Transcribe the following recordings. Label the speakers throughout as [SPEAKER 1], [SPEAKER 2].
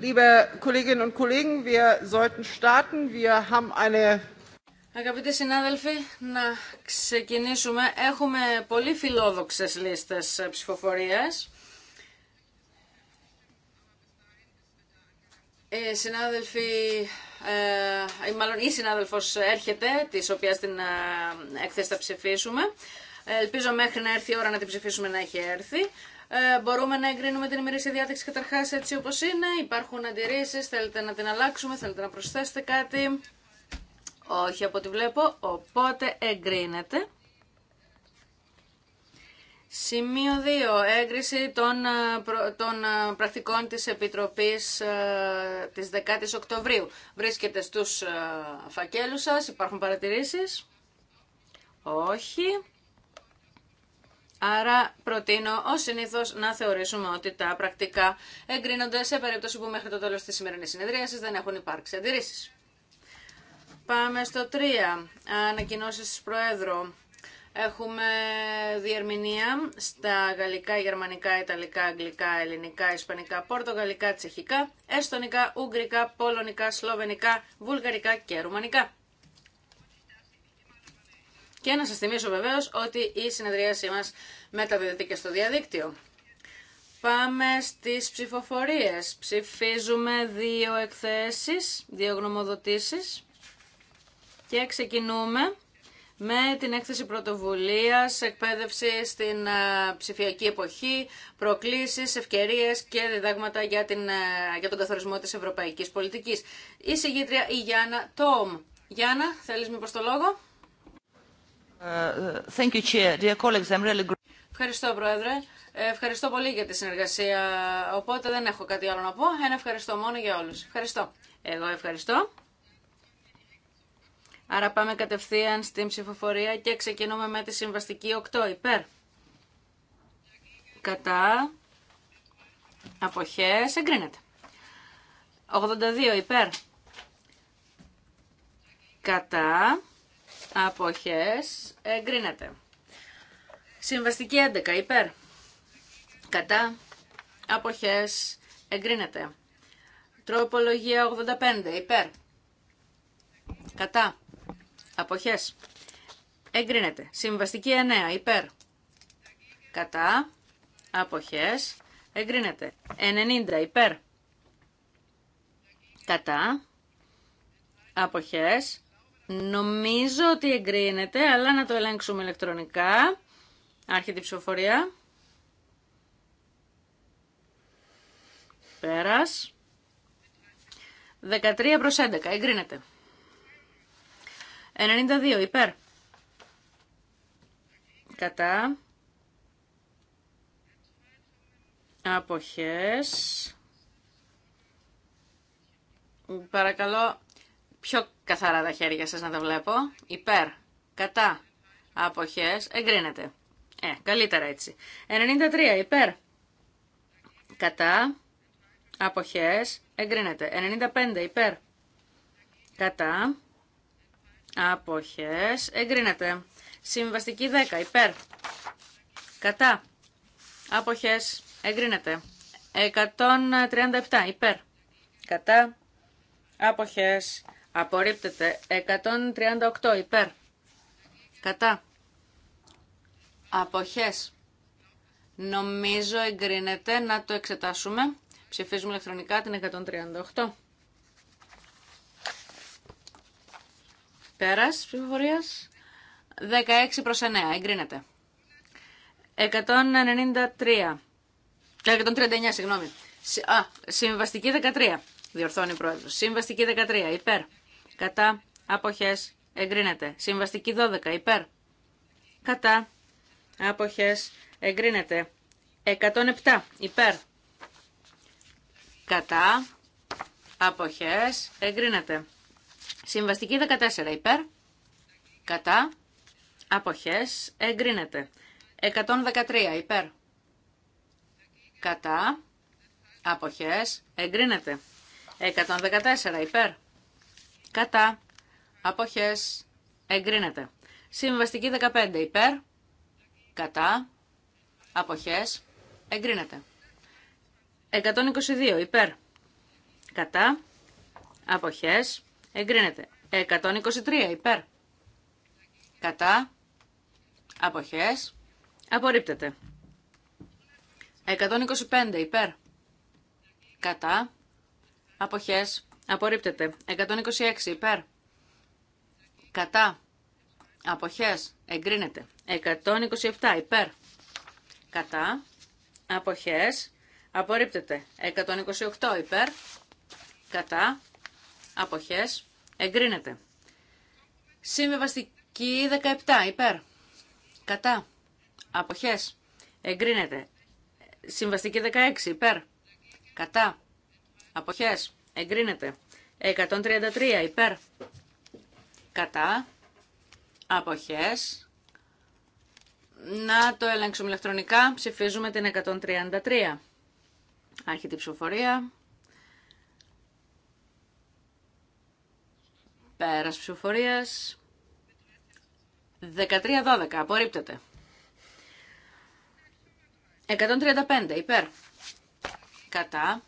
[SPEAKER 1] Liebe Kolleginnen und wir sollten Αγαπητοί συνάδελφοι, να ξεκινήσουμε. Έχουμε πολύ φιλόδοξες λίστες ψηφοφορίας. Οι ε, συνάδελφοι, ή ε, ε, μάλλον η συνάδελφος έρχεται, της οποίας την έκθεση θα ψηφίσουμε. Ελπίζω μέχρι να έρθει η ώρα να την ψηφίσουμε να έχει έρθει. Ε, μπορούμε να εγκρίνουμε την ημερήσια διάταξη καταρχάς έτσι όπως είναι. Υπάρχουν αντιρρήσει, θέλετε να την αλλάξουμε, θέλετε να προσθέσετε κάτι. Όχι από ό,τι βλέπω, οπότε εγκρίνεται. Σημείο 2. Έγκριση των, ε, ε, πρακτικών της Επιτροπής ε, της 10ης Οκτωβρίου. Βρίσκεται στους φακέλους σας. Υπάρχουν παρατηρήσεις. Όχι. Άρα προτείνω ω συνήθω να θεωρήσουμε ότι τα πρακτικά εγκρίνονται σε περίπτωση που μέχρι το τέλο τη σημερινή συνεδρίαση δεν έχουν υπάρξει αντιρρήσει. Πάμε στο 3. Ανακοινώσει τη Προέδρου. Έχουμε διερμηνία στα γαλλικά, γερμανικά, ιταλικά, αγγλικά, ελληνικά, ισπανικά, πορτογαλικά, τσεχικά, εστονικά, ουγγρικά, πολωνικά, σλοβενικά, βουλγαρικά και ρουμανικά. Και να σας θυμίσω βεβαίως ότι η συνεδρίασή μας μεταδίδεται και στο διαδίκτυο. Πάμε στις ψηφοφορίες. Ψηφίζουμε δύο εκθέσεις, δύο γνωμοδοτήσεις και ξεκινούμε με την έκθεση πρωτοβουλίας, εκπαίδευση στην ε, ψηφιακή εποχή, προκλήσεις, ευκαιρίες και διδάγματα για, την, ε, για τον καθορισμό της ευρωπαϊκής πολιτικής. Η συγγήτρια η Γιάννα Τόμ. Γιάννα, θέλεις μήπως το λόγο?
[SPEAKER 2] Uh,
[SPEAKER 1] ευχαριστώ, Πρόεδρε. Ευχαριστώ πολύ για τη συνεργασία. Οπότε δεν έχω κάτι άλλο να πω. Ένα ευχαριστώ μόνο για όλους. Ευχαριστώ. Εγώ ευχαριστώ. Άρα πάμε κατευθείαν στην ψηφοφορία και ξεκινούμε με τη συμβαστική 8 υπέρ. Κατά. Αποχές. Εγκρίνεται. 82 υπέρ. Κατά. Αποχές. Εγκρίνεται. Συμβαστική 11. Υπέρ. Κατά. Αποχές. Εγκρίνεται. Τροπολογία 85. Υπέρ. Κατά. Αποχές. Εγκρίνεται. Συμβαστική 9. Υπέρ. Κατά. Αποχές. Εγκρίνεται. 90. Υπέρ. Κατά. Αποχές. Νομίζω ότι εγκρίνεται, αλλά να το ελέγξουμε ηλεκτρονικά. Άρχεται η ψηφοφορία. Πέρας. 13 προς 11, εγκρίνεται. 92, υπέρ. Κατά. Αποχές. Παρακαλώ, πιο καθαρά τα χέρια σας να τα βλέπω. Υπέρ, κατά, αποχές, εγκρίνεται. Ε, καλύτερα έτσι. 93, υπέρ, κατά, αποχές, εγκρίνεται. 95, υπέρ, κατά, αποχές, εγκρίνεται. Συμβαστική 10, υπέρ, κατά, αποχές, εγκρίνεται. 137, υπέρ, κατά, αποχές, εγκρίνεται Απορρίπτεται. 138 υπέρ. Κατά. Αποχές. Νομίζω εγκρίνεται να το εξετάσουμε. Ψηφίζουμε ηλεκτρονικά την 138. Πέρας ψηφοφορίας. 16 προς 9. Εγκρίνεται. 193. 139, ε, συγγνώμη. Α, συμβαστική 13. Διορθώνει η πρόεδρος. Συμβαστική 13. Υπέρ κατά αποχές εγκρίνεται. Συμβαστική 12 υπέρ κατά αποχές εγκρίνεται. 107 υπέρ κατά αποχές εγκρίνεται. Συμβαστική 14 υπέρ κατά αποχές εγκρίνεται. 113 υπέρ κατά αποχές εγκρίνεται. 114 υπέρ κατά, αποχές, εγκρίνεται. Συμβαστική 15 υπέρ, κατά, αποχές, εγκρίνεται. 122 υπέρ, κατά, αποχές, εγκρίνεται. 123 υπέρ, κατά, αποχές, απορρίπτεται. 125 υπέρ, κατά, αποχές, Απορρίπτεται. 126 υπέρ. Κατά. Αποχές. Εγκρίνεται. 127 υπέρ. Κατά. Αποχές. Απορρίπτεται. 128 υπέρ. Κατά. Αποχές. Εγκρίνεται. Συμβαστική 17 υπέρ. Κατά. Αποχές. Εγκρίνεται. Συμβαστική 16 υπέρ. Κατά. Αποχές. Εγκρίνεται. 133 υπέρ. Κατά. Αποχές. Να το ελέγξουμε ηλεκτρονικά. Ψηφίζουμε την 133. αρχιτη ψηφοφορία. Πέρας ψηφοφορίας. 13-12. Απορρίπτεται. 135 υπέρ. Κατά.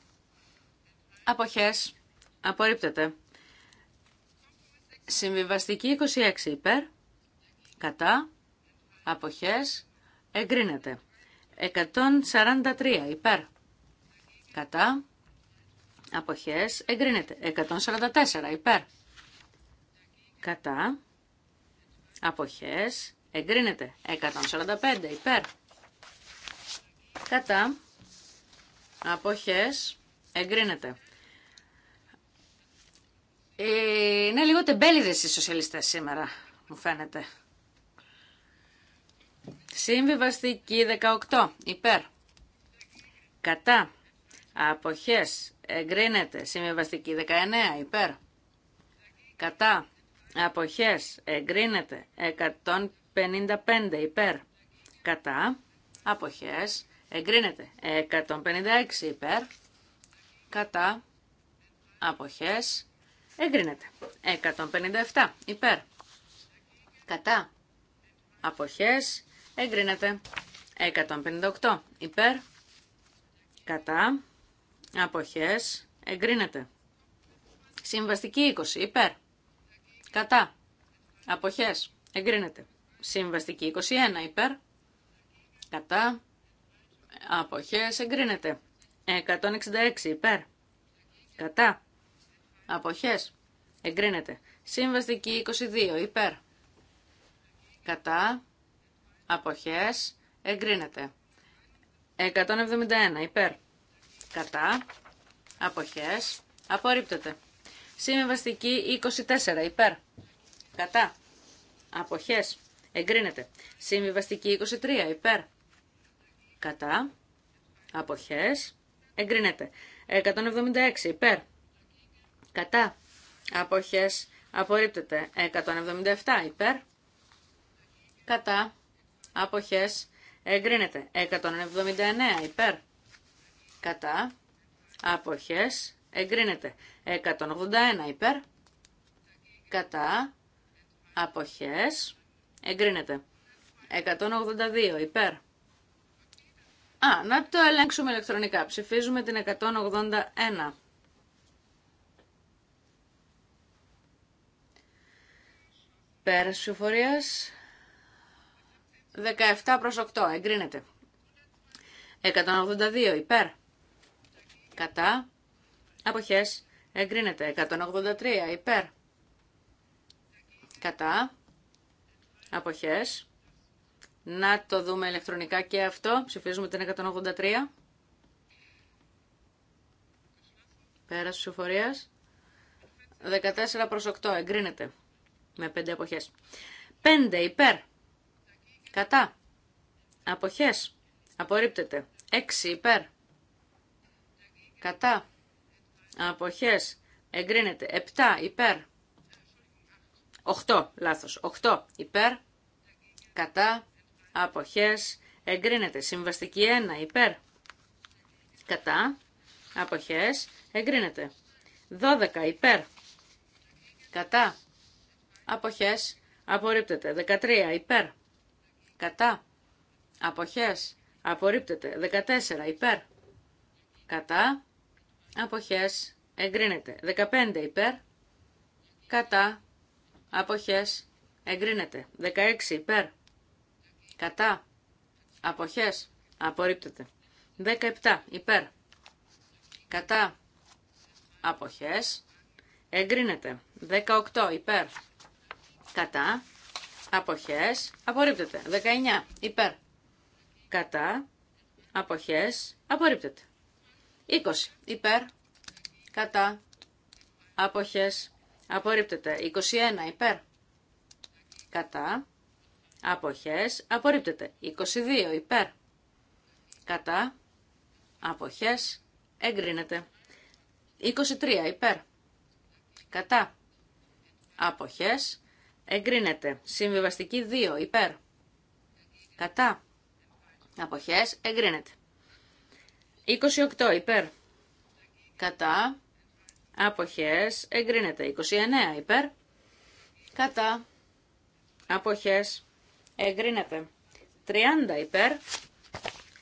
[SPEAKER 1] Αποχές. Απορρίπτεται. Συμβιβαστική 26 υπέρ. Κατά. Αποχές. Εγκρίνεται. 143 υπέρ. Κατά. Αποχές. Εγκρίνεται. 144 υπέρ. Κατά. Αποχές. Εγκρίνεται. 145 υπέρ. Κατά. Αποχές. Εγκρίνεται. Ε, είναι λίγο τεμπέληδες οι σοσιαλιστές σήμερα, μου φαίνεται. Συμβιβαστική 18. Υπέρ. Κατά. Αποχές. Εγκρίνεται. Συμβιβαστική 19. Υπέρ. Κατά. Αποχές. Εγκρίνεται. 155. Υπέρ. Κατά. Αποχές. Εγκρίνεται. 156. Υπέρ. Κατά. Αποχές Εγκρίνεται. 157 υπέρ. Κατά. Αποχές. Εγκρίνεται. 158 υπέρ. Κατά. Αποχές. Εγκρίνεται. Συμβαστική 20 υπέρ. Κατά. Αποχές. Εγκρίνεται. Συμβαστική 21 υπέρ. Κατά. Αποχές εγκρίνεται. 166 υπέρ. Κατά. Αποχές. Εγκρίνεται. Συμβαστική 22. Υπέρ. Κατά. Αποχές. Εγκρίνεται. 171. Υπέρ. Κατά. Αποχές. Απορρίπτεται. Συμβαστική 24. Υπέρ. Κατά. Αποχές. Εγκρίνεται. Συμβαστική 23. Υπέρ. Κατά. Αποχές. Εγκρίνεται. 176. Υπέρ κατά, αποχές, απορρίπτεται. 177 υπέρ, κατά, αποχές, εγκρίνεται. 179 υπέρ, κατά, αποχές, εγκρίνεται. 181 υπέρ, κατά, αποχές, εγκρίνεται. 182 υπέρ. Α, να το ελέγξουμε ηλεκτρονικά. Ψηφίζουμε την 181. Πέρας ψηφοφορία. 17 προς 8. Εγκρίνεται. 182 υπέρ. Κατά. Αποχές. Εγκρίνεται. 183 υπέρ. Κατά. Αποχές. Να το δούμε ηλεκτρονικά και αυτό. Ψηφίζουμε την 183. Πέρας ψηφοφορίας. 14 προς 8. Εγκρίνεται με 5 αποχές. 5 υπέρ. Κατά. Αποχές. Απορρίπτεται. 6 υπέρ. Κατά. Αποχές. Εγκρίνεται. 7 υπέρ. 8. λάθο. 8 υπέρ. Κατά. Αποχές. Εγκρίνεται. Συμβαστική 1 υπέρ. Κατά. Αποχές. Εγκρίνεται. 12 υπέρ. Κατά αποχές απορρίπτεται. 13 υπέρ, κατά, αποχές απορρίπτεται. 14 υπέρ, κατά, αποχές εγκρίνεται. 15 υπέρ, κατά, αποχές εγκρίνεται. 16 υπέρ, κατά, αποχές απορρίπτεται. 17 υπέρ, κατά, αποχές εγκρίνεται. 18 υπέρ, κατά, αποχές, απορρίπτεται. 19 υπέρ, κατά, αποχές, απορρίπτεται. 20 υπέρ, κατά, αποχές, απορρίπτεται. 21 υπέρ, κατά, αποχές, απορρίπτεται. 22 υπέρ, κατά, αποχές, εγκρίνεται. 23 υπέρ, κατά, αποχές, εγκρίνεται. Συμβιβαστική 2 υπέρ. Κατά. Αποχές εγκρίνεται. 28 υπέρ. Κατά. Αποχές εγκρίνεται. 29 υπέρ. Κατά. Αποχές εγκρίνεται. 30 υπέρ.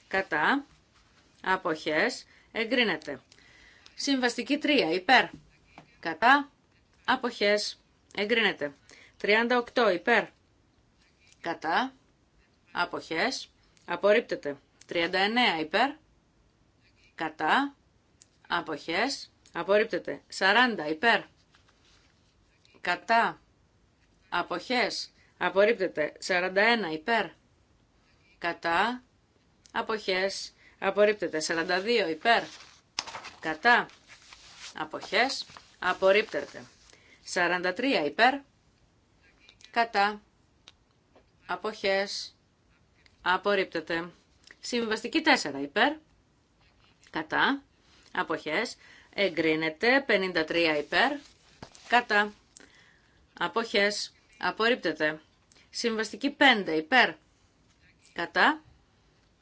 [SPEAKER 1] Κατά. Αποχές εγκρίνεται. Συμβαστική 3 υπέρ. Κατά. Αποχές εγκρίνεται. 38 υπέρ. Κατά. Αποχές. Απορρίπτεται. 39 υπέρ. Κατά. Αποχές. Απορρίπτεται. 40 υπέρ. Κατά. Αποχές. Απορρίπτεται. 41 υπέρ. Κατά. Αποχές. Απορρίπτεται. 42 υπέρ. Κατά. Αποχές. Απορρίπτεται. 43 υπέρ κατά, αποχές, απορρίπτεται. Συμβαστική 4 υπέρ, κατά, αποχές, εγκρίνεται, 53 υπέρ, κατά, αποχές, απορρίπτεται. Συμβαστική 5 υπέρ, κατά,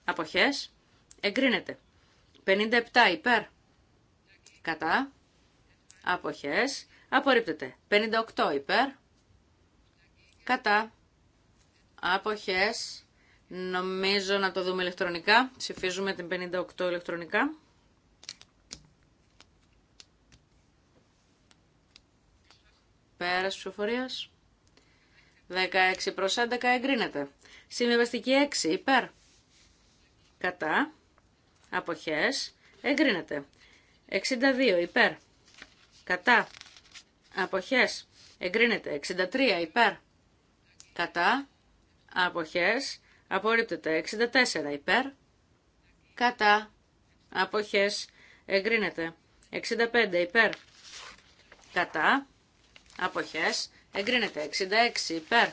[SPEAKER 1] αποχές, εγκρίνεται. 57 υπέρ, κατά, αποχές, απορρίπτεται. 58 υπέρ, κατά αποχές νομίζω να το δούμε ηλεκτρονικά ψηφίζουμε την 58 ηλεκτρονικά πέρας ψηφοφορίας 16 προς 11 εγκρίνεται συμβιβαστική 6 υπέρ κατά αποχές εγκρίνεται 62 υπέρ κατά αποχές εγκρίνεται 63 υπέρ κατά, αποχές, απορρίπτεται. 64 υπέρ, κατά, αποχές, εγκρίνεται. 65 υπέρ, κατά, αποχές, εγκρίνεται. 66 υπέρ,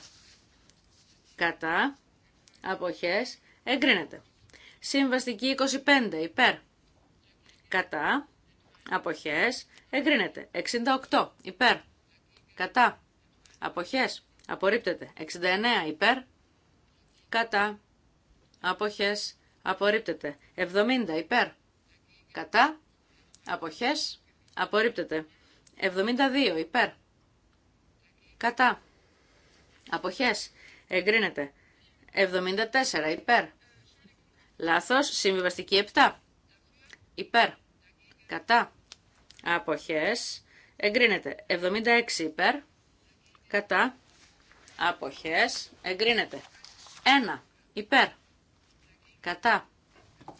[SPEAKER 1] κατά, αποχές, εγκρίνεται. Συμβαστική 25 υπέρ, κατά, αποχές, εγκρίνεται. 68 υπέρ, κατά, αποχές, Απορρίπτεται. 69 υπέρ. Κατά. Αποχές. Απορρίπτεται. 70 υπέρ. Κατά. Αποχές. Απορρίπτεται. 72 υπέρ. Κατά. Αποχές. Εγκρίνεται. 74 υπέρ. Λάθος. Συμβιβαστική 7. Υπέρ. Κατά. Αποχές. Εγκρίνεται. 76 υπέρ. Κατά αποχές εγκρίνεται. 1 υπέρ κατά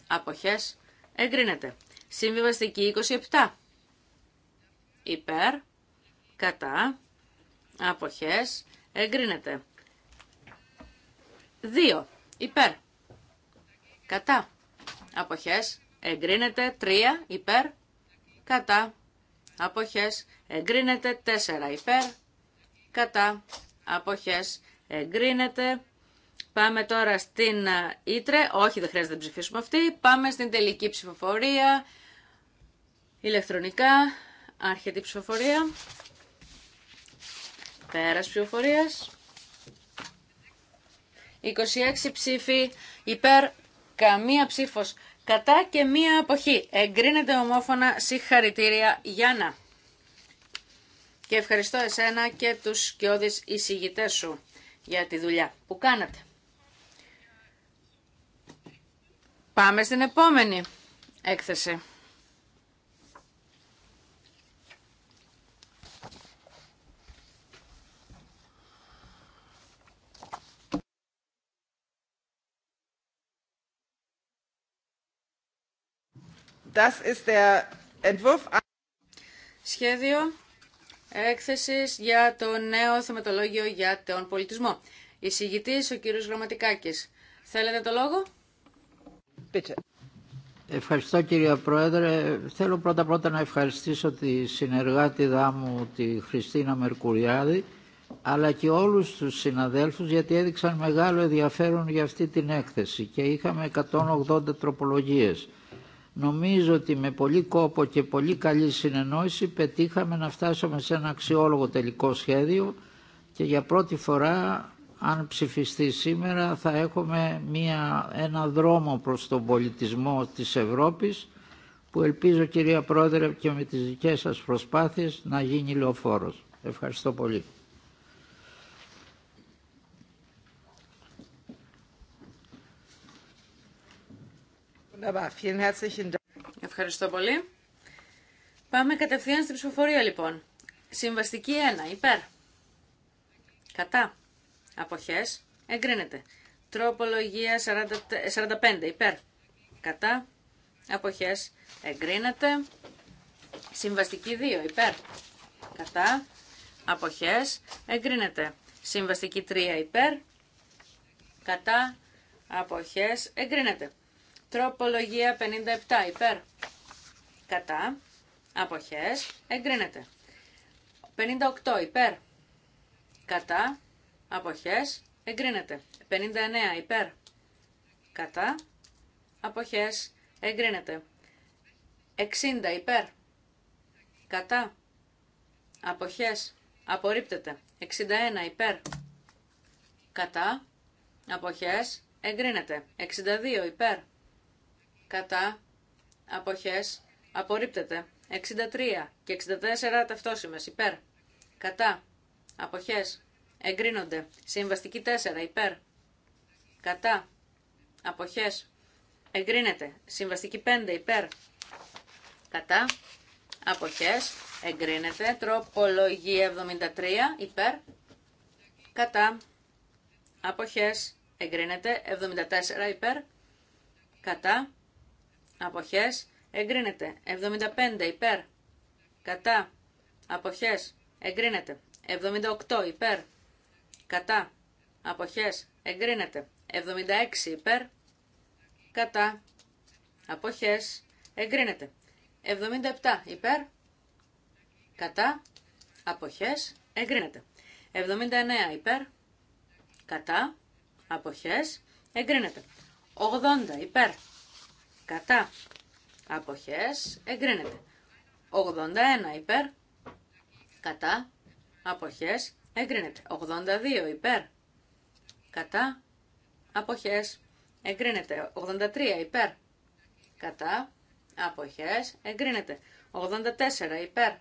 [SPEAKER 1] αποχές εγκρίνεται. Συμβιβαστική 27 υπέρ κατά αποχές εγκρίνεται. 2 υπέρ κατά αποχές εγκρίνεται. 3 υπέρ κατά αποχές εγκρίνεται. 4 υπέρ κατά αποχές εγκρίνεται. Πάμε τώρα στην ε, Ήτρε. Όχι, δεν χρειάζεται να ψηφίσουμε αυτή. Πάμε στην τελική ψηφοφορία. Ηλεκτρονικά. Άρχεται η ψηφοφορία. Πέρας ψηφοφορίας. 26 ψήφοι υπέρ, καμία ψήφος κατά και μία αποχή. Εγκρίνεται ομόφωνα συγχαρητήρια Γιάννα. Και ευχαριστώ εσένα και τους σκιώδεις εισηγητές σου για τη δουλειά που κάνατε. Πάμε στην επόμενη έκθεση. Das ist der Entwurf... Σχέδιο Έκθεση για το νέο θεματολόγιο για τον πολιτισμό. Η ο κύριος Γραμματικάκης. Θέλετε το λόγο?
[SPEAKER 3] Ευχαριστώ κύριε Πρόεδρε. Θέλω πρώτα πρώτα να ευχαριστήσω τη συνεργάτη μου τη Χριστίνα Μερκουριάδη αλλά και όλους τους συναδέλφους γιατί έδειξαν μεγάλο ενδιαφέρον για αυτή την έκθεση και είχαμε 180 τροπολογίες. Νομίζω ότι με πολύ κόπο και πολύ καλή συνεννόηση πετύχαμε να φτάσουμε σε ένα αξιόλογο τελικό σχέδιο και για πρώτη φορά αν ψηφιστεί σήμερα θα έχουμε μια, ένα δρόμο προς τον πολιτισμό της Ευρώπης που ελπίζω κυρία Πρόεδρε και με τις δικές σας προσπάθειες να γίνει λεωφόρος. Ευχαριστώ πολύ.
[SPEAKER 1] Ευχαριστώ πολύ. Πάμε κατευθείαν στην ψηφοφορία λοιπόν. Συμβαστική 1. Υπέρ. Κατά. Αποχές. Εγκρίνεται. Τροπολογία 40, 45. Υπέρ. Κατά. Αποχές. Εγκρίνεται. Συμβαστική 2. Υπέρ. Κατά. Αποχές. Εγκρίνεται. Συμβαστική 3. Υπέρ. Κατά. Αποχές. Εγκρίνεται. Τροπολογία 57 υπέρ. Κατά. Αποχές. Εγκρίνεται. 58 υπέρ. Κατά. Αποχές. Εγκρίνεται. 59 υπέρ. Κατά. Αποχές. Εγκρίνεται. 60 υπέρ. Κατά. Αποχές. Απορρίπτεται. 61 υπέρ. Κατά. Αποχές. Εγκρίνεται. 62 υπέρ κατά, αποχές, απορρίπτεται. 63 και 64 ταυτόσημες, υπέρ, κατά, αποχές, εγκρίνονται. Συμβαστική 4, υπέρ, κατά, αποχές, εγκρίνεται. Συμβαστική 5, υπέρ, κατά, αποχές, εγκρίνεται. Τροπολογία 73, υπέρ, κατά, αποχές, εγκρίνεται. 74, υπέρ, κατά, αποχές εγκρίνεται. 75 υπέρ κατά αποχές εγκρίνεται. 78 υπέρ κατά αποχές εγκρίνεται. 76 υπέρ κατά αποχές εγκρίνεται. 77 υπέρ κατά αποχές εγκρίνεται. 79 υπέρ κατά αποχές εγκρίνεται. 80 υπέρ κατά αποχές εγκρίνεται. 81 υπέρ κατά αποχές εγκρίνεται. 82 υπέρ κατά αποχές εγκρίνεται. 83 υπέρ κατά αποχές εγκρίνεται. 84 υπέρ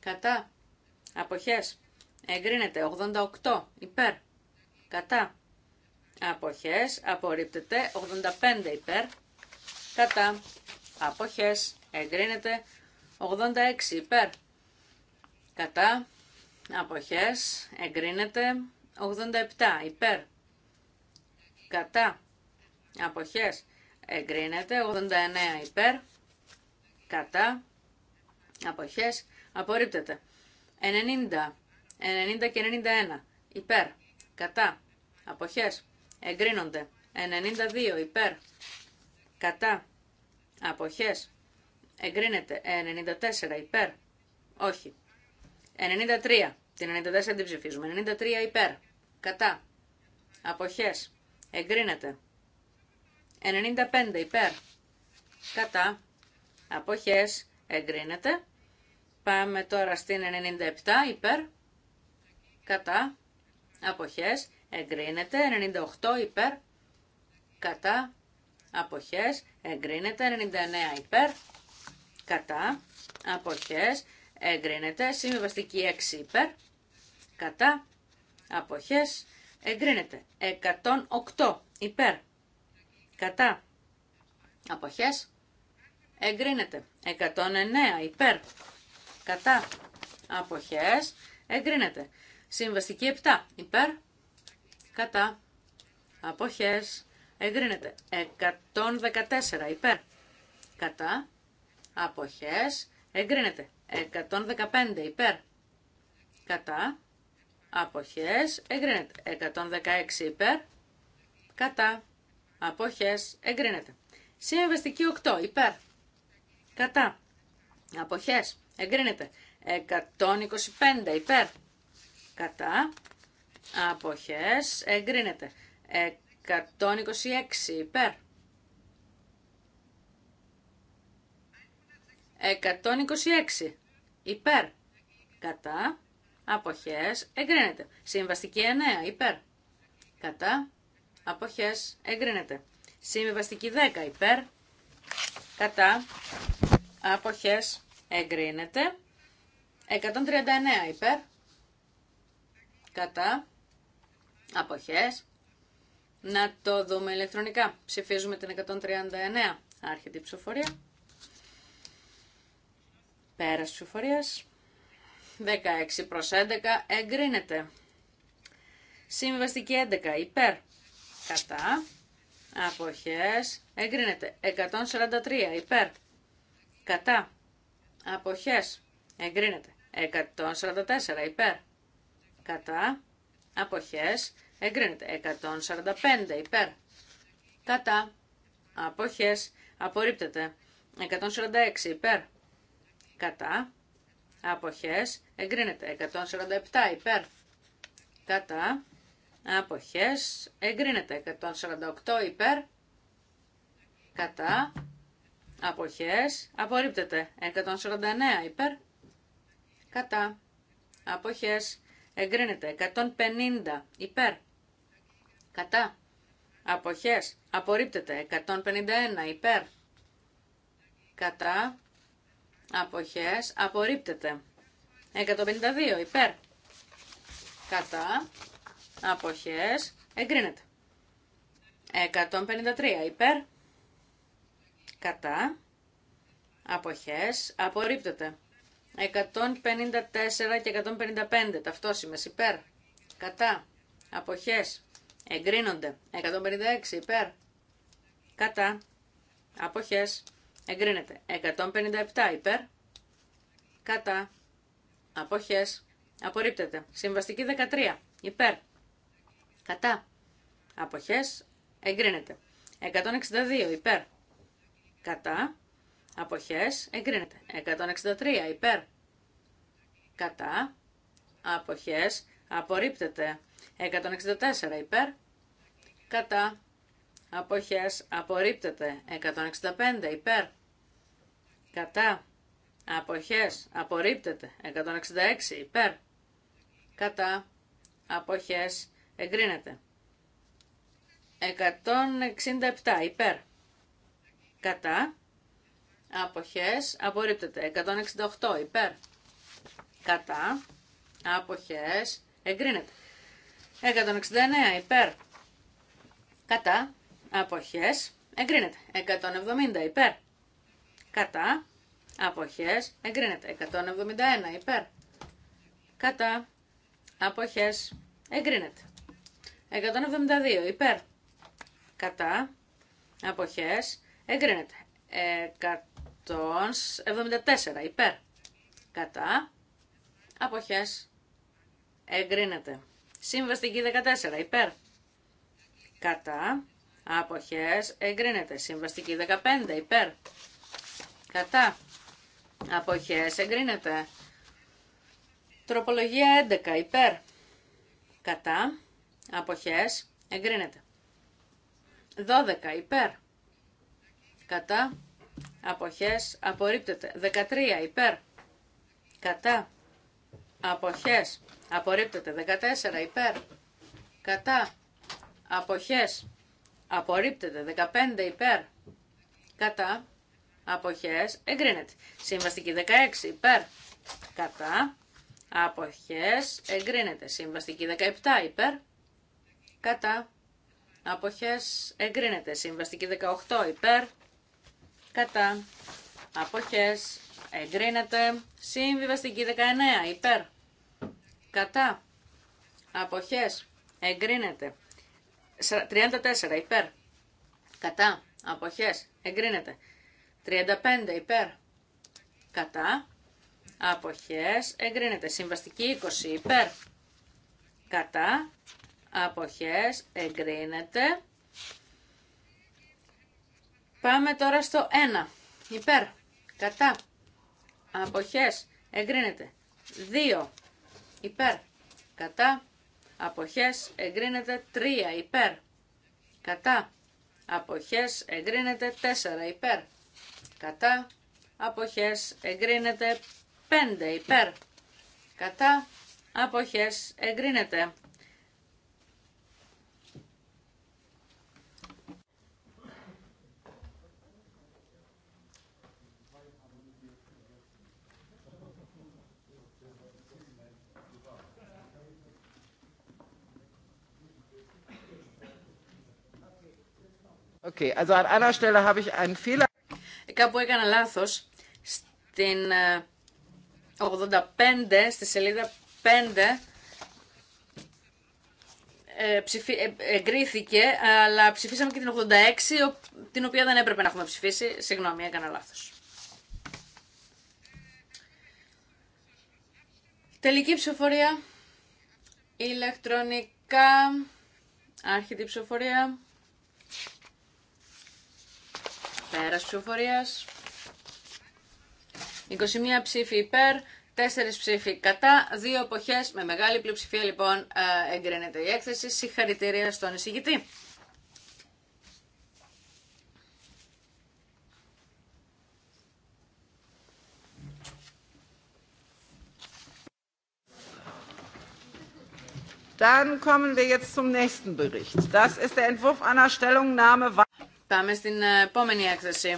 [SPEAKER 1] κατά αποχές εγκρίνεται. 88 υπέρ κατά αποχές απορρίπτεται. 85 υπέρ κατά, αποχές, εγκρίνεται. 86 υπέρ, κατά, αποχές, εγκρίνεται. 87 υπέρ, κατά, αποχές, εγκρίνεται. 89 υπέρ, κατά, αποχές, απορρίπτεται. 90, 90 και 91 υπέρ, κατά, αποχές, εγκρίνονται. 92 υπέρ, κατά, αποχές, εγκρίνεται 94 υπέρ, όχι, 93, την 94 την ψηφίζουμε, 93 υπέρ, κατά, αποχές, εγκρίνεται 95 υπέρ, κατά, αποχές, εγκρίνεται. Πάμε τώρα στην 97 υπέρ, κατά, αποχές, εγκρίνεται. 98 υπέρ, κατά, αποχές εγκρίνεται 99 υπέρ κατά αποχές εγκρίνεται συμβιβαστική 6 υπέρ κατά αποχές εγκρίνεται 108 υπέρ κατά αποχές εγκρίνεται 109 υπέρ κατά αποχές εγκρίνεται συμβαστική 7 υπέρ κατά αποχές εγκρίνεται. 114 υπέρ, κατά, αποχές, εγκρίνεται. 115 υπέρ, κατά, αποχές, εγκρίνεται. 116 υπέρ, κατά, αποχές, εγκρίνεται. Συμβεστική 8 υπέρ, κατά, αποχές, εγκρίνεται. 125 υπέρ, κατά, αποχές, εγκρίνεται. 126 υπέρ. 126 υπέρ. Κατά. Αποχές. Εγκρίνεται. Συμβαστική 9 υπέρ. Κατά. Αποχές. Εγκρίνεται. Συμβαστική 10 υπέρ. Κατά. Αποχές. Εγκρίνεται. 139 υπέρ. Κατά. Αποχές. Να το δούμε ηλεκτρονικά. Ψηφίζουμε την 139. Άρχεται η ψηφοφορία. Πέρας ψηφοφορίας. 16 προς 11 εγκρίνεται. Συμβαστική 11 υπέρ. Κατά. Αποχές. Εγκρίνεται. 143 υπέρ. Κατά. Αποχές. Εγκρίνεται. 144 υπέρ. Κατά. Αποχές. Εγκρίνεται. 145 υπέρ. Κατά. Αποχές. Απορρίπτεται. 146 υπέρ. Κατά. Αποχές. Εγκρίνεται. 147 υπέρ. Κατά. Αποχές. Εγκρίνεται. 148 υπέρ. Κατά. Αποχές. Απορρίπτεται. 149 υπέρ. Κατά. Αποχές. Εγκρίνεται. 150 υπέρ κατά, αποχές, απορρίπτεται. 151 υπέρ, κατά, αποχές, απορρίπτεται. 152 υπέρ, κατά, αποχές, εγκρίνεται. 153 υπέρ, κατά, αποχές, απορρίπτεται. 154 και 155 Ταυτόσιμες. υπέρ, κατά, αποχές, Εγκρίνονται. 156 υπέρ. Κατά. Αποχές. Εγκρίνεται. 157 υπέρ. Κατά. Αποχές. Απορρίπτεται. Συμβαστική 13 υπέρ. Κατά. Αποχές. Εγκρίνεται. 162 υπέρ. Κατά. Αποχές. Εγκρίνεται. 163 υπέρ. Κατά. Αποχές απορρίπτεται. 164 υπέρ, κατά, αποχές, απορρίπτεται. 165 υπέρ, κατά, αποχές, απορρίπτεται. 166 υπέρ, κατά, αποχές, εγκρίνεται. 167 υπέρ, κατά, αποχές, απορρίπτεται. 168 υπέρ, κατά, αποχές, εγκρίνεται. 169 υπέρ κατά αποχές εγκρίνεται. 170 υπέρ κατά αποχές εγκρίνεται. 171 υπέρ κατά αποχές εγκρίνεται. 172 υπέρ κατά αποχές εγκρίνεται. 174 υπέρ κατά αποχές εγκρίνεται. Συμβαστική 14 υπέρ. Κατά. Αποχές εγκρίνεται. Συμβαστική 15 υπέρ. Κατά. Αποχές εγκρίνεται. Τροπολογία 11 υπέρ. Κατά. Αποχές εγκρίνεται. 12 υπέρ. Κατά. Αποχές απορρίπτεται. 13 υπέρ. Κατά αποχές απορρίπτεται 14 υπέρ κατά αποχές απορρίπτεται 15 υπέρ κατά αποχές εγκρίνεται συμβαστική 16 υπέρ κατά αποχές εγκρίνεται συμβαστική 17 υπέρ κατά αποχές εγκρίνεται συμβαστική 18 υπέρ κατά αποχές Εγκρίνεται. Συμβιβαστική 19. Υπέρ. Κατά. Αποχές. Εγκρίνεται. 34. Υπέρ. Κατά. Αποχές. Εγκρίνεται. 35. Υπέρ. Κατά. Αποχές. Εγκρίνεται. Συμβαστική 20. Υπέρ. Κατά. Αποχές. Εγκρίνεται. Πάμε τώρα στο 1. Υπέρ. Κατά αποχές εγκρίνεται. 2 υπέρ κατά αποχές εγκρίνεται. 3 υπέρ κατά αποχές εγκρίνεται. 4 υπέρ κατά αποχές εγκρίνεται. 5 υπέρ κατά αποχές εγκρίνεται. Okay, also an Stelle habe ich einen Fehler. Κάπου έκανα λάθος. Στην 85, ε, στη σελίδα 5, ε, ε, εγκρίθηκε, αλλά ψηφίσαμε και την 86, την οποία δεν έπρεπε να έχουμε ψηφίσει. Συγγνώμη, έκανα λάθος. Τελική ψηφοφορία. Ηλεκτρονικά. Άρχιτη ψηφοφορία. Πέρας ψηφοφορίας. 21 ψήφοι υπέρ, 4 ψήφοι κατά, 2 εποχές. Με μεγάλη πλειοψηφία λοιπόν ε, εγκρίνεται η έκθεση. Συγχαρητήρια στον εισηγητή. Dann kommen wir jetzt zum nächsten Bericht. Das ist der Entwurf einer Stellungnahme. Πάμε στην ε, επόμενη έκθεση.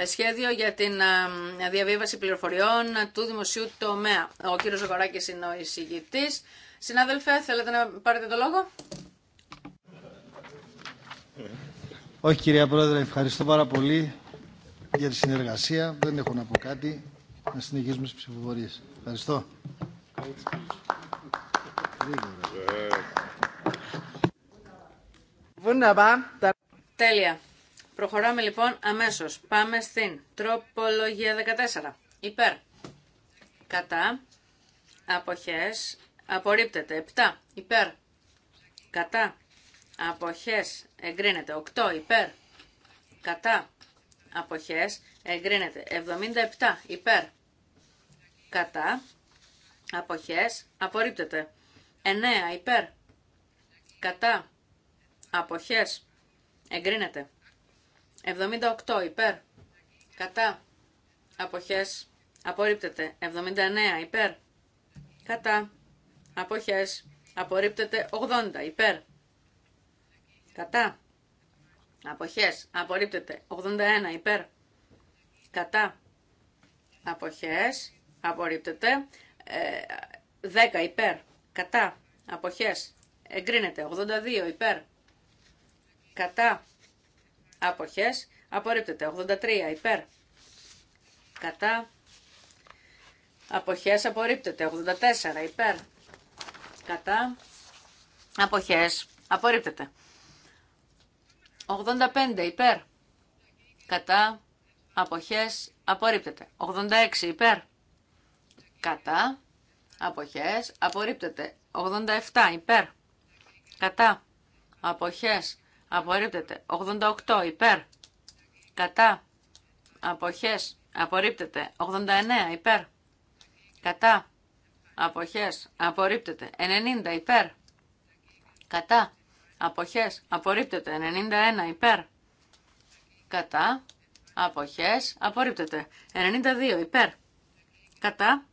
[SPEAKER 1] Ε, σχέδιο για την ε, διαβίβαση πληροφοριών του δημοσίου τομέα. Ο κύριος Ζωγοράκης είναι ο εισηγητής. Συνάδελφε, θέλετε να πάρετε το λόγο.
[SPEAKER 3] Όχι κυρία Πρόεδρε, ευχαριστώ πάρα πολύ για τη συνεργασία. Δεν έχω να πω κάτι. Να συνεχίσουμε στις ψηφοφορίες. Ευχαριστώ.
[SPEAKER 1] Wunderbar. Τέλεια. Προχωράμε λοιπόν αμέσως. Πάμε στην τροπολογία 14. Υπέρ. Κατά. Αποχές. Απορρίπτεται. 7. Υπέρ. Κατά. Αποχές. Εγκρίνεται. 8. Υπέρ. Κατά. Αποχές. Εγκρίνεται. 77. Υπέρ. Κατά. Αποχές. Απορρίπτεται. 9. Υπέρ. Κατά. Αποχές. Εγκρίνεται. 78 υπέρ. Κατά. Αποχές. Απορρίπτεται. 79 υπέρ. Κατά. Αποχές. Απορρίπτεται. 80 υπέρ. Κατά. Αποχές. Απορρίπτεται. 81 υπέρ. Κατά. Αποχές. Απορρίπτεται. 10 ε, υπέρ. Κατά. Αποχές. Εγκρίνεται. 82 υπέρ κατά αποχές απορρίπτεται. 83 υπέρ κατά αποχές απορρίπτεται. 84 υπέρ κατά αποχές απορρίπτεται. 85 υπέρ κατά αποχές απορρίπτεται. 86 υπέρ κατά αποχές απορρίπτεται. 87 υπέρ κατά αποχές απορρίπτεται. 88 υπέρ, κατά, αποχές, απορρίπτεται. 89 υπέρ, κατά, αποχές, απορρίπτεται. 90 υπέρ, κατά, αποχές, απορρίπτεται. 91 υπέρ, κατά, αποχές, απορρίπτεται. 92 υπέρ, κατά,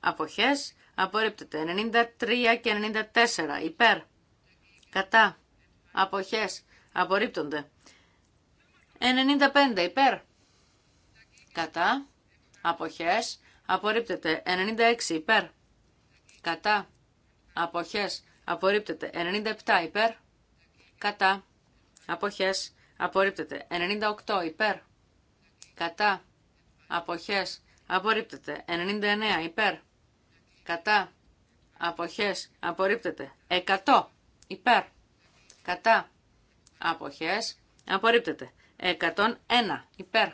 [SPEAKER 1] αποχές, απορρίπτεται. 93 και 94 υπέρ, κατά, αποχές, απορρίπτονται. 95 υπέρ, κατά, αποχές, απορρίπτεται. 96 υπέρ, κατά, αποχές, απορρίπτεται. 97 υπέρ, κατά, αποχές, απορρίπτεται. 98 υπέρ, κατά, αποχές, απορρίπτεται. 99 υπέρ, κατά, αποχές, απορρίπτεται. 100 υπέρ, κατά αποχές απορρίπτεται. 101 υπέρ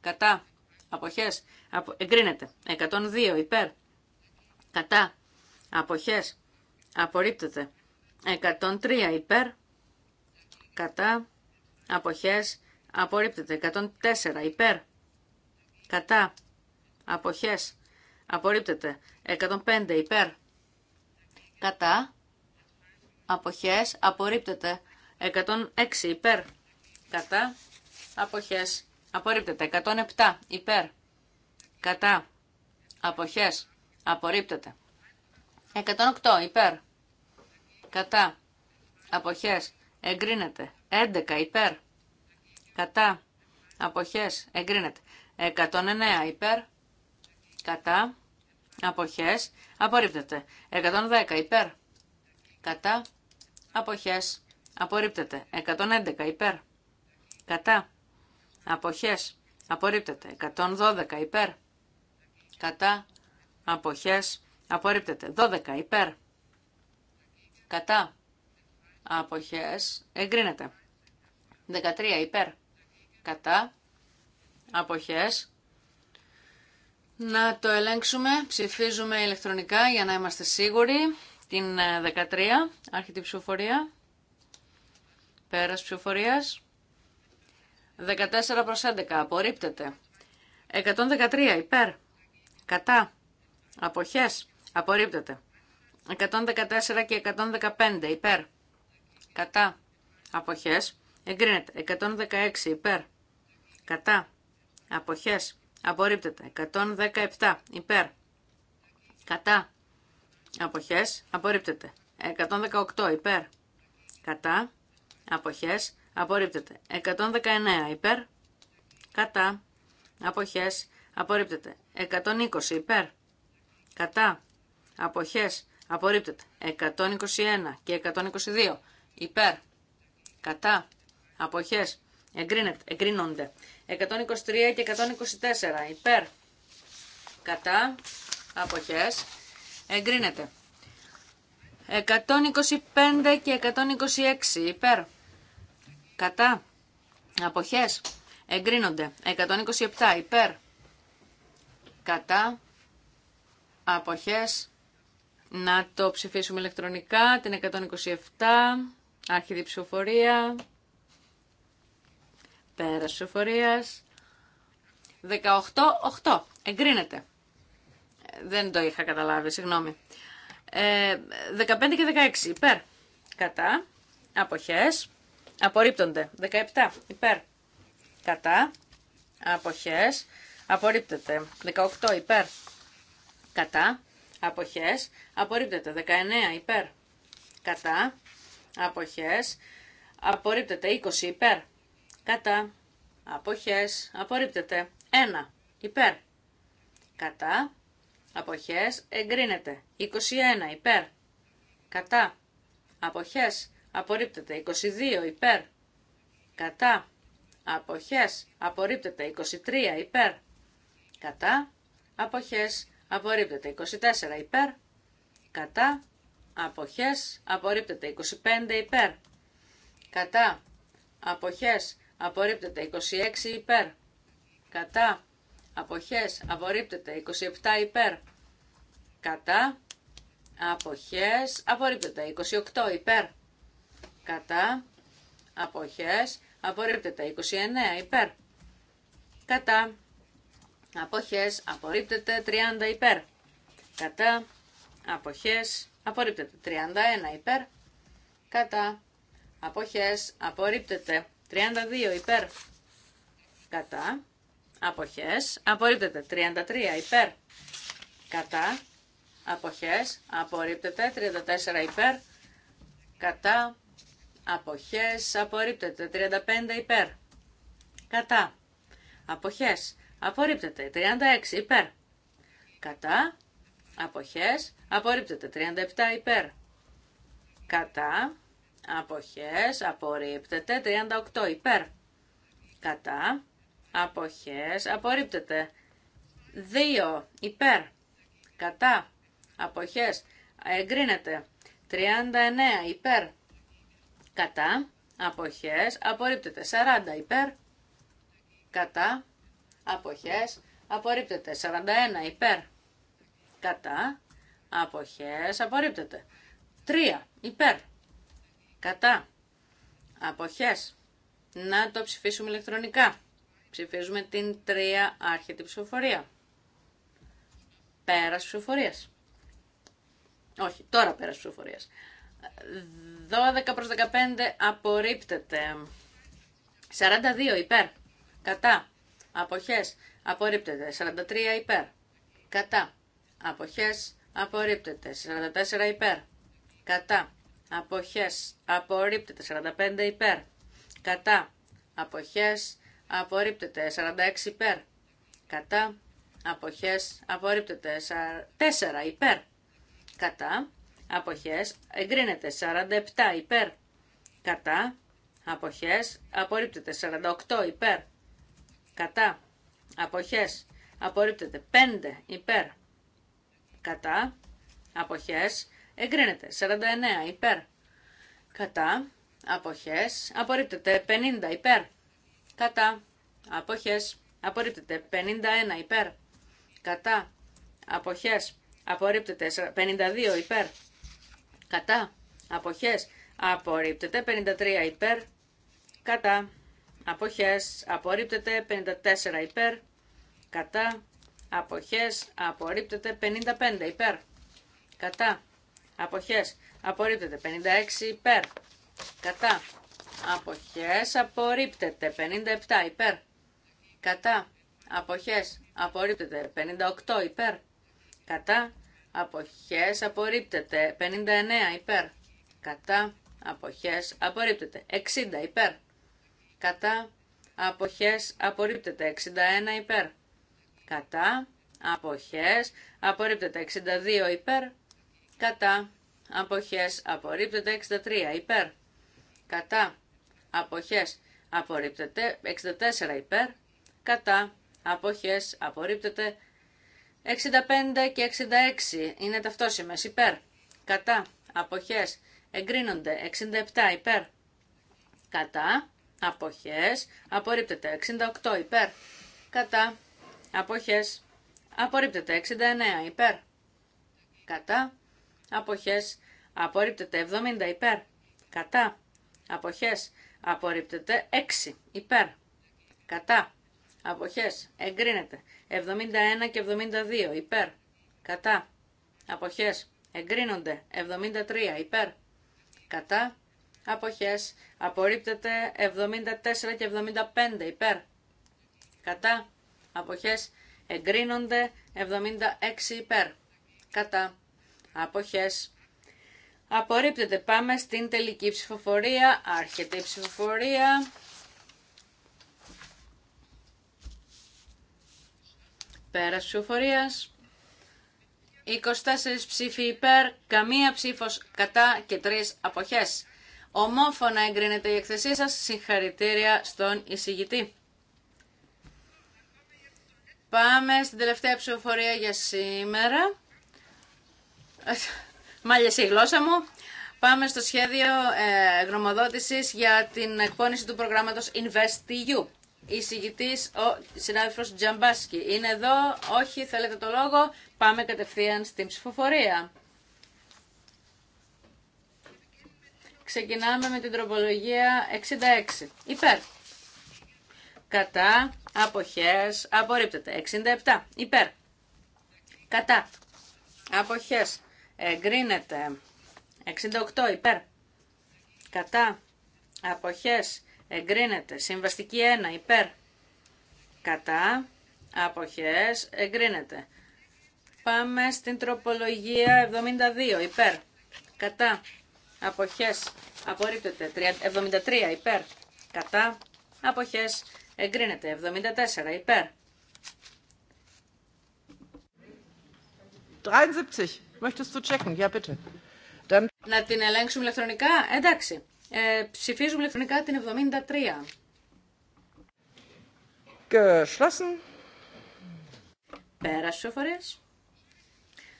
[SPEAKER 1] κατά αποχές εγκρίνεται. 102 υπέρ κατά αποχές απορρίπτεται. 103 υπέρ κατά αποχές απορρίπτεται. 104 υπέρ κατά αποχές απορρίπτεται. 105 υπέρ κατά αποχές απορρίπτεται 106 υπέρ κατά αποχές απορρίπτεται 107 υπέρ κατά αποχές απορρίπτεται 108 υπέρ κατά αποχές εγκρίνεται 11 υπέρ κατά αποχές εγκρίνεται 109 υπέρ κατά αποχές απορρίπτεται 110 υπέρ κατά, αποχές, απορρίπτεται. 111 υπέρ, κατά, αποχές, απορρίπτεται. 112 υπέρ, κατά, αποχές, απορρίπτεται. 12 υπέρ, κατά, αποχές, εγκρίνεται. 13 υπέρ, κατά, αποχές, να το ελέγξουμε, ψηφίζουμε ηλεκτρονικά για να είμαστε σίγουροι. Την 13, ε, άρχεται η ψηφοφορία. Πέρας ψηφοφορίας. 14 προς 11, απορρίπτεται. 113, υπέρ. Κατά. Αποχές. Απορρίπτεται. 114 και 115 υπέρ. Κατά. Αποχές. Εγκρίνεται. 116 υπέρ. Κατά. Αποχές. Απορρίπτεται. 117 υπέρ. Κατά αποχές απορρίπτεται. 118 υπέρ κατά αποχές απορρίπτεται. 119 υπέρ κατά αποχές απορρίπτεται. 120 υπέρ κατά αποχές απορρίπτεται. 121 και 122 υπέρ κατά αποχές εγκρίνονται. 123 και 124 υπέρ κατά αποχές Εγκρίνεται. 125 και 126 υπέρ. Κατά. Αποχές. Εγκρίνονται. 127 υπέρ. Κατά. Αποχές. Να το ψηφίσουμε ηλεκτρονικά. Την 127. Άρχιδη ψηφοφορία. Πέρας ψηφοφορίας. 18-8. Εγκρίνεται. Δεν το είχα καταλάβει, συγγνώμη. 15 ε, και 16 υπέρ. Κατά. Αποχές. Απορρίπτονται. 17 υπέρ. Κατά. Αποχές. Απορρίπτεται. 18 υπέρ. Κατά. Αποχές. Απορρίπτεται. 19 υπέρ. Κατά. Αποχές. Απορρίπτεται. 20 υπέρ. Κατά. Αποχές. Απορρίπτεται. 1 υπέρ. Κατά αποχές εγκρίνεται. 21 υπέρ, κατά, αποχές απορρίπτεται. 22 υπέρ, κατά, αποχές απορρίπτεται. 23 υπέρ, κατά, αποχές απορρίπτεται. 24 υπέρ, κατά, αποχές απορρίπτεται. 25 υπέρ, κατά, αποχές απορρίπτεται. 26 υπέρ, κατά, αποχές, απορρίπτεται. 27 υπέρ, κατά, αποχές, απορρίπτεται. 28 υπέρ, κατά, αποχές, απορρίπτεται. 29 υπέρ, κατά, αποχές, απορρίπτεται. 30 υπέρ, κατά, αποχές, απορρίπτεται. 31 υπέρ, κατά, αποχές, απορρίπτεται. 32 υπέρ, κατά, αποχές, απορρίπτεται. 33 υπέρ, κατά, αποχές, απορρίπτεται. 34 υπέρ, κατά, αποχές, απορρίπτεται. 35 υπέρ, κατά, αποχές, απορρίπτεται. 36 υπέρ, κατά, αποχές, απορρίπτεται. 37 υπέρ, κατά, αποχές, απορρίπτεται. 38 υπέρ, κατά, αποχές, απορρίπτεται. 2 υπέρ, κατά, αποχές, εγκρίνεται. 39 υπέρ, κατά, αποχές, απορρίπτεται. 40 υπέρ, κατά, αποχές, απορρίπτεται. 41 υπέρ, κατά, αποχές, απορρίπτεται. 3 υπέρ, κατά, αποχές. Να το ψηφίσουμε ηλεκτρονικά. Ψηφίζουμε την τρία άρχιτη ψηφοφορία. Πέρας ψηφοφορία. Όχι, τώρα πέρα ψηφοφορία. 12 προς 15 απορρίπτεται. 42 υπέρ. Κατά. Αποχές. Απορρίπτεται. 43 υπέρ. Κατά. Αποχές. Απορρίπτεται. 44 υπέρ. Κατά. Αποχές. Απορρίπτεται. 45 υπέρ. Κατά. Αποχές απορρίπτεται. 46 υπέρ. Κατά. Αποχές απορρίπτεται. 4 υπέρ. Κατά. Αποχές εγκρίνεται. 47 υπέρ. Κατά. Αποχές απορρίπτεται. 48 υπέρ. Κατά. Αποχές απορρίπτεται. 5 υπέρ. Κατά. Αποχές εγκρίνεται. 49 υπέρ. Κατά. Αποχές απορρίπτεται. 50 υπέρ κατά, αποχές, απορρίπτεται. 51 υπέρ, κατά, αποχές, απορρίπτεται. 52 υπέρ, κατά, αποχές, απορρίπτεται. 53 υπέρ, κατά, αποχές, απορρίπτεται. 54 υπέρ, κατά, αποχές, απορρίπτεται. 55 υπέρ, κατά, αποχές, απορρίπτεται. 56 υπέρ, κατά, αποχές απορρίπτεται 57 υπέρ κατά αποχές απορρίπτεται 58 υπέρ κατά αποχές απορρίπτεται 59 υπέρ κατά αποχές απορρίπτεται 60 υπέρ κατά αποχές απορρίπτεται 61 υπέρ κατά αποχές απορρίπτεται 62 υπέρ κατά αποχές απορρίπτεται 63 υπέρ κατά αποχές απορρίπτεται, 64 υπέρ, κατά, αποχές απορρίπτεται, 65 και 66 είναι ταυτόσημες υπέρ, κατά, αποχές εγκρίνονται, 67 υπέρ, κατά, αποχές απορρίπτεται, 68 υπέρ, κατά, αποχές απορρίπτεται, 69 υπέρ, κατά, αποχές απορρίπτεται, 70 υπέρ, κατά, αποχές απορρίπτεται. 6 υπέρ, κατά, αποχές, εγκρίνεται. 71 και 72 υπέρ, κατά, αποχές, εγκρίνονται. 73 υπέρ, κατά, αποχές, απορρίπτεται. 74 και 75 υπέρ, κατά, αποχές, εγκρίνονται. 76 υπέρ, κατά, αποχές, Απορρίπτεται. Πάμε στην τελική ψηφοφορία. Άρχεται η ψηφοφορία. Πέρα ψηφοφορία. 24 ψήφοι υπέρ, καμία ψήφο κατά και τρεις αποχές. Ομόφωνα εγκρίνεται η εκθεσή σας. Συγχαρητήρια στον εισηγητή. Πάμε στην τελευταία ψηφοφορία για σήμερα. Μάλιασε η γλώσσα μου. Πάμε στο σχέδιο ε, γνωμοδότησης για την εκπόνηση του προγράμματος InvestEU. Εισηγητής ο συνάδελφο Τζαμπάσκι. Είναι εδώ, όχι, θέλετε το λόγο. Πάμε κατευθείαν στην ψηφοφορία. Ξεκινάμε με την τροπολογία 66. Υπέρ. Κατά. Αποχές. Απορρίπτεται. 67. Υπέρ. Κατά. Αποχές εγκρίνεται 68 υπέρ κατά αποχές εγκρίνεται συμβαστική 1 υπέρ κατά αποχές εγκρίνεται πάμε στην τροπολογία 72 υπέρ κατά αποχές απορρίπτεται 73 υπέρ κατά αποχές εγκρίνεται 74 υπέρ 73 να την ελέγξουμε ηλεκτρονικά. Εντάξει. Ε, ψηφίζουμε ηλεκτρονικά την 73. Geschlossen. Πέρασε ο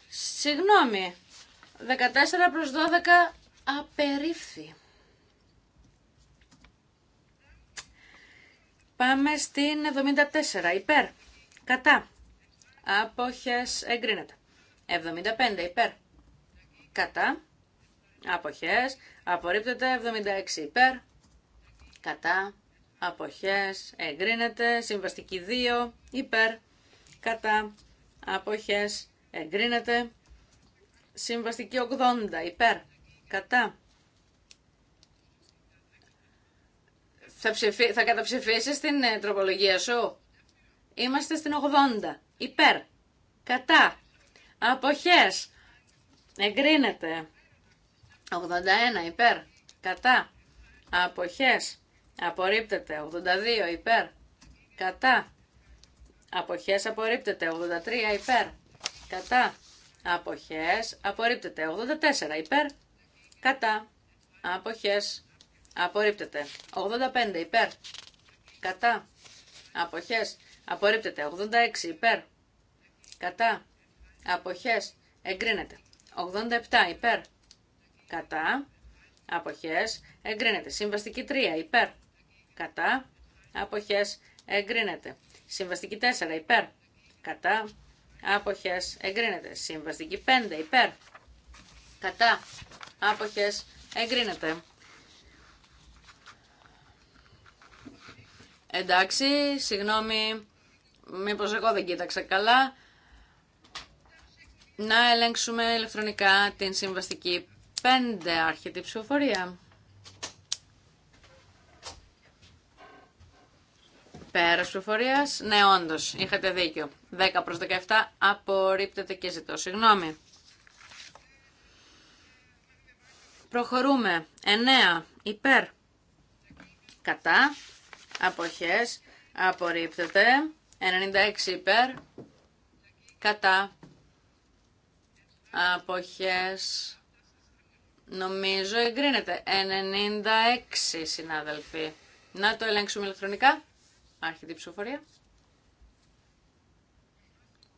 [SPEAKER 1] Συγγνώμη. 14 προς 12 απερίφθη. Πάμε στην 74. Υπέρ. Κατά. Απόχες εγκρίνεται. 75 υπέρ. Κατά. Αποχές. Απορρίπτεται. 76 υπέρ. Κατά. Αποχές. Εγκρίνεται. Συμβαστική 2 υπέρ. Κατά. Αποχές. Εγκρίνεται. Συμβαστική 80 υπέρ. Κατά. Θα, ψηφί... θα καταψηφίσεις την ε, τροπολογία σου. Είμαστε στην 80. Υπέρ. Κατά. Αποχές. Εγκρίνεται. 81 υπέρ. Κατά. Αποχές. Απορρίπτεται. 82 υπέρ. Κατά. Αποχές απορρίπτεται. 83 υπέρ. Κατά. Αποχές απορρίπτεται. 84 υπέρ. Κατά. Αποχές απορρίπτεται. 85 υπέρ. Κατά. Αποχές απορρίπτεται. 86 υπέρ. Κατά αποχές εγκρίνεται. 87 υπέρ κατά αποχές εγκρίνεται. Συμβαστική 3 υπέρ κατά αποχές εγκρίνεται. Συμβαστική 4 υπέρ κατά αποχές εγκρίνεται. Συμβαστική 5 υπέρ κατά αποχές εγκρίνεται. Εντάξει, συγγνώμη, μήπως εγώ δεν κοίταξα καλά. Να ελέγξουμε ηλεκτρονικά την συμβαστική 5 αρχιτή ψηφοφορία. Πέρα ψηφοφορία, ναι όντω. είχατε δίκιο. 10 προ 17 απορρίπτεται και ζητώ συγγνώμη. Προχωρούμε. 9 υπέρ. Κατά. Αποχές. Απορρίπτεται. 96 υπέρ. Κατά αποχές νομίζω εγκρίνεται 96 συνάδελφοι να το ελέγξουμε ηλεκτρονικά άρχεται ψηφοφορία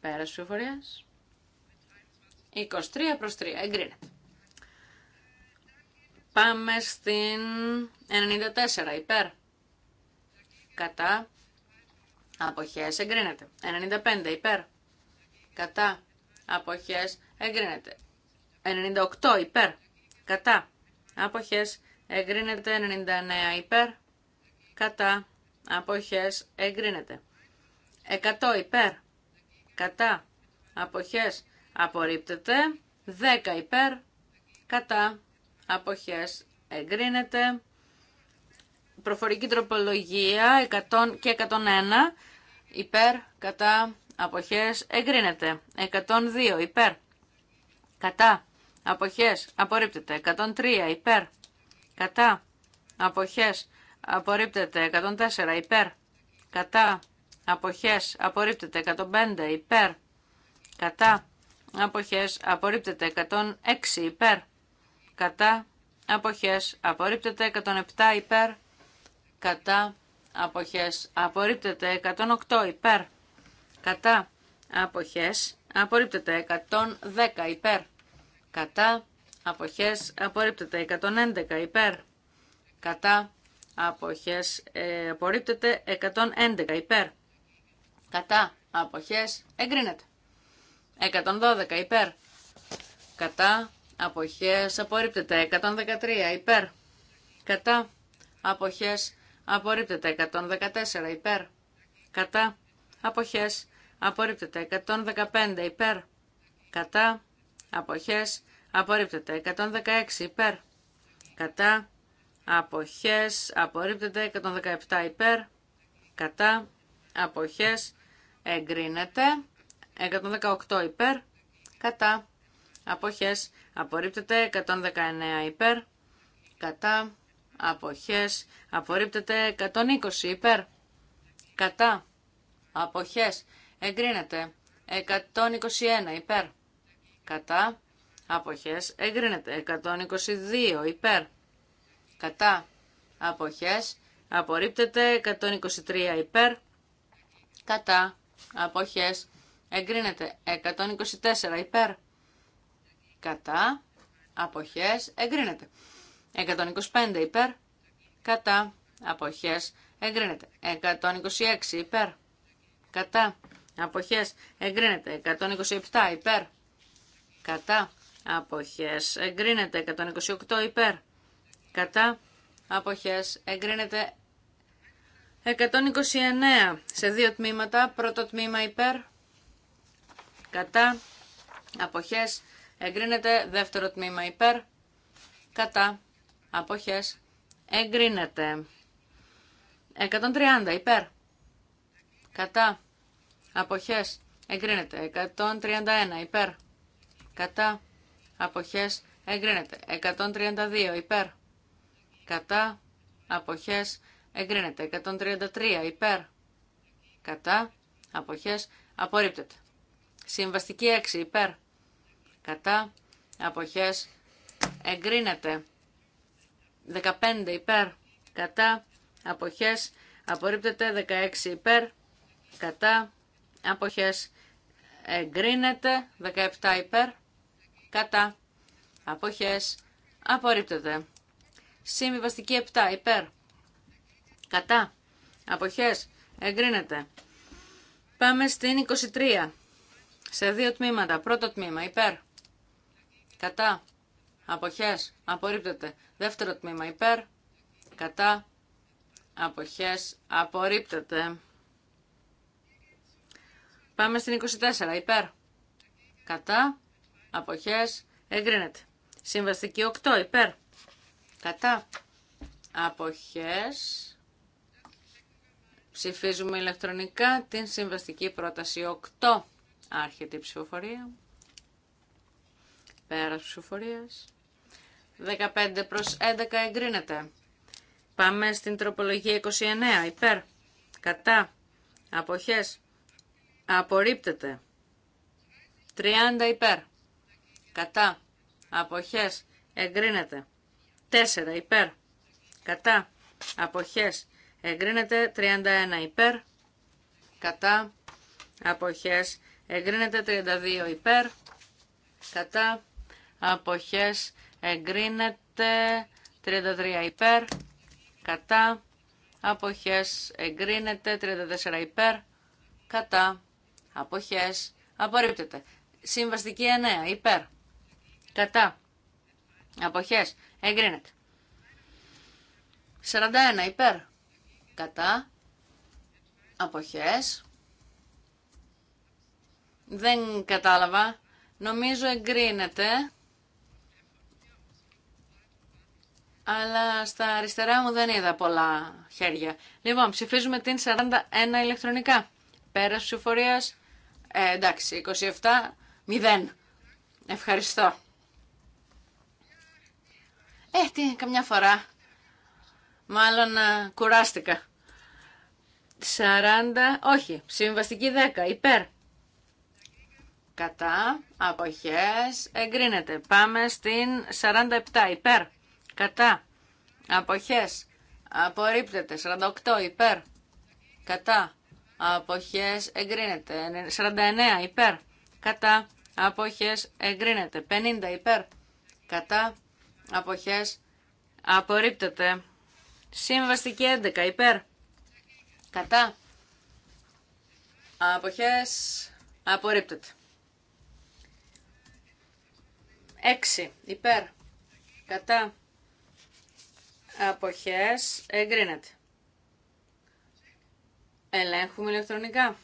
[SPEAKER 1] πέρας ψηφοφορίας 23 προς 3 εγκρίνεται Πάμε στην 94 υπέρ. Κατά. Αποχές εγκρίνεται. 95 υπέρ. Κατά. Αποχές εγκρίνεται. 98 υπέρ, κατά, αποχές, εγκρίνεται. 99 υπέρ, κατά, αποχές, εγκρίνεται. 100 υπέρ, κατά, αποχές, απορρίπτεται. 10 υπέρ, κατά, αποχές, εγκρίνεται. Προφορική τροπολογία 100 και 101 υπέρ, κατά, αποχές, εγκρίνεται. 102 υπέρ, κατά, αποχές, απορρίπτεται. 103 υπέρ, κατά, αποχές, απορρίπτεται. 104 υπέρ, κατά, αποχές, απορρίπτεται. 105 υπέρ, κατά, αποχές, απορρίπτεται. 106 υπέρ, κατά, αποχές, απορρίπτεται. 107 υπέρ, κατά, αποχές, απορρίπτεται. 108 υπέρ, κατά, αποχές, απορρίπτεται 110 υπέρ κατά αποχές απορρίπτεται 111 υπέρ κατά αποχές ε, απορρίπτεται 111 υπέρ κατά αποχές εγκρίνεται 112 υπέρ κατά αποχές απορρίπτεται 113 υπέρ κατά αποχές απορρίπτεται 114 υπέρ κατά αποχές απορρίπτεται. 115 υπέρ, κατά, αποχές, απορρίπτεται. 116 υπέρ, κατά, αποχές, απορρίπτεται. 117 υπέρ, κατά, αποχές, εγκρίνεται. 118 υπέρ, κατά, αποχές, απορρίπτεται. 119 υπέρ, κατά, αποχές, απορρίπτεται. 120 υπέρ, κατά, αποχές, εγκρίνεται. 121 υπέρ. Κατά. Αποχές εγκρίνεται. 122 υπέρ. Κατά. Αποχές απορρίπτεται. 123 υπέρ. Κατά. Αποχές εγκρίνεται. 124 υπέρ. Κατά. Αποχές εγκρίνεται. 125 υπέρ. Κατά. Αποχές εγκρίνεται. 126 υπέρ. Κατά αποχές εγκρίνεται 127 υπέρ κατά αποχές εγκρίνεται 128 υπέρ κατά αποχές εγκρίνεται 129 σε δύο τμήματα πρώτο τμήμα υπέρ κατά αποχές εγκρίνεται δεύτερο τμήμα υπέρ κατά αποχές εγκρίνεται 130 υπέρ κατά αποχές εγκρίνεται 131 υπέρ κατά αποχές εγκρίνεται 132 υπέρ κατά αποχές εγκρίνεται 133 υπέρ κατά αποχές απορρίπτεται συμβαστική 6 υπέρ κατά αποχές εγκρίνεται 15 υπέρ κατά αποχές απορρίπτεται 16 υπέρ κατά αποχές εγκρίνεται 17 υπέρ κατά αποχές απορρίπτεται συμβιβαστική 7 υπέρ κατά αποχές εγκρίνεται πάμε στην 23 σε δύο τμήματα πρώτο τμήμα υπέρ κατά αποχές απορρίπτεται δεύτερο τμήμα υπέρ κατά αποχές απορρίπτεται Πάμε στην 24. Υπέρ. Κατά. Αποχές. Εγκρίνεται. Συμβαστική 8. Υπέρ. Κατά. Αποχές. Ψηφίζουμε ηλεκτρονικά την συμβαστική πρόταση 8. Άρχεται η ψηφοφορία. Πέρας ψηφοφορίας. 15 προς 11 εγκρίνεται. Πάμε στην τροπολογία 29. Υπέρ. Κατά. Αποχές. Απορρίπτεται. 30 υπέρ. Κατά. Αποχές. Εγκρίνεται. 4 υπέρ. Κατά. Αποχές. Εγκρίνεται. 31 υπέρ. Κατά. Αποχές. Εγκρίνεται. 32 υπέρ. Κατά. Αποχές. Εγκρίνεται. 33 υπέρ. Κατά. Αποχές. Εγκρίνεται. 34 υπέρ. Κατά. Αποχέ, απορρίπτεται. Συμβαστική 9, υπέρ, κατά, Αποχέ, εγκρίνεται. 41, υπέρ, κατά, αποχές, δεν κατάλαβα, νομίζω εγκρίνεται, αλλά στα αριστερά μου δεν είδα πολλά χέρια. Λοιπόν, ψηφίζουμε την 41 ηλεκτρονικά. Πέρας ψηφορίας ε, εντάξει, 27, 0. Ευχαριστώ. Ε, τι, καμιά φορά. Μάλλον ε, κουράστηκα. 40, όχι, συμβαστική 10, υπέρ. Κατά, αποχές, εγκρίνεται. Πάμε στην 47, υπέρ. Κατά, αποχές, απορρίπτεται. 48, υπέρ. Κατά, αποχές εγκρίνεται. 49 υπέρ, κατά αποχές εγκρίνεται. 50 υπέρ, κατά αποχές απορρίπτεται. Συμβαστική 11 υπέρ, κατά αποχές απορρίπτεται. 6 υπέρ, κατά αποχές εγκρίνεται. Ελέγχουμε ηλεκτρονικά.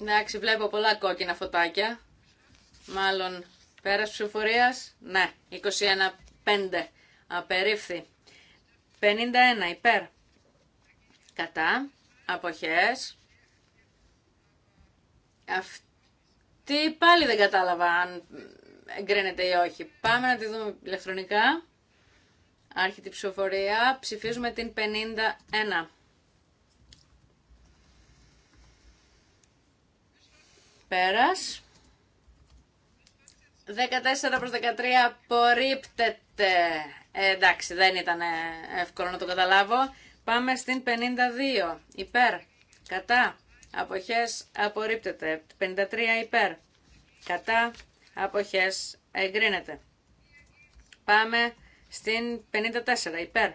[SPEAKER 1] Εντάξει, βλέπω πολλά κόκκινα φωτάκια. Μάλλον πέρας ψηφοφορίας. Ναι, 21-5. Απερίφθη. 51 υπέρ. Κατά. Αποχέ. Αυτή πάλι δεν κατάλαβα αν εγκρίνεται ή όχι. Πάμε να τη δούμε ηλεκτρονικά. Αρχίτη ψηφοφορία. Ψηφίζουμε την 51. Πέρας. 14 προς 13 απορρίπτεται. Ε, εντάξει, δεν ήταν ε, εύκολο να το καταλάβω. Πάμε στην 52. Υπέρ. Κατά. Αποχές απορρίπτεται. 53 υπέρ. Κατά. Αποχές εγκρίνεται. Πάμε στην 54 υπέρ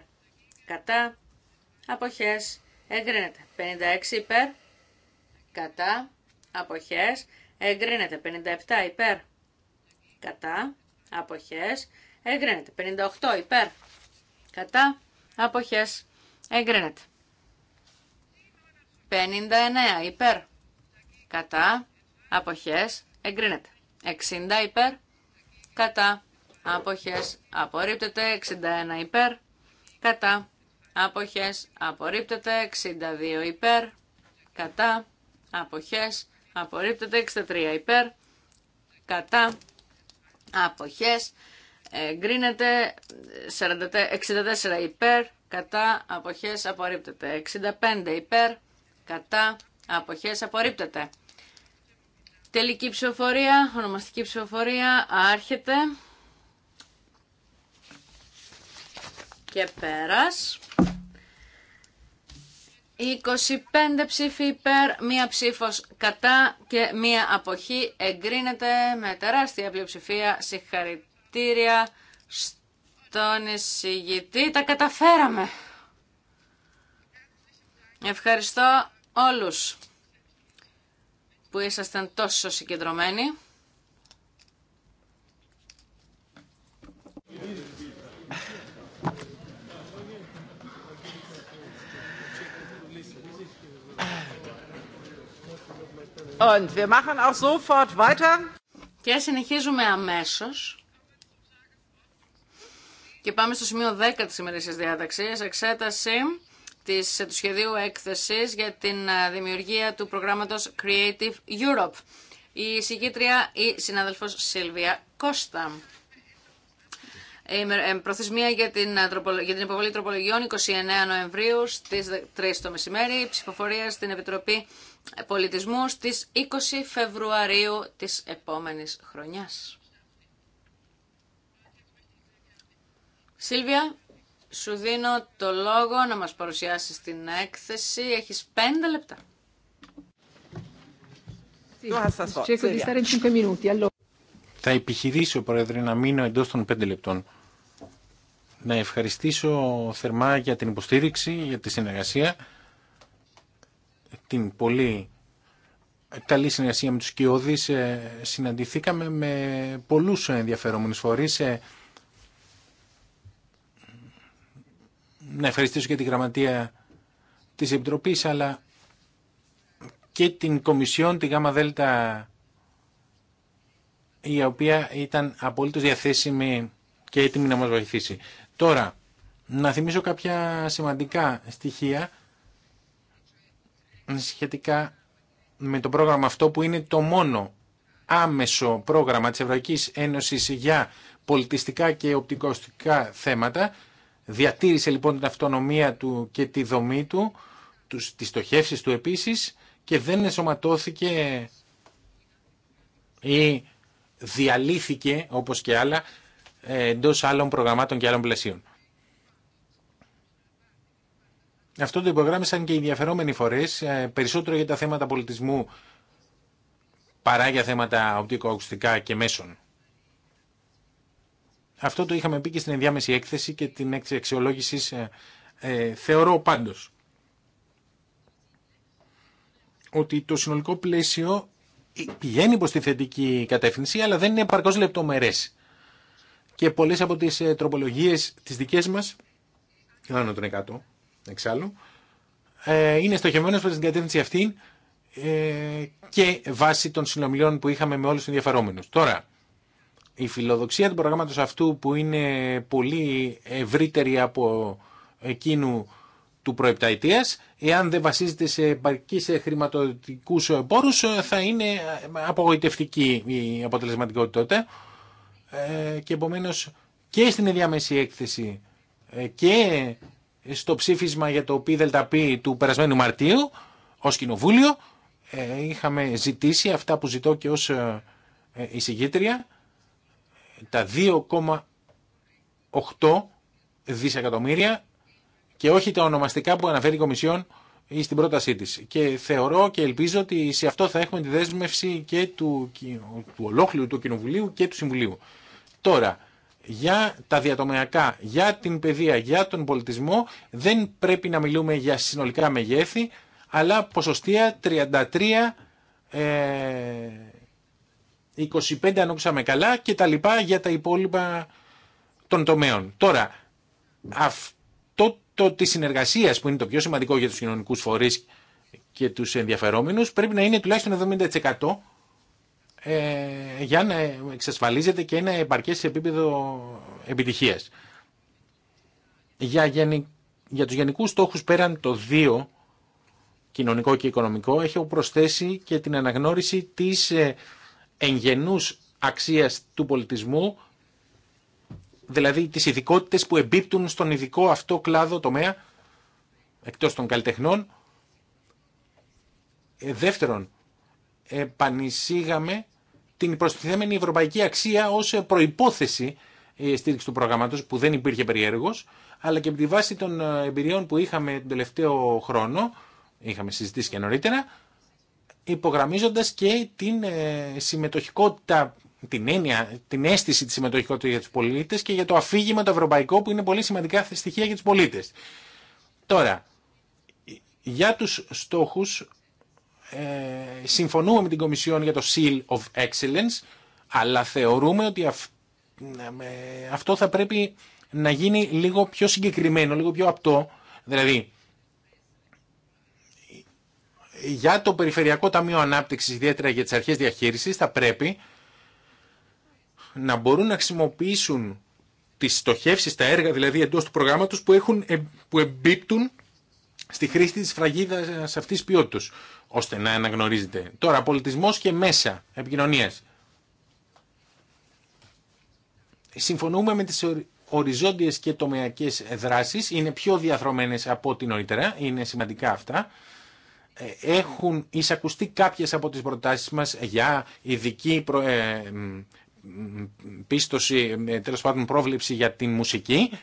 [SPEAKER 1] κατά αποχές εγκρίνεται 56 υπέρ κατά αποχές εγκρίνεται 57 υπέρ κατά αποχές εγκρίνεται 58 υπέρ κατά αποχές εγκρίνεται 59 υπέρ κατά αποχές εγκρίνεται 60 υπέρ κατά αποχές απορρίπτεται 61 υπέρ κατά αποχές απορρίπτεται 62 υπέρ κατά αποχές απορρίπτεται 63 υπέρ κατά αποχές εγκρίνεται 64 υπέρ κατά αποχές απορρίπτεται 65 υπέρ κατά αποχές απορρίπτεται Τελική ψηφοφορία, ονομαστική ψηφοφορία, άρχεται. και πέρας. 25 ψήφοι υπέρ, μία ψήφος κατά και μία αποχή εγκρίνεται με τεράστια πλειοψηφία. Συγχαρητήρια στον εισηγητή. Τα καταφέραμε. Ευχαριστώ όλους που ήσασταν τόσο συγκεντρωμένοι. Und wir machen auch sofort weiter. Και συνεχίζουμε αμέσω Και πάμε στο σημείο 10 τη σημερινή διάταξη. εξέταση της, του σχεδίου έκθεσης για την ε, δημιουργία του προγράμματο Creative Europe. Η συγκίτρια, η συνάδελφο Σίλβια Κώστα. Ε, ε, προθεσμία για την, ε, για την υποβολή τροπολογιών 29 Νοεμβρίου στις 3 το μεσημέρι. Ψηφοφορία στην Επιτροπή Πολιτισμού στις 20 Φεβρουαρίου της επόμενης χρονιάς. Σίλβια, σου δίνω το λόγο να μας παρουσιάσεις την έκθεση. Έχεις 5 λεπτά.
[SPEAKER 2] Θα επιχειρήσω, Πρόεδρε, να μείνω εντός των 5 λεπτών να ευχαριστήσω θερμά για την υποστήριξη, για τη συνεργασία, την πολύ καλή συνεργασία με τους κοιόδης. Ε, συναντηθήκαμε με πολλούς ενδιαφερόμενους φορείς. Ε, να ευχαριστήσω και τη γραμματεία της Επιτροπής, αλλά και την Κομισιόν, τη ΓΑΜΑ η οποία ήταν απολύτως διαθέσιμη και έτοιμη να μας βοηθήσει. Τώρα, να θυμίσω κάποια σημαντικά στοιχεία σχετικά με το πρόγραμμα αυτό που είναι το μόνο άμεσο πρόγραμμα της Ευρωπαϊκής Ένωσης για πολιτιστικά και οπτικοστικά θέματα. Διατήρησε λοιπόν την αυτονομία του και τη δομή του, τις στοχεύσεις του επίσης και δεν ενσωματώθηκε ή διαλύθηκε όπως και άλλα ε, εντό άλλων προγραμμάτων και άλλων πλαισίων. Αυτό το υπογράμμισαν και οι ενδιαφερόμενοι φορέ. Ε, περισσότερο για τα θέματα πολιτισμού παρά για θέματα οπτικοακουστικά και μέσων. Αυτό το είχαμε πει και στην ενδιάμεση έκθεση και την έκθεση αξιολόγηση ε, ε, θεωρώ πάντως ότι το συνολικό πλαίσιο πηγαίνει προς τη θετική κατεύθυνση αλλά δεν είναι επαρκώς λεπτομερές και πολλέ από τις ε, τροπολογίες τις δικές μας, άνω των 100 εξάλλου, ε, είναι στοχευμένε προ την κατεύθυνση αυτή ε, και βάσει των συνομιλιών που είχαμε με όλους του ενδιαφερόμενου. Τώρα, η φιλοδοξία του προγράμματο αυτού που είναι πολύ ευρύτερη από εκείνου του προεπταετία, εάν δεν βασίζεται σε σε χρηματοδοτικού πόρου, θα είναι απογοητευτική η αποτελεσματικότητα. Ε, και επομένω και στην ενδιάμεση έκθεση ε, και στο ψήφισμα για το ΠΔΠ του περασμένου Μαρτίου ως Κοινοβούλιο ε, είχαμε ζητήσει αυτά που ζητώ και ως εισηγήτρια τα 2,8 δισεκατομμύρια και όχι τα ονομαστικά που αναφέρει η Κομισιόν ή στην πρότασή της. Και θεωρώ και ελπίζω ότι σε αυτό θα έχουμε τη δέσμευση και του, του ολόκληρου του Κοινοβουλίου και του Συμβουλίου. Τώρα, για τα διατομεακά, για την παιδεία, για τον πολιτισμό δεν πρέπει να μιλούμε για συνολικά μεγέθη, αλλά ποσοστία 33, ε, 25 αν όξαμε καλά και τα λοιπά για τα υπόλοιπα των τομέων. Τώρα, αυτό το της συνεργασίας που είναι το πιο σημαντικό για τους κοινωνικούς φορείς και τους ενδιαφερόμενους πρέπει να είναι τουλάχιστον 70% ε, για να εξασφαλίζεται και ένα επαρκές επίπεδο επιτυχίας. Για, γενι... για τους γενικούς στόχους πέραν το 2, κοινωνικό και οικονομικό, έχω προσθέσει και την αναγνώριση της ε, εγγενούς αξίας του πολιτισμού, δηλαδή τις ειδικότητες που εμπίπτουν στον ειδικό αυτό κλάδο τομέα, εκτός των καλλιτεχνών. Ε, δεύτερον, επανεισήγαμε την προστιθέμενη ευρωπαϊκή αξία ω προπόθεση ε, στήριξη του προγράμματο που δεν υπήρχε περιέργω, αλλά και από τη βάση των ε, εμπειριών που είχαμε τον τελευταίο χρόνο, είχαμε συζητήσει και νωρίτερα, υπογραμμίζοντας και την ε, συμμετοχικότητα, την έννοια, την αίσθηση τη συμμετοχικότητας για του πολίτε και για το αφήγημα το ευρωπαϊκό που είναι πολύ σημαντικά στοιχεία για τους πολίτε. Τώρα, για τους στόχους ε, συμφωνούμε με την Κομισιόν για το Seal of Excellence, αλλά θεωρούμε ότι αυτό θα πρέπει να γίνει λίγο πιο συγκεκριμένο, λίγο πιο απτό. Δηλαδή, για το Περιφερειακό Ταμείο Ανάπτυξης, ιδιαίτερα για τις αρχές διαχείρισης, θα πρέπει να μπορούν να χρησιμοποιήσουν τις στοχεύσεις, τα έργα δηλαδή εντός του προγράμματος που, ε, που εμπίπτουν στη χρήση της φραγίδας αυτής ποιότητας, ώστε να αναγνωρίζεται. Τώρα, πολιτισμός και μέσα επικοινωνίας. Συμφωνούμε με τις οριζόντιες και τομεακές δράσεις, είναι πιο διαθρωμένες από την νωρίτερα, είναι σημαντικά αυτά. Έχουν εισακουστεί κάποιες από τις προτάσεις μας για ειδική προ... πίστοση, τέλος πάντων πρόβλεψη για την μουσική,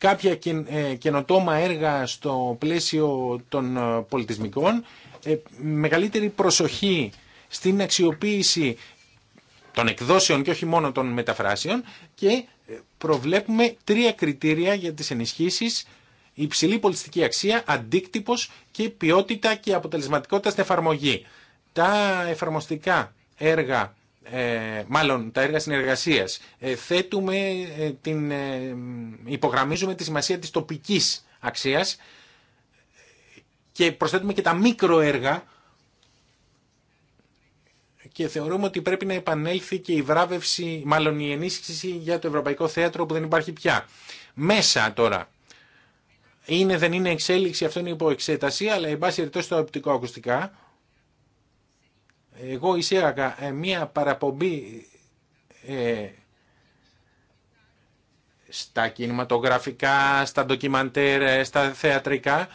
[SPEAKER 2] κάποια ε, καινοτόμα έργα στο πλαίσιο των ε, πολιτισμικών, ε, μεγαλύτερη προσοχή στην αξιοποίηση των εκδόσεων και όχι μόνο των μεταφράσεων και προβλέπουμε τρία κριτήρια για τις ενισχύσεις υψηλή πολιτιστική αξία, αντίκτυπος και ποιότητα και αποτελεσματικότητα στην εφαρμογή. Τα εφαρμοστικά έργα ε, μάλλον τα έργα συνεργασία. Ε, θέτουμε, ε, την, ε, υπογραμμίζουμε τη σημασία της τοπικής αξίας και προσθέτουμε και τα μικροέργα και θεωρούμε ότι πρέπει να επανέλθει και η βράβευση, μάλλον η ενίσχυση για το Ευρωπαϊκό Θέατρο που δεν υπάρχει πια. Μέσα τώρα. Είναι, δεν είναι εξέλιξη, αυτό είναι υπό εξέταση, αλλά εν πάση το τα οπτικοακουστικά εγώ εισήγαγα ε, μία παραπομπή ε, στα κινηματογραφικά, στα ντοκιμαντέρ, ε, στα θεατρικά,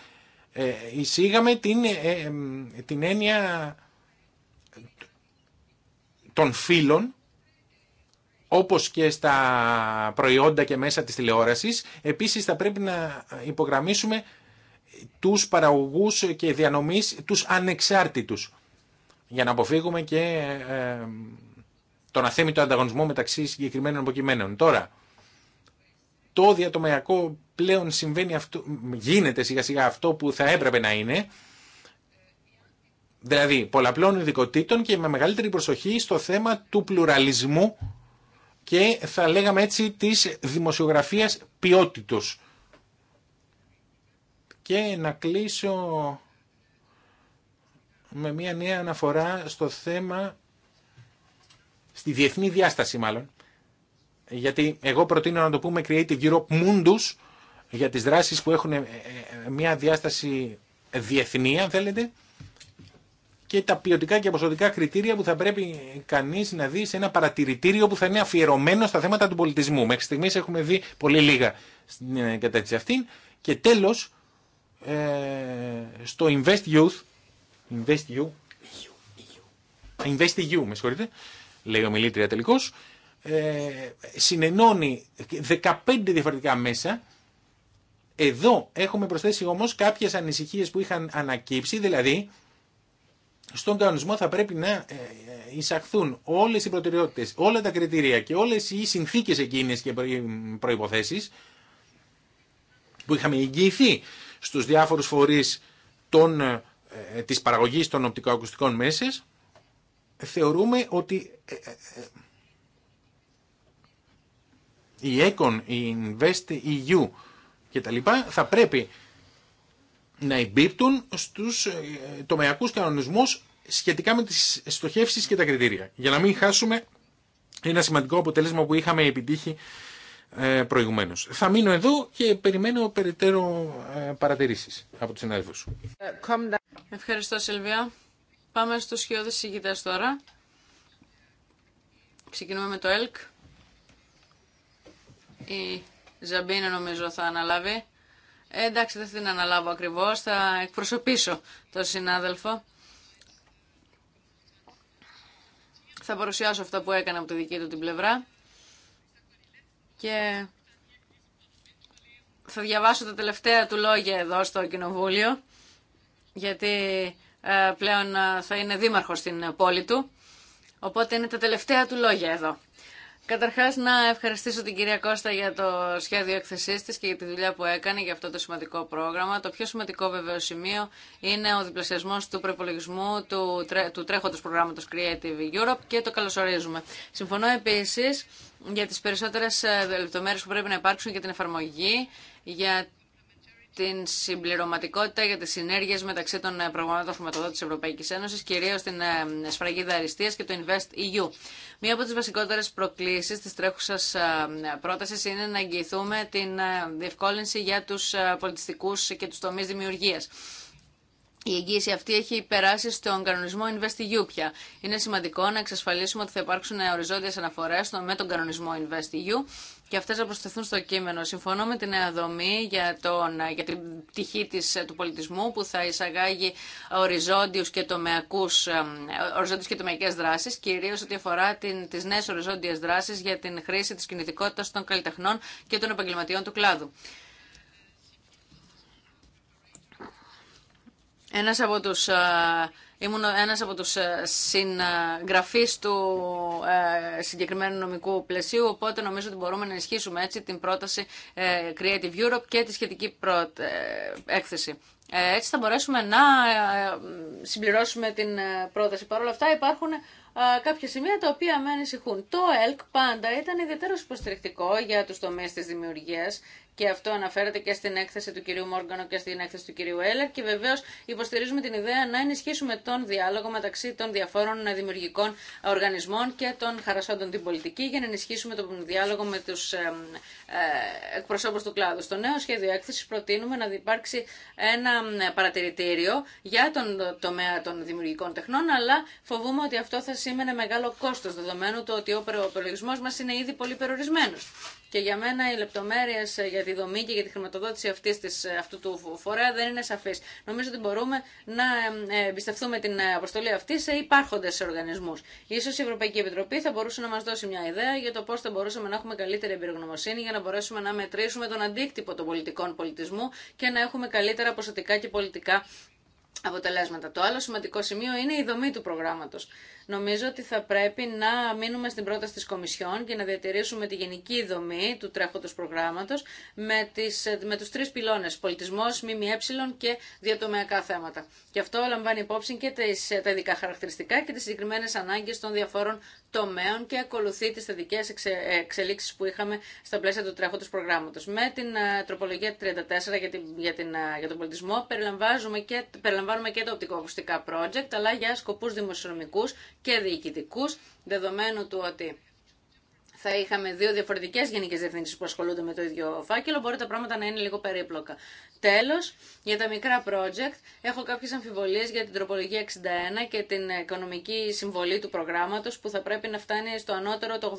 [SPEAKER 2] ε, εισήγαμε την, ε, έννοια των φίλων, όπως και στα προϊόντα και μέσα της τηλεόρασης. Επίσης θα πρέπει να υπογραμμίσουμε τους παραγωγούς και διανομής, τους ανεξάρτητους για να αποφύγουμε και ε, τον αθέμητο ανταγωνισμό μεταξύ συγκεκριμένων υποκειμένων. Τώρα, το διατομιακό πλέον συμβαίνει αυτό, γίνεται σιγά σιγά αυτό που θα έπρεπε να είναι, δηλαδή πολλαπλών ειδικοτήτων και με μεγαλύτερη προσοχή στο θέμα του πλουραλισμού και θα λέγαμε έτσι της δημοσιογραφίας ποιότητος. Και να κλείσω με μια νέα αναφορά στο θέμα, στη διεθνή διάσταση μάλλον, γιατί εγώ προτείνω να το πούμε Creative Europe Mundus για τις δράσεις που έχουν ε, ε, μια διάσταση διεθνή, αν θέλετε, και τα ποιοτικά και ποσοτικά κριτήρια που θα πρέπει κανείς να δει σε ένα παρατηρητήριο που θα είναι αφιερωμένο στα θέματα του πολιτισμού. Μέχρι στιγμής έχουμε δει πολύ λίγα στην ε, κατάσταση αυτή. Και τέλο, στο Invest Youth InvestEU, you, με συγχωρείτε, λέει ο μιλήτρια τελικώς, ε, συνενώνει 15 διαφορετικά μέσα. Εδώ έχουμε προσθέσει όμως κάποιες ανησυχίες που είχαν ανακύψει, δηλαδή στον κανονισμό θα πρέπει να ε, ε, εισαχθούν όλες οι προτεραιότητες, όλα τα κριτήρια και όλες οι συνθήκες εκείνες και προϋποθέσεις που είχαμε εγγυηθεί στους διάφορους φορείς των ε, ε, ε, της παραγωγής των οπτικοακουστικών μέσης, θεωρούμε ότι ε, η Econ, η Invest EU και τα λοιπά θα πρέπει να εμπίπτουν στους τομεακούς κανονισμούς σχετικά με τις στοχεύσεις και τα κριτήρια για να μην χάσουμε ένα σημαντικό αποτέλεσμα που είχαμε επιτύχει ε, προηγουμένως. Θα μείνω εδώ και περιμένω περαιτέρω ε, παρατηρήσεις από τους συνάδελφους.
[SPEAKER 1] Ευχαριστώ Σιλβία. Πάμε στους χειώδες συγκητές τώρα. Ξεκινούμε με το ΕΛΚ. Η Ζαμπίνα νομίζω θα αναλάβει. Ε, εντάξει δεν θα την αναλάβω ακριβώς, θα εκπροσωπήσω τον συνάδελφο. Θα παρουσιάσω αυτά που έκανα από τη δική του την πλευρά και θα διαβάσω τα τελευταία του λόγια εδώ στο Κοινοβούλιο γιατί ε, πλέον ε, θα είναι δήμαρχος στην πόλη του οπότε είναι τα τελευταία του λόγια εδώ. Καταρχά να ευχαριστήσω την κυρία Κώστα για το σχέδιο έκθεσή τη και για τη δουλειά που έκανε για αυτό το σημαντικό πρόγραμμα. Το πιο σημαντικό βεβαίω σημείο είναι ο διπλασιασμό του προπολογισμού του, του τρέχοντος προγράμματος Creative Europe και το καλωσορίζουμε. Συμφωνώ επίσης για τις περισσότερες ε, λεπτομέρειες που πρέπει να υπάρξουν για την εφαρμογή, για την συμπληρωματικότητα για τι συνέργειε μεταξύ των ε, προγραμμάτων χρηματοδότηση της Ευρωπαϊκής Ένωσης, κυρίως την ε, σφραγίδα Αριστεία και το Invest EU. Μία από τι βασικότερε προκλήσει τη τρέχουσα ε, πρόταση είναι να εγγυηθούμε την διευκόλυνση για του πολιτιστικού και του τομεί δημιουργία. Η εγγύηση αυτή έχει περάσει στον κανονισμό InvestEU πια. Είναι σημαντικό να εξασφαλίσουμε ότι θα υπάρξουν οριζόντιε αναφορέ με τον κανονισμό InvestEU και αυτές να προσθεθούν στο κείμενο. Συμφωνώ με την νέα δομή για, τον, για την πτυχή της, ε, του πολιτισμού που θα εισαγάγει οριζόντιους και, τομεακούς, ε, οριζόντιους και τομεακές δράσεις, κυρίως ό,τι αφορά την, τις νέες οριζόντιες δράσεις για την χρήση της κινητικότητας των καλλιτεχνών και των επαγγελματιών του κλάδου. Ένας από ε, Ήμουν ένας από τους ε, συγγραφείς του ε, συγκεκριμένου νομικού πλαισίου, οπότε νομίζω ότι μπορούμε να ενισχύσουμε έτσι την πρόταση ε, Creative Europe και τη σχετική έκθεση. Ε, έτσι θα μπορέσουμε να ε, συμπληρώσουμε την ε, πρόταση. Παρ' όλα αυτά υπάρχουν κάποια σημεία τα οποία με ανησυχούν. Το ΕΛΚ πάντα ήταν ιδιαίτερο υποστηρικτικό για τους τομείς της δημιουργίας και αυτό αναφέρεται και στην έκθεση του κυρίου Μόργανο και στην έκθεση του κυρίου Έλερ και βεβαίω υποστηρίζουμε την ιδέα να ενισχύσουμε τον διάλογο μεταξύ των διαφόρων δημιουργικών οργανισμών και των χαρασόντων την πολιτική για να ενισχύσουμε τον διάλογο με του εκπροσώπους του κλάδου. Στο νέο σχέδιο έκθεση προτείνουμε να υπάρξει ένα παρατηρητήριο για τον τομέα των δημιουργικών τεχνών, αλλά φοβούμαι ότι αυτό θα σήμαινε μεγάλο κόστο δεδομένου το ότι ο προπολογισμό μα είναι ήδη πολύ περιορισμένο. Και για μένα οι λεπτομέρειε ε, για τη δομή και για τη χρηματοδότηση αυτής της, ε, αυτού του φορέα δεν είναι σαφεί. Νομίζω ότι μπορούμε να ε, εμπιστευτούμε την αποστολή αυτή σε υπάρχοντε οργανισμού. σω η Ευρωπαϊκή Επιτροπή θα μπορούσε να μα δώσει μια ιδέα για το πώ θα μπορούσαμε να έχουμε καλύτερη εμπειρογνωμοσύνη για να μπορέσουμε να μετρήσουμε τον αντίκτυπο των πολιτικών πολιτισμού και να έχουμε καλύτερα ποσοτικά οικονομικά και πολιτικά αποτελέσματα. Το άλλο σημαντικό σημείο είναι η δομή του προγράμματο. Νομίζω ότι θα πρέπει να μείνουμε στην πρόταση τη Κομισιόν και να διατηρήσουμε τη γενική δομή του τρέχοντο προγράμματο με, τις, με τους τρεις πυλώνες, πολιτισμός, ΜΜΕ και διατομεακά θέματα. Και αυτό λαμβάνει υπόψη και τις, τα ειδικά χαρακτηριστικά και τι συγκεκριμένες ανάγκε των διαφόρων τομέων και ακολουθεί τι θετικέ εξε, εξελίξεις που είχαμε στα πλαίσια του τρέχοντο προγράμματο. Με την ε, τροπολογία 34 για, την, για, την, ε, για τον πολιτισμό περιλαμβάνουμε και, περιλαμβάνουμε και τα οπτικοακουστικά project, αλλά για σκοπούς δημοσιονομικούς και διοικητικούς, δεδομένου του ότι θα είχαμε δύο διαφορετικέ γενικέ διευθύνσει που ασχολούνται με το ίδιο φάκελο, μπορεί τα πράγματα να είναι λίγο περίπλοκα. Τέλο, για τα μικρά project, έχω κάποιε αμφιβολίε για την τροπολογία 61 και την οικονομική συμβολή του προγράμματο που θα πρέπει να φτάνει στο ανώτερο το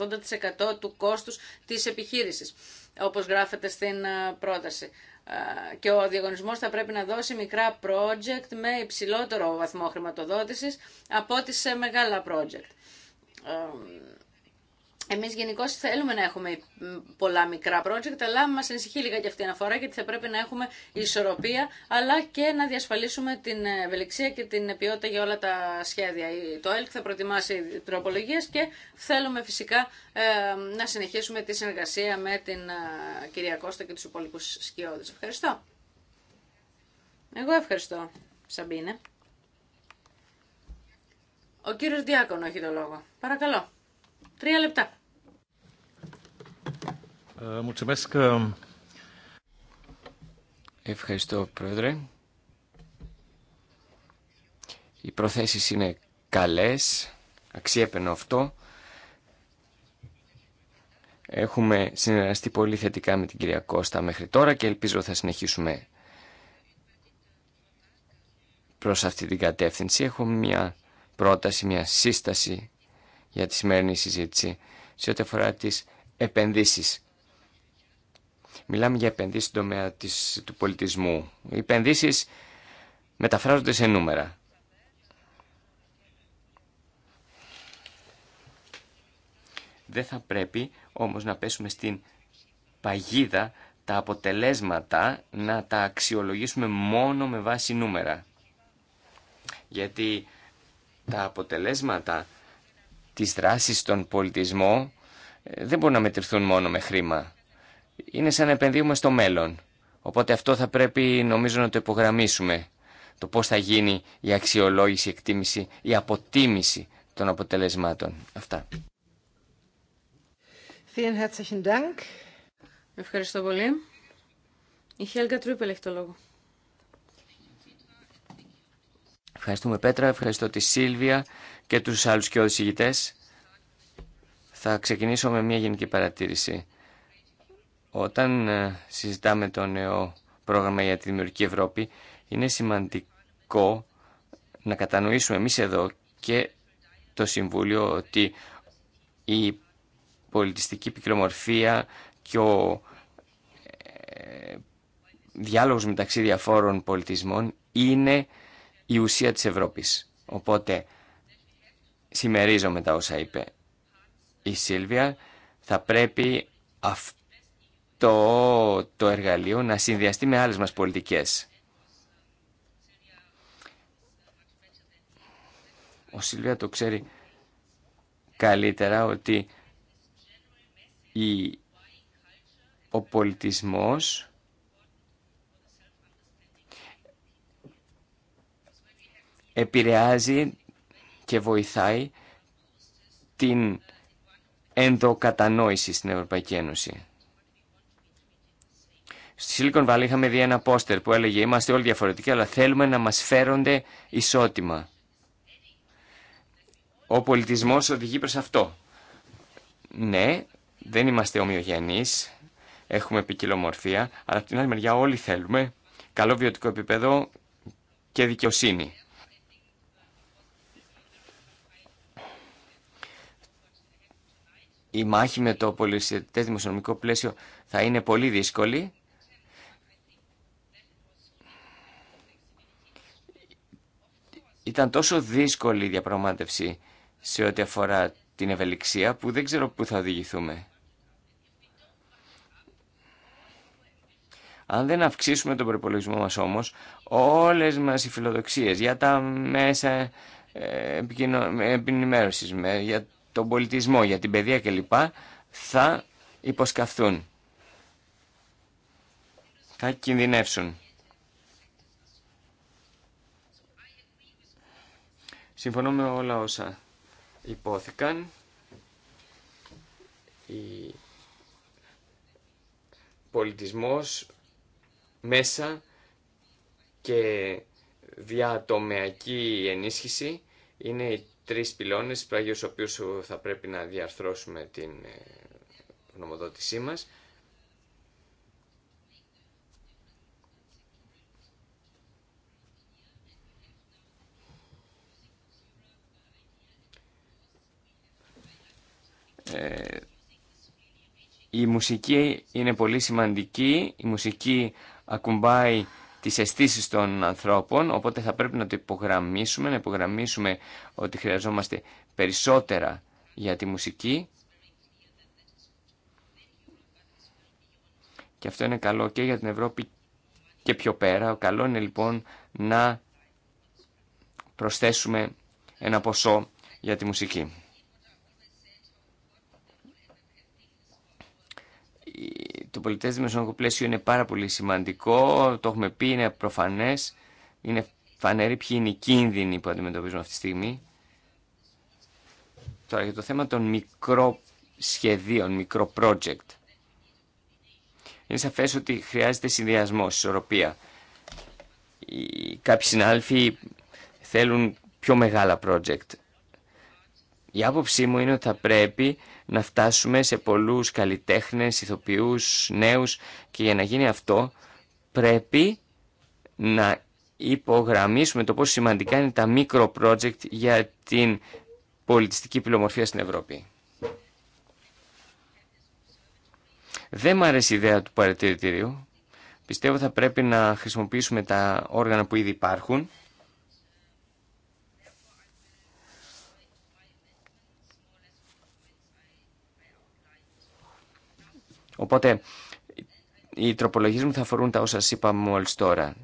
[SPEAKER 1] 80% του κόστου τη επιχείρηση, όπω γράφεται στην ε, πρόταση ε, και ο διαγωνισμό θα πρέπει να δώσει μικρά project με υψηλότερο βαθμό χρηματοδότηση από σε μεγάλα project. Ε, εμείς γενικώ θέλουμε να έχουμε πολλά μικρά project, αλλά μας ενσυχεί λίγα και αυτή η αναφορά, γιατί θα πρέπει να έχουμε ισορροπία, αλλά και να διασφαλίσουμε την ευελιξία και την ποιότητα για όλα τα σχέδια. Το ΕΛΚ θα προετοιμάσει τροπολογίες και θέλουμε φυσικά ε, να συνεχίσουμε τη συνεργασία με την ε, κυρία Κώστα και τους υπόλοιπους σκιώδες. Ευχαριστώ. Εγώ ευχαριστώ, Σαμπίνε. Ο κύριος Διάκονο έχει το λόγο. Παρακαλώ. Τρία λεπτά.
[SPEAKER 4] Ε, ε, Ευχαριστώ, Πρόεδρε. Οι προθέσεις είναι καλές, αξιέπαινο αυτό. Έχουμε συνεργαστεί πολύ θετικά με την κυρία Κώστα μέχρι τώρα και ελπίζω θα συνεχίσουμε προς αυτή την κατεύθυνση. Έχω μια πρόταση, μια σύσταση για τη σημερινή συζήτηση σε ό,τι αφορά τις επενδύσεις. Μιλάμε για επενδύσεις στον τομέα της, του πολιτισμού. Οι επενδύσεις μεταφράζονται σε νούμερα. Δεν θα πρέπει όμως να πέσουμε στην παγίδα τα αποτελέσματα να τα αξιολογήσουμε μόνο με βάση νούμερα. Γιατί τα αποτελέσματα τις δράσεις στον πολιτισμό ε, δεν μπορούν να μετρηθούν μόνο με χρήμα. Είναι σαν να επενδύουμε στο μέλλον. Οπότε αυτό θα πρέπει νομίζω να το υπογραμμίσουμε. Το πώς θα γίνει η αξιολόγηση, η εκτίμηση, η αποτίμηση των αποτελεσμάτων. Αυτά.
[SPEAKER 1] Ευχαριστώ πολύ. Η Χέλγα Τρούπελ έχει το λόγο.
[SPEAKER 4] Ευχαριστούμε Πέτρα, ευχαριστώ τη Σίλβια και τους άλλους και οδησηγητές. Θα ξεκινήσω με μια γενική παρατήρηση. Όταν ε, συζητάμε το νέο πρόγραμμα για τη Δημιουργική Ευρώπη, είναι σημαντικό να κατανοήσουμε εμείς εδώ και το Συμβούλιο ότι η πολιτιστική πικρομορφία και ο ε, διάλογος μεταξύ διαφόρων πολιτισμών είναι η ουσία της Ευρώπης. Οπότε με τα όσα είπε η Σίλβια. Θα πρέπει αυτό το εργαλείο να συνδυαστεί με άλλες μας πολιτικές. Ο Σίλβια το ξέρει καλύτερα ότι ο πολιτισμός επηρεάζει και βοηθάει την ενδοκατανόηση στην Ευρωπαϊκή Ένωση. Στη Silicon Valley είχαμε δει ένα πόστερ που έλεγε «Είμαστε όλοι διαφορετικοί, αλλά θέλουμε να μας φέρονται ισότιμα». Ο πολιτισμός οδηγεί προς αυτό. Ναι, δεν είμαστε ομοιογενείς, έχουμε ποικιλομορφία, αλλά από την άλλη μεριά όλοι θέλουμε καλό βιωτικό επίπεδο και δικαιοσύνη. η μάχη με το πολιτιστικό δημοσιονομικό πλαίσιο θα είναι πολύ δύσκολη. Ήταν τόσο δύσκολη η διαπραγμάτευση σε ό,τι αφορά την ευελιξία που δεν ξέρω πού θα οδηγηθούμε. Αν δεν αυξήσουμε τον προπολογισμό μας όμως, όλες μας οι φιλοδοξίες για τα μέσα ε, επικοινω... Ε, επινημέρωσης, για τον πολιτισμό, για την παιδεία κλπ. θα υποσκαφθούν. Θα κινδυνεύσουν. Συμφωνώ με όλα όσα υπόθηκαν. Η πολιτισμός μέσα και διατομεακή ενίσχυση είναι η τρεις πυλώνες στους οποίους ε, θα πρέπει να διαρθρώσουμε την ε, γνωμοδότησή μας. Ε, η μουσική είναι πολύ σημαντική. Η μουσική ακουμπάει τις αισθήσει των ανθρώπων, οπότε θα πρέπει να το υπογραμμίσουμε, να υπογραμμίσουμε ότι χρειαζόμαστε περισσότερα για τη μουσική. Και αυτό είναι καλό και για την Ευρώπη και πιο πέρα. Καλό είναι λοιπόν να προσθέσουμε ένα ποσό για τη μουσική. το πολιτές δημοσιονομικό πλαίσιο είναι πάρα πολύ σημαντικό, το έχουμε πει, είναι προφανές, είναι φανερή ποιοι είναι οι κίνδυνοι που αντιμετωπίζουμε αυτή τη στιγμή. Τώρα για το θέμα των μικροσχεδίων, μικρό project. Είναι σαφές ότι χρειάζεται συνδυασμό, ισορροπία. κάποιοι συνάλφοι θέλουν πιο μεγάλα project. Η άποψή μου είναι ότι θα πρέπει να φτάσουμε σε πολλούς καλλιτέχνες, ηθοποιούς, νέους και για να γίνει αυτό πρέπει να υπογραμμίσουμε το πόσο σημαντικά είναι τα μικρο project για την πολιτιστική πλειομορφία στην Ευρώπη. Δεν μου αρέσει η ιδέα του παρατηρητήριου. Πιστεύω θα πρέπει να χρησιμοποιήσουμε τα όργανα που ήδη υπάρχουν Οπότε οι τροπολογίες μου θα αφορούν τα όσα σας είπα μόλις τώρα.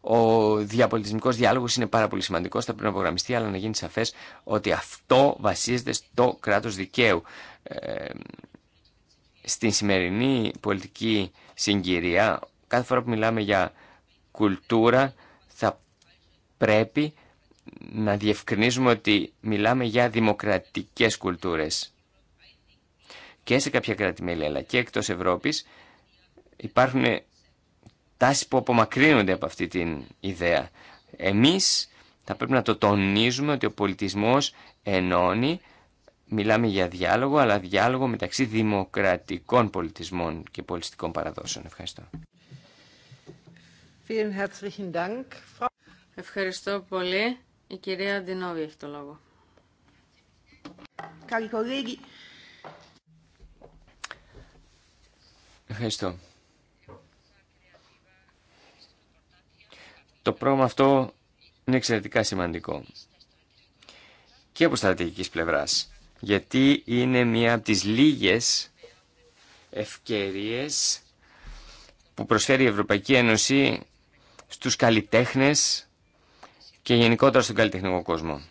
[SPEAKER 4] Ο διαπολιτισμικός διάλογος είναι πάρα πολύ σημαντικός, θα πρέπει να απογραμμιστεί, αλλά να γίνει σαφές ότι αυτό βασίζεται στο κράτος δικαίου. Ε, στην σημερινή πολιτική συγκυρία, κάθε φορά που μιλάμε για κουλτούρα, θα πρέπει να διευκρινίζουμε ότι μιλάμε για δημοκρατικές κουλτούρες και σε κάποια κράτη-μέλη αλλά και εκτός Ευρώπης υπάρχουν τάσεις που απομακρύνονται από αυτή την ιδέα. Εμείς θα πρέπει να το τονίζουμε ότι ο πολιτισμός ενώνει, μιλάμε για διάλογο, αλλά διάλογο μεταξύ δημοκρατικών πολιτισμών και πολιτιστικών παραδόσεων. Ευχαριστώ.
[SPEAKER 1] Ευχαριστώ πολύ. Η κυρία Αντινόβη έχει το λόγο.
[SPEAKER 4] Ευχαριστώ. Το πρόγραμμα αυτό είναι εξαιρετικά σημαντικό και από στρατηγικής πλευράς γιατί είναι μία από τις λίγες ευκαιρίες που προσφέρει η Ευρωπαϊκή Ένωση στους καλλιτέχνες και γενικότερα στον καλλιτεχνικό κόσμο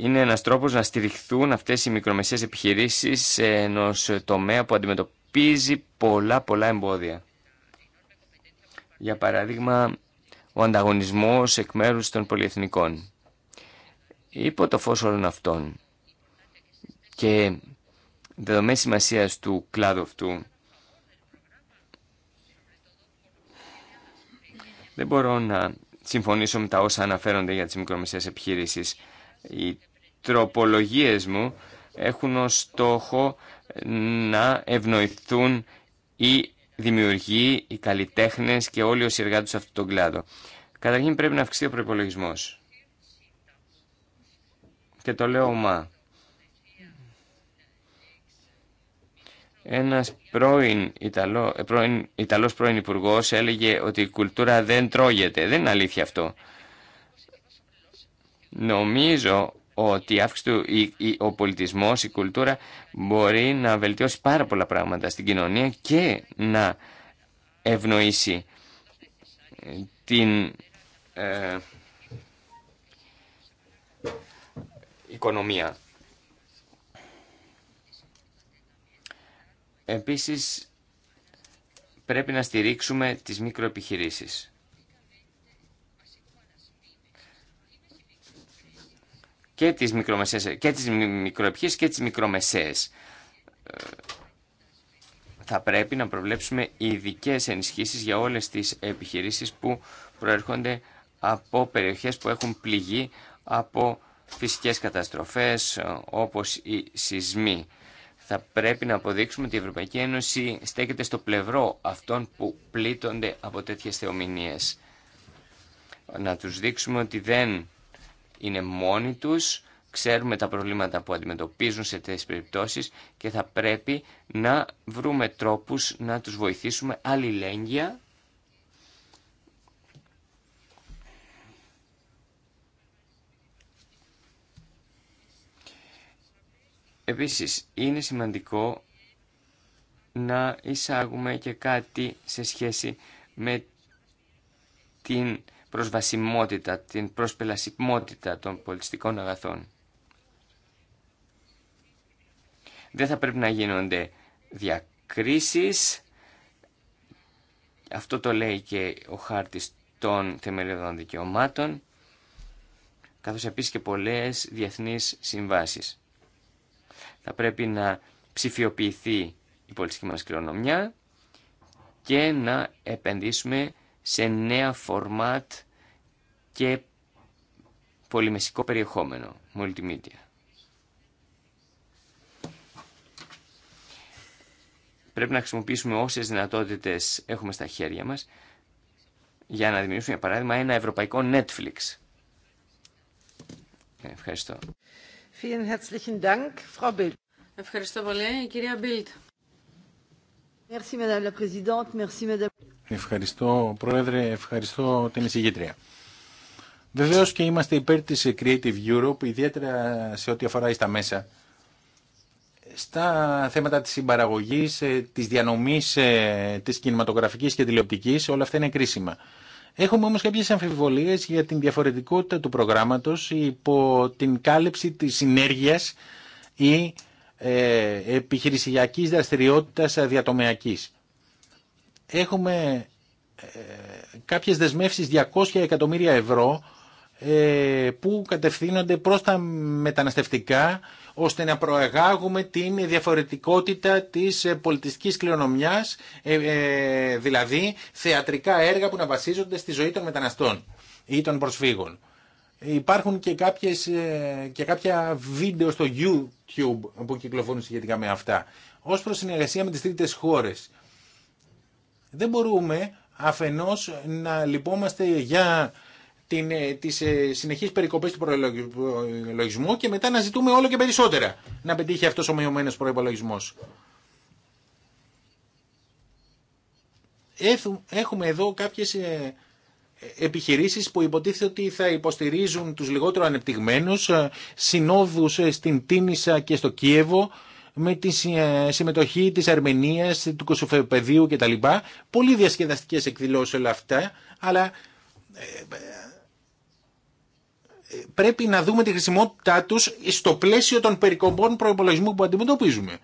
[SPEAKER 4] είναι ένας τρόπος να στηριχθούν αυτές οι μικρομεσαίες επιχειρήσεις σε ενός τομέα που αντιμετωπίζει πολλά πολλά εμπόδια. Για παράδειγμα, ο ανταγωνισμός εκ μέρους των πολυεθνικών. Υπό το φως όλων αυτών και δεδομένη σημασία του κλάδου αυτού, δεν μπορώ να συμφωνήσω με τα όσα αναφέρονται για τις μικρομεσαίες επιχειρήσεις οι τροπολογίες μου έχουν ως στόχο να ευνοηθούν οι δημιουργοί, οι καλλιτέχνες και όλοι όσοι εργάζονται σε αυτόν τον κλάδο. Καταρχήν πρέπει να αυξηθεί ο προπολογισμό. Και το λέω μα. Ένας πρώην, Ιταλό, ε, πρώην Ιταλός πρώην υπουργός έλεγε ότι η κουλτούρα δεν τρώγεται. Δεν είναι αλήθεια αυτό. Νομίζω ότι η αύξηση του, η, ο πολιτισμός, η κουλτούρα μπορεί να βελτιώσει πάρα πολλά πράγματα στην κοινωνία και να ευνοήσει ε, την ε, οικονομία. Επίσης, πρέπει να στηρίξουμε τις μικροεπιχειρήσεις. και τις, μικρομεσαίες, και τις μικροεπιχείρησεις και τις μικρομεσαίες. Ε, θα πρέπει να προβλέψουμε ειδικέ ενισχύσεις για όλες τις επιχειρήσεις που προέρχονται από περιοχές που έχουν πληγεί από φυσικές καταστροφές ε, όπως οι σεισμοί. Θα πρέπει να αποδείξουμε ότι η Ευρωπαϊκή Ένωση στέκεται στο πλευρό αυτών που πλήττονται από τέτοιες θεομηνίες. Να τους δείξουμε ότι δεν είναι μόνοι τους, ξέρουμε τα προβλήματα που αντιμετωπίζουν σε τέτοιες περιπτώσεις και θα πρέπει να βρούμε τρόπους να τους βοηθήσουμε αλληλέγγυα Επίσης, είναι σημαντικό να εισάγουμε και κάτι σε σχέση με την προσβασιμότητα, την προσπελασιμότητα των πολιτιστικών αγαθών. Δεν θα πρέπει να γίνονται διακρίσεις. Αυτό το λέει και ο χάρτης των θεμελιωδών δικαιωμάτων, καθώς επίσης και πολλές διεθνείς συμβάσεις. Θα πρέπει να ψηφιοποιηθεί η πολιτική μας κληρονομιά και να επενδύσουμε σε νέα φορμάτ και πολυμεσικό περιεχόμενο, multimedia. Πρέπει να χρησιμοποιήσουμε όσες δυνατότητες έχουμε στα χέρια μας για να δημιουργήσουμε, για παράδειγμα, ένα ευρωπαϊκό Netflix. Ευχαριστώ.
[SPEAKER 1] Ευχαριστώ πολύ, κυρία
[SPEAKER 2] Madame. Ευχαριστώ, Πρόεδρε, ευχαριστώ την εισηγήτρια. Βεβαίω και είμαστε υπέρ τη Creative Europe, ιδιαίτερα σε ό,τι αφορά στα μέσα. Στα θέματα της συμπαραγωγή, ε, της διανομής, ε, της κινηματογραφικής και τηλεοπτικής, όλα αυτά είναι κρίσιμα. Έχουμε όμως κάποιες αμφιβολίες για την διαφορετικότητα του προγράμματο υπό την κάλυψη τη συνέργεια ή ε, επιχειρησιακής δραστηριότητας διατομεακής έχουμε ε, κάποιες δεσμεύσεις 200 εκατομμύρια ευρώ ε, που κατευθύνονται προς τα μεταναστευτικά ώστε να προεγάγουμε την διαφορετικότητα της ε, πολιτιστικής κληρονομιάς δηλαδή θεατρικά έργα που να βασίζονται στη ζωή των μεταναστών ή των προσφύγων. Υπάρχουν και, κάποιες, και κάποια βίντεο στο YouTube που κυκλοφορούν σχετικά με αυτά. Ως προς συνεργασία με τις τρίτες χώρες δεν μπορούμε αφενός να λυπόμαστε για την, ε, τις ε, συνεχείς περικοπές του προϋπολογισμού και μετά να ζητούμε όλο και περισσότερα να πετύχει αυτός ο μειωμένος προϋπολογισμός. Έχουμε εδώ κάποιες ε, επιχειρήσεις που υποτίθεται ότι θα υποστηρίζουν τους λιγότερο ανεπτυγμένους, συνόδους στην Τίνισα και στο Κίεβο, με τη ε, συμμετοχή της Αρμενίας, του τα κτλ. Πολύ διασκεδαστικές εκδηλώσεις όλα αυτά, αλλά ε, ε, πρέπει να δούμε τη χρησιμότητά τους στο πλαίσιο των περικομπών προϋπολογισμού που αντιμετωπίζουμε.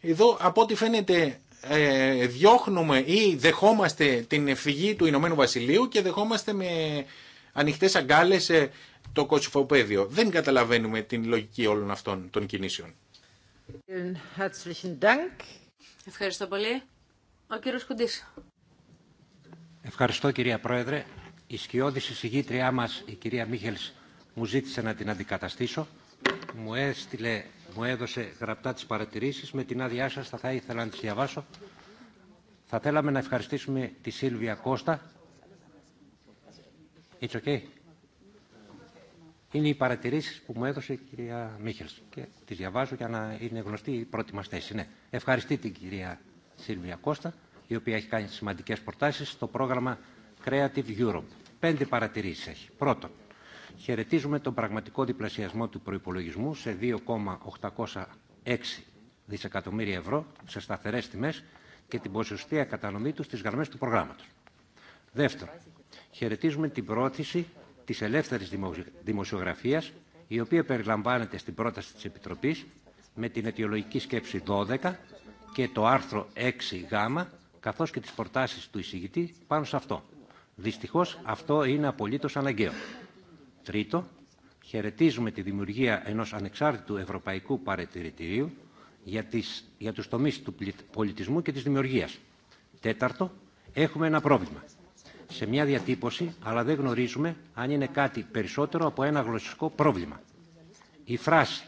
[SPEAKER 2] Εδώ από ό,τι φαίνεται διώχνουμε ή δεχόμαστε την φυγή του Ηνωμένου Βασιλείου και δεχόμαστε με ανοιχτές αγκάλες το κοτσοφοπέδιο. Δεν καταλαβαίνουμε την λογική όλων αυτών των κινήσεων.
[SPEAKER 1] Ευχαριστώ πολύ. Ο κύριος Κουντής.
[SPEAKER 3] Ευχαριστώ κυρία Πρόεδρε. Η σκιώδης εισηγήτριά μας, η κυρία Μίχελς, μου ζήτησε να την αντικαταστήσω. Μου, έδωσε γραπτά τις παρατηρήσεις. Με την άδειά σας θα, θα ήθελα να τις διαβάσω. Θα θέλαμε να ευχαριστήσουμε τη Σίλβια Κώστα It's okay. Είναι οι παρατηρήσει που μου έδωσε η κυρία Μίχελ. Και τι διαβάζω για να είναι γνωστή η πρώτη μα θέση. Ναι. Ευχαριστή την κυρία Σίλβια Κώστα, η οποία έχει κάνει σημαντικέ προτάσει στο πρόγραμμα Creative Europe. Πέντε παρατηρήσει έχει. Πρώτον, χαιρετίζουμε τον πραγματικό διπλασιασμό του προπολογισμού σε 2,806 δισεκατομμύρια ευρώ σε σταθερέ τιμέ και την ποσοστία κατανομή του στι γραμμέ του προγράμματο. Δεύτερον, χαιρετίζουμε την πρόθεση της ελεύθερης δημοσιογραφίας, η οποία περιλαμβάνεται στην πρόταση της Επιτροπής με την αιτιολογική σκέψη 12 και το άρθρο 6 γ, καθώς και τις προτάσεις του εισηγητή πάνω σε αυτό. Δυστυχώς αυτό είναι απολύτως αναγκαίο. Τρίτο, χαιρετίζουμε τη δημιουργία ενός ανεξάρτητου ευρωπαϊκού παρατηρητηρίου για, τις, για τους τομείς του πολιτισμού και της δημιουργίας. Τέταρτο, έχουμε ένα πρόβλημα σε μια διατύπωση, αλλά δεν γνωρίζουμε αν είναι κάτι περισσότερο από ένα γλωσσικό πρόβλημα. Η φράση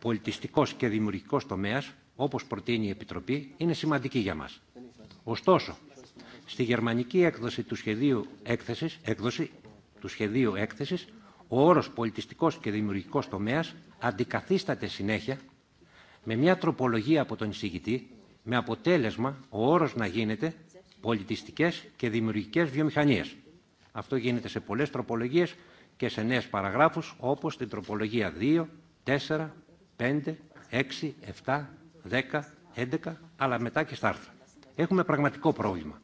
[SPEAKER 3] πολιτιστικός και δημιουργικός τομέας, όπως προτείνει η Επιτροπή, είναι σημαντική για μας. Ωστόσο, στη γερμανική έκδοση του σχεδίου έκθεσης, έκδοση του σχεδίου έκθεσης, ο όρος πολιτιστικός και δημιουργικός τομέας αντικαθίσταται συνέχεια με μια τροπολογία από τον εισηγητή, με αποτέλεσμα ο όρος να γίνεται Πολιτιστικέ και δημιουργικέ βιομηχανίε. Αυτό γίνεται σε πολλέ τροπολογίε και σε νέε παραγράφου όπω την τροπολογία 2, 4, 5, 6, 7, 10, 11 αλλά μετά και στα άρθρα. Έχουμε πραγματικό πρόβλημα.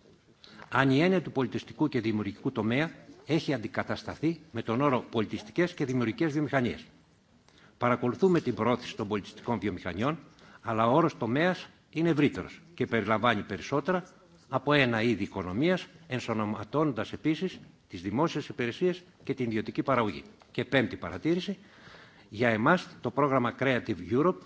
[SPEAKER 3] Αν η έννοια του πολιτιστικού και δημιουργικού τομέα έχει αντικατασταθεί με τον όρο πολιτιστικέ και δημιουργικέ βιομηχανίε. Παρακολουθούμε την πρόθεση των πολιτιστικών βιομηχανιών, αλλά ο όρο τομέα είναι ευρύτερο και περιλαμβάνει περισσότερα από ένα είδη οικονομία, ενσωματώνοντα επίση τι δημόσιε υπηρεσίε και την ιδιωτική παραγωγή. Και πέμπτη παρατήρηση, για εμά, το πρόγραμμα Creative Europe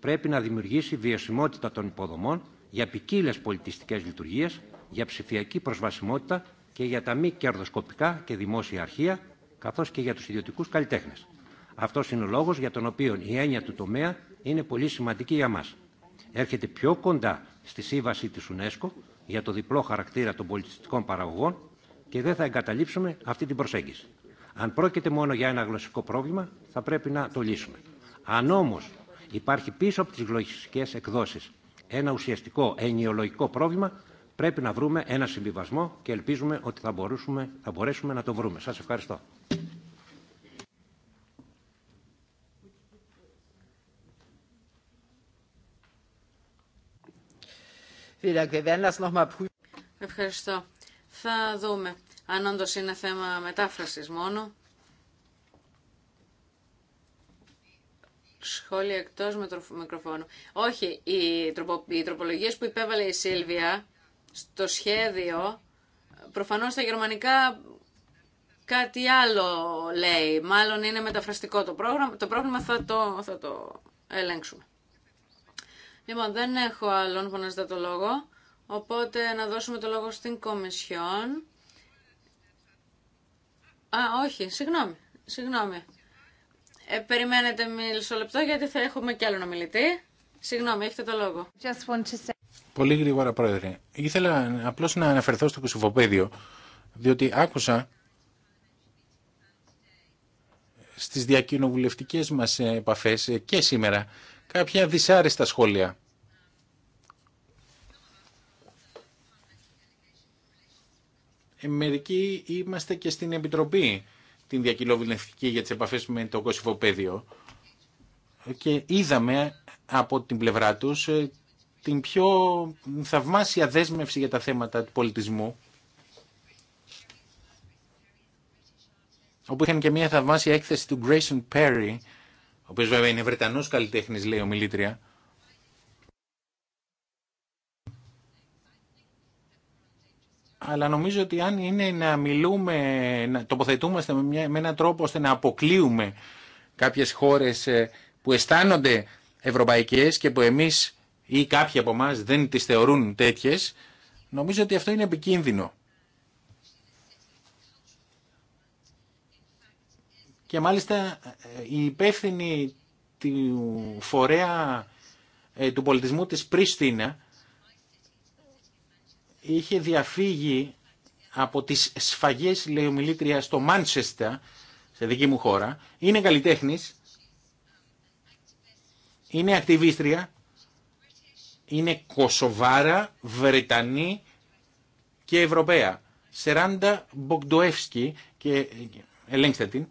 [SPEAKER 3] πρέπει να δημιουργήσει βιωσιμότητα των υποδομών για ποικίλε πολιτιστικέ λειτουργίε, για ψηφιακή προσβασιμότητα και για τα μη κερδοσκοπικά και δημόσια αρχεία, καθώ και για του ιδιωτικού καλλιτέχνε. Αυτό είναι ο λόγο για τον οποίο η έννοια του τομέα είναι πολύ σημαντική για μα. Έρχεται πιο κοντά στη σύμβαση τη UNESCO για το διπλό χαρακτήρα των πολιτιστικών παραγωγών και δεν θα εγκαταλείψουμε αυτή την προσέγγιση. Αν πρόκειται μόνο για ένα γλωσσικό πρόβλημα, θα πρέπει να το λύσουμε. Αν όμω υπάρχει πίσω από τι γλωσσικέ εκδόσει ένα ουσιαστικό ενιολογικό πρόβλημα, πρέπει να βρούμε ένα συμβιβασμό και ελπίζουμε ότι θα, μπορέσουμε, θα μπορέσουμε να το βρούμε. Σα ευχαριστώ.
[SPEAKER 1] Ευχαριστώ. Θα δούμε αν όντω είναι θέμα μετάφρασης μόνο. Σχόλια εκτός μικροφώνου. Όχι, οι, τροπο, τροπολογίες που υπέβαλε η Σίλβια στο σχέδιο, προφανώς στα γερμανικά κάτι άλλο λέει. Μάλλον είναι μεταφραστικό το πρόγραμμα. Το πρόβλημα θα το, θα το ελέγξουμε. Λοιπόν, δεν έχω άλλον που να ζητά το λόγο, οπότε να δώσουμε το λόγο στην Κομισιόν. Α, όχι, συγγνώμη, συγγνώμη. Ε, περιμένετε μισό λεπτό γιατί θα έχουμε κι άλλον ομιλητή. Συγγνώμη, έχετε το λόγο.
[SPEAKER 2] Πολύ γρήγορα, Πρόεδρε. Ήθελα απλώς να αναφερθώ στο κουσουφοπέδιο, διότι άκουσα στις διακοινοβουλευτικές μας επαφές ε, και σήμερα κάποια δυσάρεστα σχόλια. Ε, μερικοί είμαστε και στην Επιτροπή την διακυλοβουλευτική για τις επαφές με το κοσυφοπαίδιο και είδαμε από την πλευρά τους ε, την πιο θαυμάσια δέσμευση για τα θέματα του πολιτισμού όπου είχαν και μια θαυμάσια έκθεση του Grayson Perry ο οποίος βέβαια είναι Βρετανός καλλιτέχνης, λέει Μιλήτρια. Αλλά νομίζω ότι αν είναι να μιλούμε, να τοποθετούμαστε με, μια, με έναν τρόπο ώστε να αποκλείουμε κάποιες χώρες ε, που αισθάνονται ευρωπαϊκές και που εμείς ή κάποιοι από εμά δεν τις θεωρούν τέτοιες, νομίζω ότι αυτό είναι επικίνδυνο. και μάλιστα ε, η υπεύθυνη του φορέα ε, του πολιτισμού της Πρίστινα είχε διαφύγει από τις σφαγές λεωμιλήτρια στο Μάντσεστα, σε δική μου χώρα. Είναι καλλιτέχνης, είναι ακτιβίστρια, είναι Κοσοβάρα, Βρετανή και Ευρωπαία. Σεράντα Μπογκντοεύσκη, και ε, ελέγξτε την,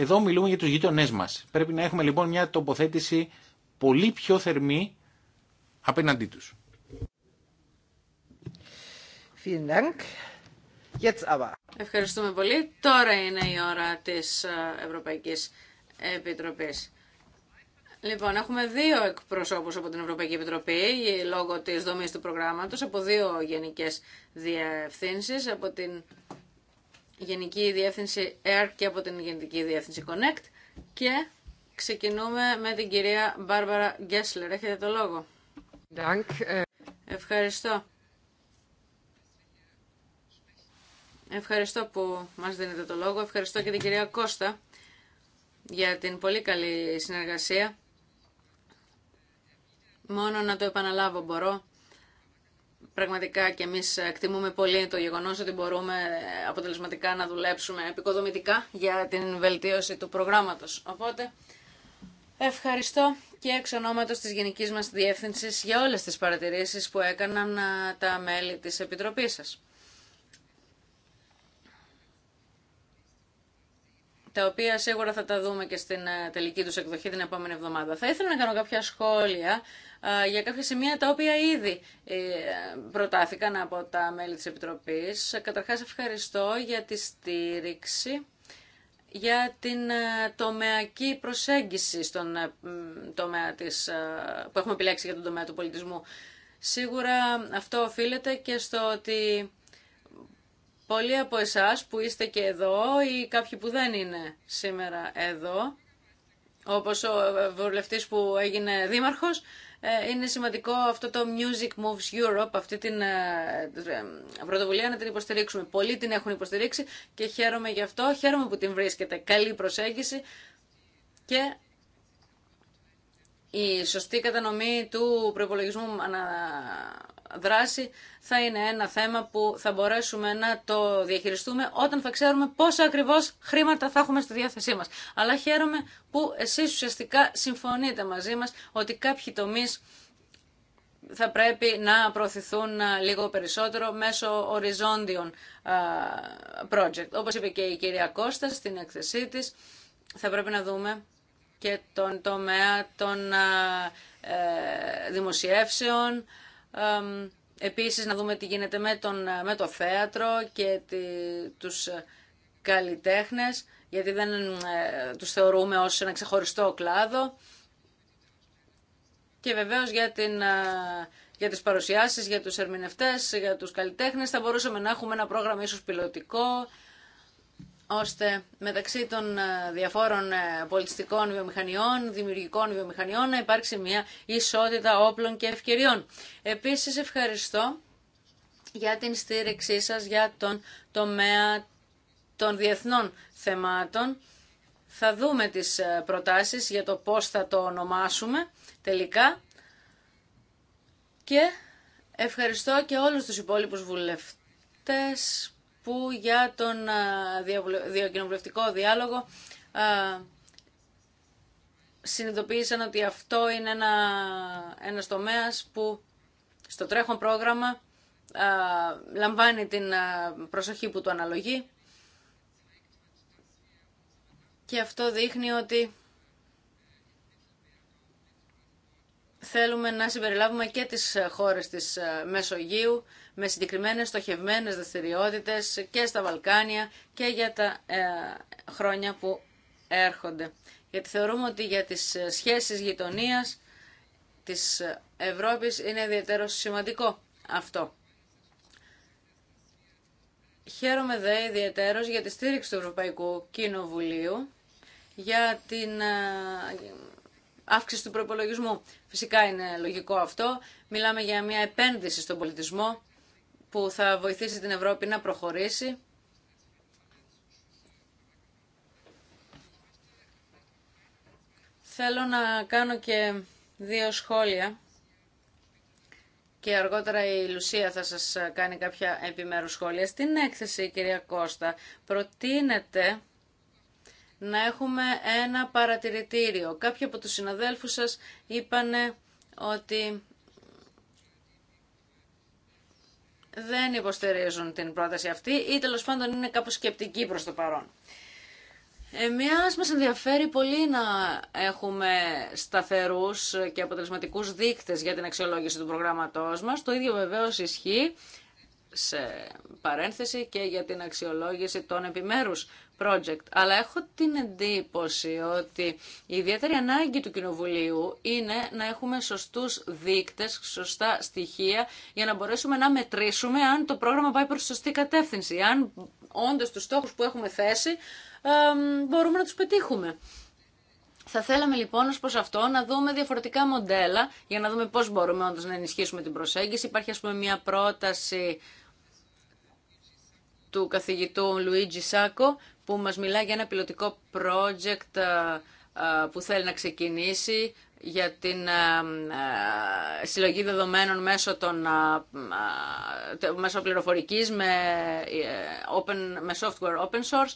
[SPEAKER 2] εδώ μιλούμε για τους γείτονέ μας. Πρέπει να έχουμε λοιπόν μια τοποθέτηση πολύ πιο θερμή απέναντί τους.
[SPEAKER 1] Ευχαριστούμε πολύ. Τώρα είναι η ώρα της ε, Ευρωπαϊκής Επιτροπής. Λοιπόν, έχουμε δύο εκπροσώπους από την Ευρωπαϊκή Επιτροπή λόγω της δομής του προγράμματος από δύο γενικές διευθύνσεις από την Γενική Διεύθυνση Air και από την Γενική Διεύθυνση Connect και ξεκινούμε με την κυρία Μπάρμπαρα Γκέσλερ. Έχετε το λόγο. Ε. Ευχαριστώ. Ευχαριστώ που μας δίνετε το λόγο. Ευχαριστώ και την κυρία Κώστα για την πολύ καλή συνεργασία. Μόνο να το επαναλάβω μπορώ Πραγματικά και εμεί ε, εκτιμούμε πολύ το γεγονός ότι μπορούμε ε, αποτελεσματικά να δουλέψουμε επικοδομητικά για την βελτίωση του προγράμματος. Οπότε, ευχαριστώ και εξ ονόματο της Γενικής μας Διεύθυνση για όλες τις παρατηρήσεις που έκαναν ε, τα μέλη της Επιτροπής σας. τα οποία σίγουρα θα τα δούμε και στην τελική τους εκδοχή την επόμενη εβδομάδα. Θα ήθελα να κάνω κάποια σχόλια για κάποια σημεία τα οποία ήδη ε, προτάθηκαν από τα μέλη της Επιτροπής. Καταρχάς ευχαριστώ για τη στήριξη για την ε, τομεακή προσέγγιση στον ε, τομέα της, που έχουμε επιλέξει για τον τομέα του πολιτισμού. Σίγουρα αυτό οφείλεται και στο ότι πολλοί από εσάς που είστε και εδώ ή κάποιοι που δεν είναι σήμερα εδώ, όπως ο βουλευτής που έγινε δήμαρχος, ε, είναι σημαντικό αυτό το Music Moves Europe, αυτή την ε, ε, πρωτοβουλία να την υποστηρίξουμε. Πολλοί την έχουν υποστηρίξει και χαίρομαι γι' αυτό. Χαίρομαι που την βρίσκεται. Καλή προσέγγιση και η σωστή κατανομή του προπολογισμού δράση θα είναι ένα θέμα που θα μπορέσουμε να το διαχειριστούμε όταν θα ξέρουμε πόσα ακριβώς χρήματα θα έχουμε στη διάθεσή μας. Αλλά χαίρομαι που εσείς ουσιαστικά συμφωνείτε μαζί μας ότι κάποιοι τομείς θα πρέπει να προωθηθούν ε, λίγο περισσότερο μέσω οριζόντιων ε, project. Όπως είπε και η κυρία Κώστα στην έκθεσή της, θα πρέπει να δούμε και τον τομέα των ε, δημοσιεύσεων, Επίσης να δούμε τι γίνεται με, τον, ε, με το θέατρο και τη, τους ε, καλλιτέχνες, γιατί δεν ε, τους θεωρούμε ως ένα ξεχωριστό κλάδο. Και βεβαίως για, την, ε, για τις παρουσιάσεις, για τους ερμηνευτές, για τους καλλιτέχνες, θα μπορούσαμε να έχουμε ένα πρόγραμμα ίσως πιλωτικό, ώστε μεταξύ των ε, διαφόρων ε, πολιτιστικών βιομηχανιών, δημιουργικών βιομηχανιών να υπάρξει μια ισότητα όπλων και ευκαιριών. Επίσης ευχαριστώ για την στήριξή σας για τον τομέα των διεθνών θεμάτων. Θα δούμε τις ε, προτάσεις για το πώς θα το ονομάσουμε τελικά και ευχαριστώ και όλους τους υπόλοιπους βουλευτές που για τον ε, διακοινοβουλευτικό διάλογο ε, συνειδητοποίησαν ότι αυτό είναι ένα, ένας τομέας που στο τρέχον πρόγραμμα ε, λαμβάνει την προσοχή που του αναλογεί και αυτό δείχνει ότι θέλουμε να συμπεριλάβουμε και τις χώρες της Μεσογείου με συγκεκριμένες στοχευμένες δραστηριότητε και στα Βαλκάνια και για τα ε, χρόνια που έρχονται. Γιατί θεωρούμε ότι για τις ε, σχέσεις γειτονίας της Ευρώπης είναι ιδιαίτερο σημαντικό αυτό. Χαίρομαι δε ιδιαίτερο για τη στήριξη του Ευρωπαϊκού Κοινοβουλίου για την ε, αύξηση του προπολογισμού. Φυσικά είναι λογικό αυτό. Μιλάμε για μια επένδυση στον πολιτισμό που θα βοηθήσει την Ευρώπη να προχωρήσει. Θέλω να κάνω και δύο σχόλια και αργότερα η Λουσία θα σας κάνει κάποια επιμέρους σχόλια. Στην έκθεση, κυρία Κώστα, προτείνεται να έχουμε ένα παρατηρητήριο. Κάποιοι από τους συναδέλφους σας είπανε ότι δεν υποστηρίζουν την πρόταση αυτή ή τέλο πάντων είναι κάπως σκεπτικοί προς το παρόν. Εμείς μας ενδιαφέρει πολύ να έχουμε σταθερούς και αποτελεσματικούς δείκτες για την αξιολόγηση του προγράμματός μας. Το ίδιο βεβαίως ισχύει σε παρένθεση και για την αξιολόγηση των επιμέρους project. Αλλά έχω την εντύπωση ότι η ιδιαίτερη ανάγκη του Κοινοβουλίου είναι να έχουμε σωστούς δείκτες, σωστά στοιχεία για να μπορέσουμε να μετρήσουμε αν το πρόγραμμα πάει προς σωστή κατεύθυνση, αν όντως τους στόχους που έχουμε θέσει μπορούμε να τους πετύχουμε. Θα θέλαμε λοιπόν ως προς αυτό να δούμε διαφορετικά μοντέλα για να δούμε πώς μπορούμε όντως να ενισχύσουμε την προσέγγιση. Υπάρχει ας πούμε μια πρόταση του καθηγητού Λουίτζι Σάκο που μας μιλάει για ένα πιλωτικό project ε, ε, που θέλει να ξεκινήσει για την ε, συλλογή δεδομένων μέσω, των, μέσω πληροφορικής με, open, με software open source.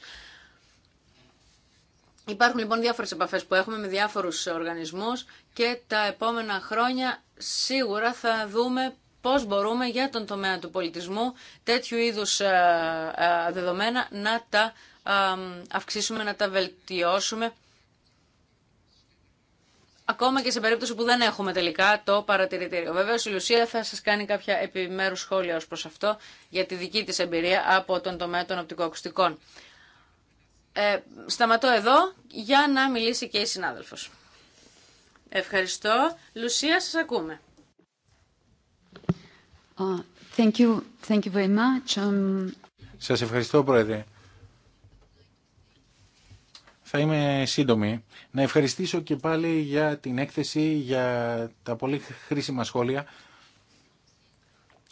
[SPEAKER 1] Υπάρχουν λοιπόν διάφορες επαφές που έχουμε με διάφορους οργανισμούς και τα επόμενα χρόνια σίγουρα θα δούμε πώς μπορούμε για τον τομέα του πολιτισμού τέτοιου είδους δεδομένα να τα αυξήσουμε, να τα βελτιώσουμε. Ακόμα και σε περίπτωση που δεν έχουμε τελικά το παρατηρητήριο. βέβαια η Λουσία θα σα κάνει κάποια επιμέρου σχόλια ω προ αυτό για τη δική τη εμπειρία από τον τομέα των οπτικοακουστικών. Ε, σταματώ εδώ για να μιλήσει και η συνάδελφο. Ευχαριστώ. Λουσία, σας ακούμε. Uh, thank you. Thank you very much. Um,
[SPEAKER 2] σας ευχαριστώ, Πρόεδρε. Θα είμαι σύντομη. Να ευχαριστήσω και πάλι για την έκθεση, για τα πολύ χρήσιμα σχόλια.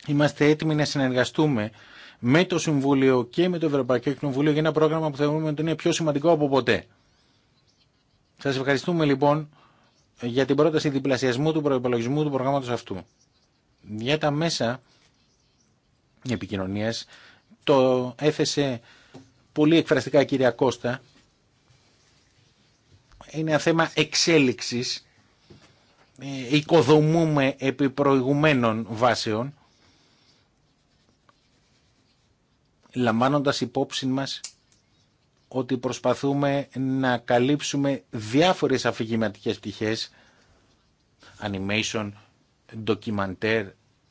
[SPEAKER 2] Είμαστε έτοιμοι να συνεργαστούμε με το Συμβούλιο και με το Ευρωπαϊκό Κοινοβούλιο για ένα πρόγραμμα που θεωρούμε ότι είναι πιο σημαντικό από ποτέ. Σας ευχαριστούμε λοιπόν για την πρόταση διπλασιασμού του προϋπολογισμού του προγράμματος αυτού. Για τα μέσα επικοινωνίας το έθεσε πολύ εκφραστικά κυρία Κώστα είναι ένα θέμα εξέλιξης. Ε, οικοδομούμε επί προηγουμένων βάσεων, λαμβάνοντας υπόψη μας ότι προσπαθούμε να καλύψουμε διάφορες αφηγηματικές πτυχές, animation, ντοκιμαντέρ,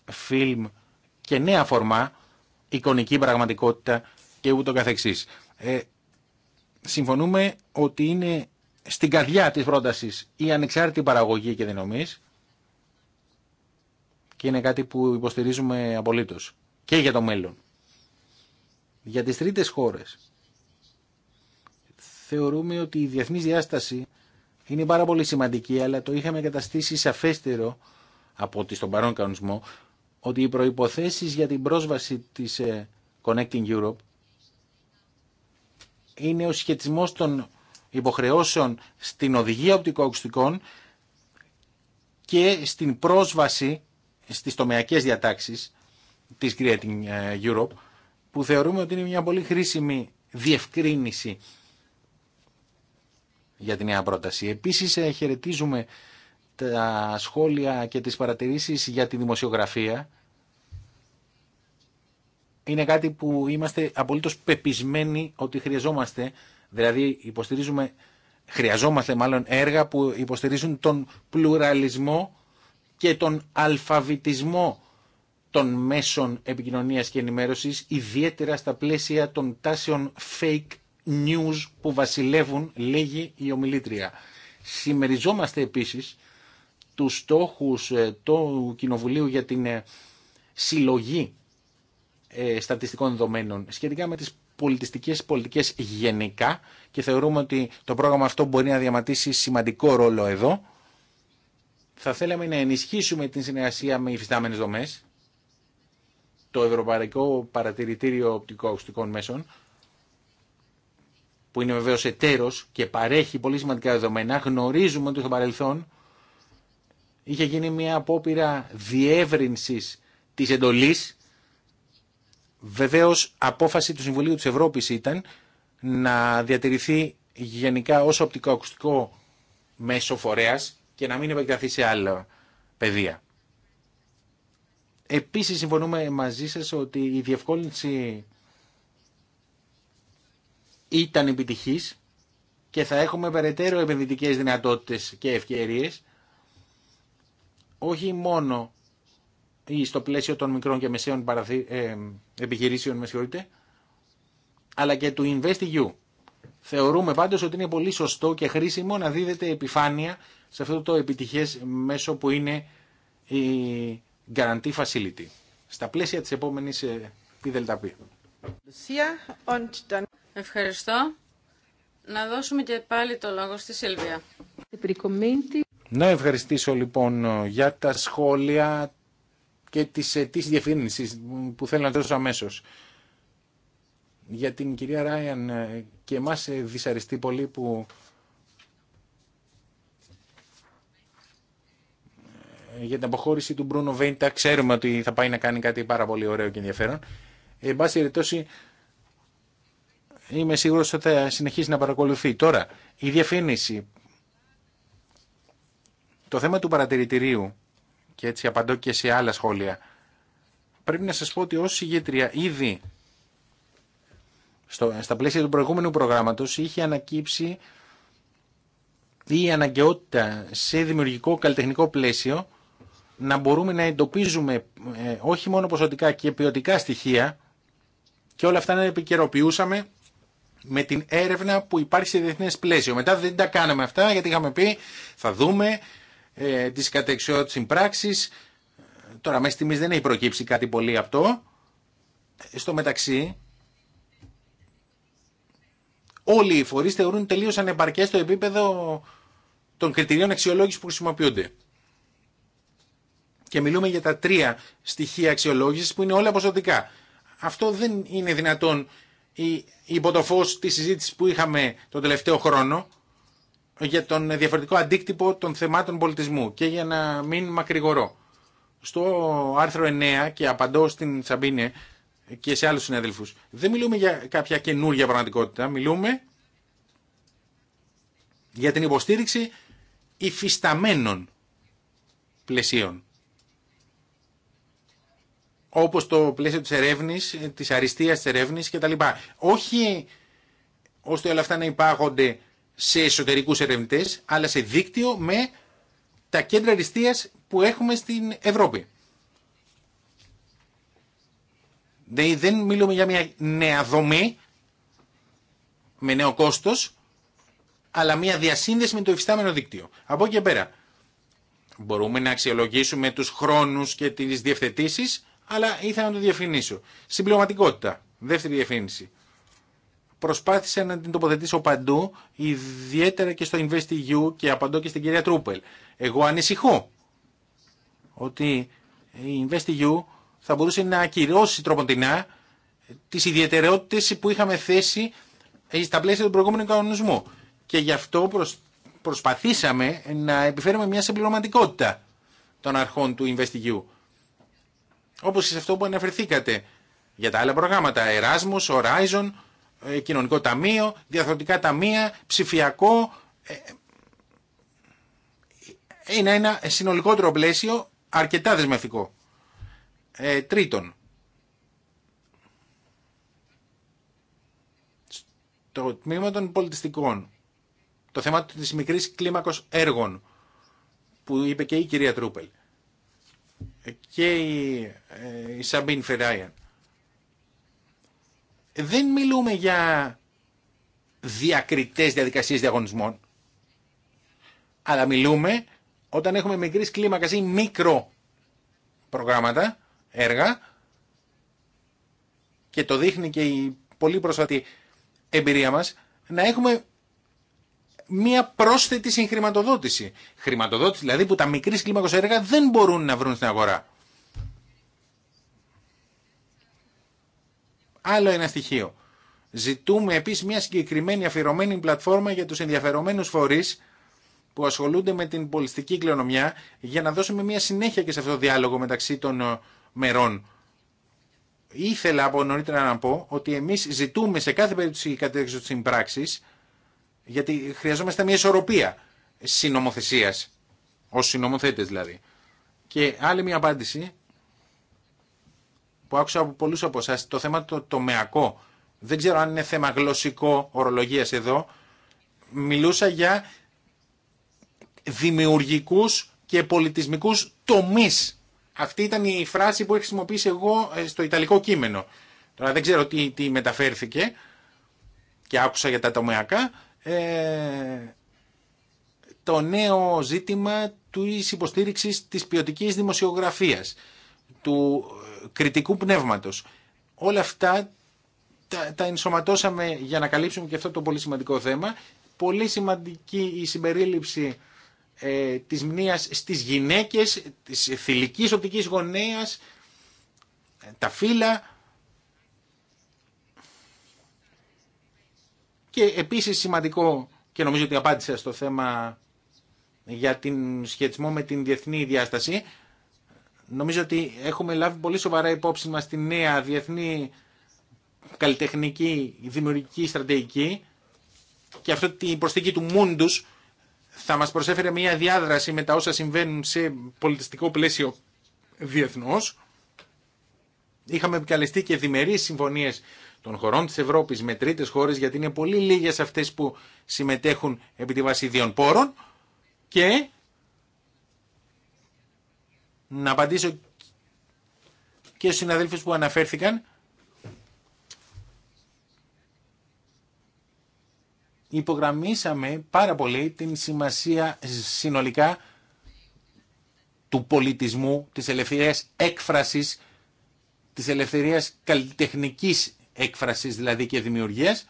[SPEAKER 2] φιλμ και νέα φορμά, εικονική πραγματικότητα και ούτω καθεξής. Ε, συμφωνούμε ότι είναι στην καρδιά της πρότασης η ανεξάρτητη παραγωγή και δυνομής και είναι κάτι που υποστηρίζουμε απολύτως και για το μέλλον. Για τις τρίτες χώρες θεωρούμε ότι η διεθνής διάσταση είναι πάρα πολύ σημαντική αλλά το είχαμε καταστήσει σαφέστερο από ότι στον παρόν κανονισμό ότι οι προϋποθέσεις για την πρόσβαση της ε, Connecting Europe είναι ο σχετισμός των υποχρεώσεων στην οδηγία οπτικοακουστικών και στην πρόσβαση στις τομεακές διατάξεις της Creating ε, Europe που θεωρούμε ότι είναι μια πολύ χρήσιμη διευκρίνηση για την νέα πρόταση. Επίσης ε, χαιρετίζουμε τα σχόλια και τις παρατηρήσεις για τη δημοσιογραφία. Είναι κάτι που είμαστε απολύτως πεπισμένοι ότι χρειαζόμαστε Δηλαδή υποστηρίζουμε, χρειαζόμαστε μάλλον έργα που υποστηρίζουν τον πλουραλισμό και τον αλφαβητισμό των μέσων επικοινωνίας και ενημέρωσης, ιδιαίτερα στα πλαίσια των τάσεων fake news που βασιλεύουν, λέγει η ομιλήτρια. Σημεριζόμαστε επίσης τους στόχους ε, του Κοινοβουλίου για την ε, συλλογή ε, στατιστικών δεδομένων σχετικά με τις πολιτιστικές πολιτικές γενικά και θεωρούμε ότι το πρόγραμμα αυτό μπορεί να διαματίσει σημαντικό ρόλο εδώ. Θα θέλαμε να ενισχύσουμε την συνεργασία με υφιστάμενες δομέ, το Ευρωπαϊκό Παρατηρητήριο Οπτικοακουστικών Μέσων, που είναι βεβαίω εταίρο και παρέχει πολύ σημαντικά δεδομένα, γνωρίζουμε ότι στο παρελθόν είχε γίνει μια απόπειρα διεύρυνση της εντολή. Βεβαίω απόφαση του Συμβουλίου της Ευρώπης ήταν να διατηρηθεί γενικά ω οπτικοακουστικό μέσο φορέα και να μην επεκταθεί σε άλλα πεδία. Επίσης συμφωνούμε μαζί σας ότι η διευκόλυνση ήταν επιτυχής και θα έχουμε περαιτέρω επενδυτικές δυνατότητες και ευκαιρίες όχι μόνο ή στο πλαίσιο των μικρών και μεσαίων παραθυ... Ε, επιχειρήσεων, με συγχωρείτε, αλλά και του InvestEU. Θεωρούμε πάντως ότι είναι πολύ σωστό και χρήσιμο να δίδεται επιφάνεια σε αυτό το επιτυχές μέσο που είναι η Guarantee Facility, στα πλαίσια της επόμενης ε, ΠΔΠ.
[SPEAKER 1] Ευχαριστώ. Να δώσουμε και πάλι το λόγο στη Σίλβια.
[SPEAKER 2] Να ευχαριστήσω λοιπόν για τα σχόλια, και της αιτής ε, που θέλω να δώσω αμέσω. Για την κυρία Ράιαν ε, και εμάς ε, δυσαρεστεί πολύ που για την αποχώρηση του Μπρούνο Βέιντα ξέρουμε ότι θα πάει να κάνει κάτι πάρα πολύ ωραίο και ενδιαφέρον. Εν πάση περιπτώσει, είμαι σίγουρο ότι θα συνεχίσει να παρακολουθεί. Τώρα, η διαφήμιση. Το θέμα του παρατηρητηρίου και έτσι απαντώ και σε άλλα σχόλια. Πρέπει να σας πω ότι ως ηγέτρια ήδη στο, στα πλαίσια του προηγούμενου προγράμματος είχε ανακύψει η αναγκαιότητα σε δημιουργικό καλλιτεχνικό πλαίσιο να μπορούμε να εντοπίζουμε ε, όχι μόνο ποσοτικά και ποιοτικά στοιχεία και όλα αυτά να επικαιροποιούσαμε με την έρευνα που υπάρχει σε διεθνές πλαίσιο. Μετά δεν τα κάναμε αυτά γιατί είχαμε πει θα δούμε ε, της κατεξιότητας πράξης. Τώρα μέσα στιγμής δεν έχει προκύψει κάτι πολύ αυτό. Ε, στο μεταξύ, όλοι οι φορείς θεωρούν τελείως ανεπαρκές το επίπεδο των κριτηρίων αξιολόγηση που χρησιμοποιούνται. Και μιλούμε για τα τρία στοιχεία αξιολόγηση που είναι όλα ποσοτικά. Αυτό δεν είναι δυνατόν υπό το φω τη συζήτηση που είχαμε τον τελευταίο χρόνο για τον διαφορετικό αντίκτυπο των θεμάτων πολιτισμού και για να μην μακρηγορώ. Στο άρθρο 9 και απαντώ στην Σαμπίνε και σε άλλους συναδελφούς, δεν μιλούμε για κάποια καινούργια πραγματικότητα, μιλούμε για την υποστήριξη υφισταμένων πλαισίων. Όπως το πλαίσιο της ερεύνης, της αριστείας της ερεύνης κτλ. Όχι ώστε όλα αυτά να υπάρχονται σε εσωτερικού ερευνητέ, αλλά σε δίκτυο με τα κέντρα ληστεία που έχουμε στην Ευρώπη. Δεν δεν μιλούμε για μια νέα δομή με νέο κόστος, αλλά μια διασύνδεση με το υφιστάμενο δίκτυο. Από εκεί και πέρα μπορούμε να αξιολογήσουμε τους χρόνους και τι διευθετήσεις, αλλά ήθελα να το διαφημίσω. Συμπληρωματικότητα, δεύτερη διευθύνση προσπάθησε να την τοποθετήσω παντού, ιδιαίτερα και στο InvestEU και απαντώ και στην κυρία Τρούπελ. Εγώ ανησυχώ ότι η InvestEU θα μπορούσε να ακυρώσει τροποντινά τις ιδιαιτερότητες που είχαμε θέσει ε, στα πλαίσια του προηγούμενου κανονισμού. Και γι' αυτό προσπαθήσαμε να επιφέρουμε μια συμπληρωματικότητα των αρχών του InvestEU. Όπως σε αυτό που αναφερθήκατε για τα άλλα προγράμματα, Erasmus, Horizon, ε, κοινωνικό ταμείο, διαθροτικά ταμεία, ψηφιακό. Ε, ε, είναι ένα συνολικότερο πλαίσιο αρκετά δεσμευτικό. Ε, τρίτον, το τμήμα των πολιτιστικών, το θέμα της μικρής κλίμακος έργων, που είπε και η κυρία Τρούπελ και η, η Σαμπίν Φεράιαν δεν μιλούμε για διακριτές διαδικασίες διαγωνισμών, αλλά μιλούμε όταν έχουμε μικρή κλίμακα ή μικρό προγράμματα, έργα, και το δείχνει και η πολύ πρόσφατη εμπειρία μας, να έχουμε μία πρόσθετη συγχρηματοδότηση. Χρηματοδότηση δηλαδή που τα μικρή κλίμακος έργα δεν μπορούν να βρουν στην αγορά. Άλλο ένα στοιχείο. Ζητούμε επίσης μια συγκεκριμένη αφιερωμένη πλατφόρμα για τους ενδιαφερομένους φορείς που ασχολούνται με την πολιστική κληρονομιά για να δώσουμε μια συνέχεια και σε αυτό το διάλογο μεταξύ των ε, μερών. Ήθελα από νωρίτερα να πω ότι εμείς ζητούμε σε κάθε περίπτωση κατέξοδο της συμπράξης γιατί χρειαζόμαστε μια ισορροπία συνομοθεσίας, ως συνομοθέτες δηλαδή. Και άλλη μια απάντηση που άκουσα από πολλού από εσά, το θέμα το τομεακό. Δεν ξέρω αν είναι θέμα γλωσσικό ορολογίας εδώ. Μιλούσα για δημιουργικού και πολιτισμικούς τομεί. Αυτή ήταν η φράση που χρησιμοποιήσει εγώ ε, στο ιταλικό κείμενο. Τώρα δεν ξέρω τι, μεταφέρθηκε και άκουσα για τα τομεακά. Ε, το νέο ζήτημα του υποστήριξης της ποιοτική δημοσιογραφίας του κριτικού πνεύματος. Όλα αυτά τα, τα ενσωματώσαμε για να καλύψουμε και αυτό το πολύ σημαντικό θέμα. Πολύ σημαντική η συμπερίληψη ε, της μνήας στις γυναίκες, της θηλυκής οπτικής γονέας, ε, τα φύλλα. Και επίσης σημαντικό, και νομίζω ότι απάντησα στο θέμα για την σχετισμό με την διεθνή διάσταση, Νομίζω ότι έχουμε λάβει πολύ σοβαρά υπόψη μας τη νέα διεθνή καλλιτεχνική δημιουργική στρατηγική και αυτή την προσθήκη του Μούντους θα μας προσέφερε μια διάδραση με τα όσα συμβαίνουν σε πολιτιστικό πλαίσιο διεθνώς. Είχαμε επικαλεστεί και διμερείς συμφωνίες των χωρών της Ευρώπης με τρίτες χώρες γιατί είναι πολύ λίγες αυτές που συμμετέχουν επί τη βάση ιδίων πόρων και να απαντήσω και στους συναδέλφους που αναφέρθηκαν. Υπογραμμίσαμε πάρα πολύ την σημασία συνολικά του πολιτισμού, της ελευθερίας έκφρασης, της ελευθερίας καλλιτεχνικής έκφρασης δηλαδή και δημιουργίας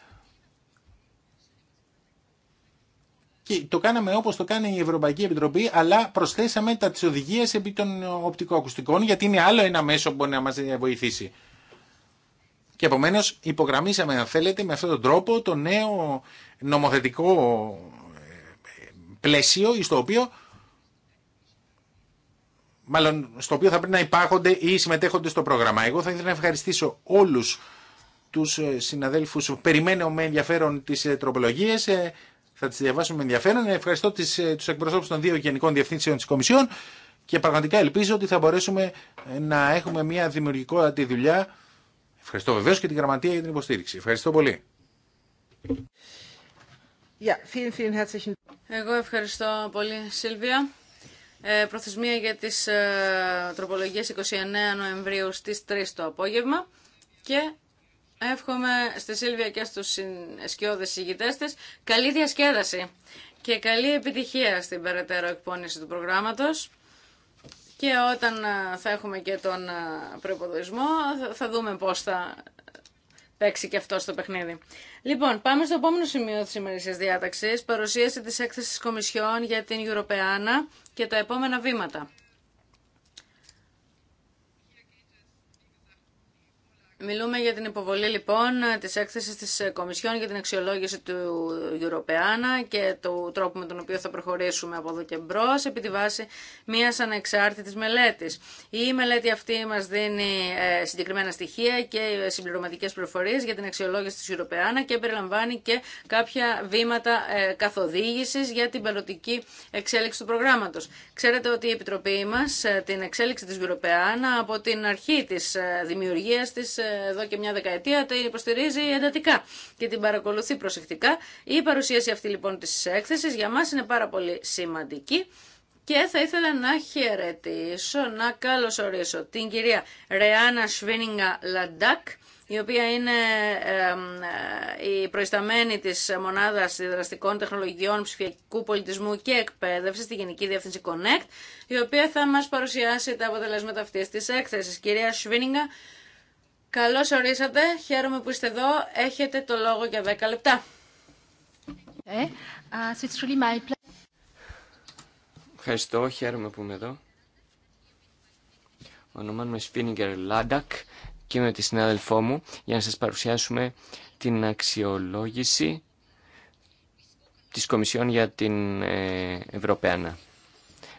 [SPEAKER 2] Και το κάναμε όπως το κάνει η Ευρωπαϊκή Επιτροπή, αλλά προσθέσαμε τα τις οδηγίες επί των οπτικοακουστικών, γιατί είναι άλλο ένα μέσο που μπορεί να μας βοηθήσει. Και επομένως υπογραμμίσαμε, αν θέλετε, με αυτόν τον τρόπο το νέο νομοθετικό ε, πλαίσιο, στο οποίο, μάλλον, στο οποίο θα πρέπει να υπάρχονται ή συμμετέχονται στο πρόγραμμα. Εγώ θα ήθελα να ευχαριστήσω όλους τους ε, συναδέλφους. Περιμένω με ενδιαφέρον τις ε, τροπολογίες. Θα τις διαβάσουμε με ενδιαφέρον. Ευχαριστώ τις, ε, τους εκπροσώπους των δύο Γενικών Διευθύνσεων της Κομισιόν και πραγματικά ελπίζω ότι θα μπορέσουμε ε, να έχουμε μια δημιουργικότατη δουλειά. Ευχαριστώ βεβαίω και την Γραμματεία για την υποστήριξη. Ευχαριστώ πολύ.
[SPEAKER 1] Εγώ ευχαριστώ πολύ, Σίλβια. Ε, προθεσμία για τις ε, τροπολογίες 29 Νοεμβρίου στις 3 το απόγευμα και Εύχομαι στη Σίλβια και στους σκιώδες ηγητές της καλή διασκέδαση και καλή επιτυχία στην περαιτέρω εκπόνηση του προγράμματος. Και όταν ε, θα έχουμε και τον ε, προποδορισμό θα δούμε πώς θα παίξει και αυτό στο παιχνίδι. Λοιπόν, πάμε στο επόμενο σημείο της σημερινής διάταξης, παρουσίαση της έκθεσης Κομισιόν για την Ευρωπαϊκή και τα επόμενα βήματα. Μιλούμε για την υποβολή λοιπόν της έκθεσης της Κομισιόν για την αξιολόγηση του Ευρωπαϊάννα και του τρόπου με τον οποίο θα προχωρήσουμε από εδώ και μπρο επί τη βάση μιας ανεξάρτητης μελέτης. Η μελέτη αυτή μας δίνει ε, συγκεκριμένα στοιχεία και συμπληρωματικές πληροφορίες για την αξιολόγηση της Ευρωπαϊάννα και περιλαμβάνει και κάποια βήματα ε, καθοδήγησης για την πελωτική εξέλιξη του προγράμματος. Ξέρετε ότι η Επιτροπή μας ε, την εξέλιξη τη Europeana από την αρχή της δημιουργίας της εδώ και μια δεκαετία το υποστηρίζει εντατικά και την παρακολουθεί προσεκτικά. Η παρουσίαση αυτή λοιπόν τη έκθεση για μα είναι πάρα πολύ σημαντική. Και θα ήθελα να χαιρετήσω, να καλωσορίσω την κυρία Ρεάνα Σβίνιγκα Λαντάκ, η οποία είναι η προϊσταμένη της Μονάδας Δραστικών Τεχνολογιών Ψηφιακού Πολιτισμού και Εκπαίδευσης στη Γενική Διεύθυνση Connect, η οποία θα μας παρουσιάσει τα αποτελέσματα αυτής της έκθεσης. Κυρία Σβίνιγκα, Καλώς ορίσατε. Χαίρομαι που είστε εδώ. Έχετε το λόγο για 10 λεπτά. Ε,
[SPEAKER 4] Ευχαριστώ. Χαίρομαι που είμαι εδώ. Ονομάζομαι Σφίνιγκερ Λάντακ και είμαι τη συνάδελφό μου για να σας παρουσιάσουμε την αξιολόγηση της Κομισιόν για την ε, Ευρωπαϊκή.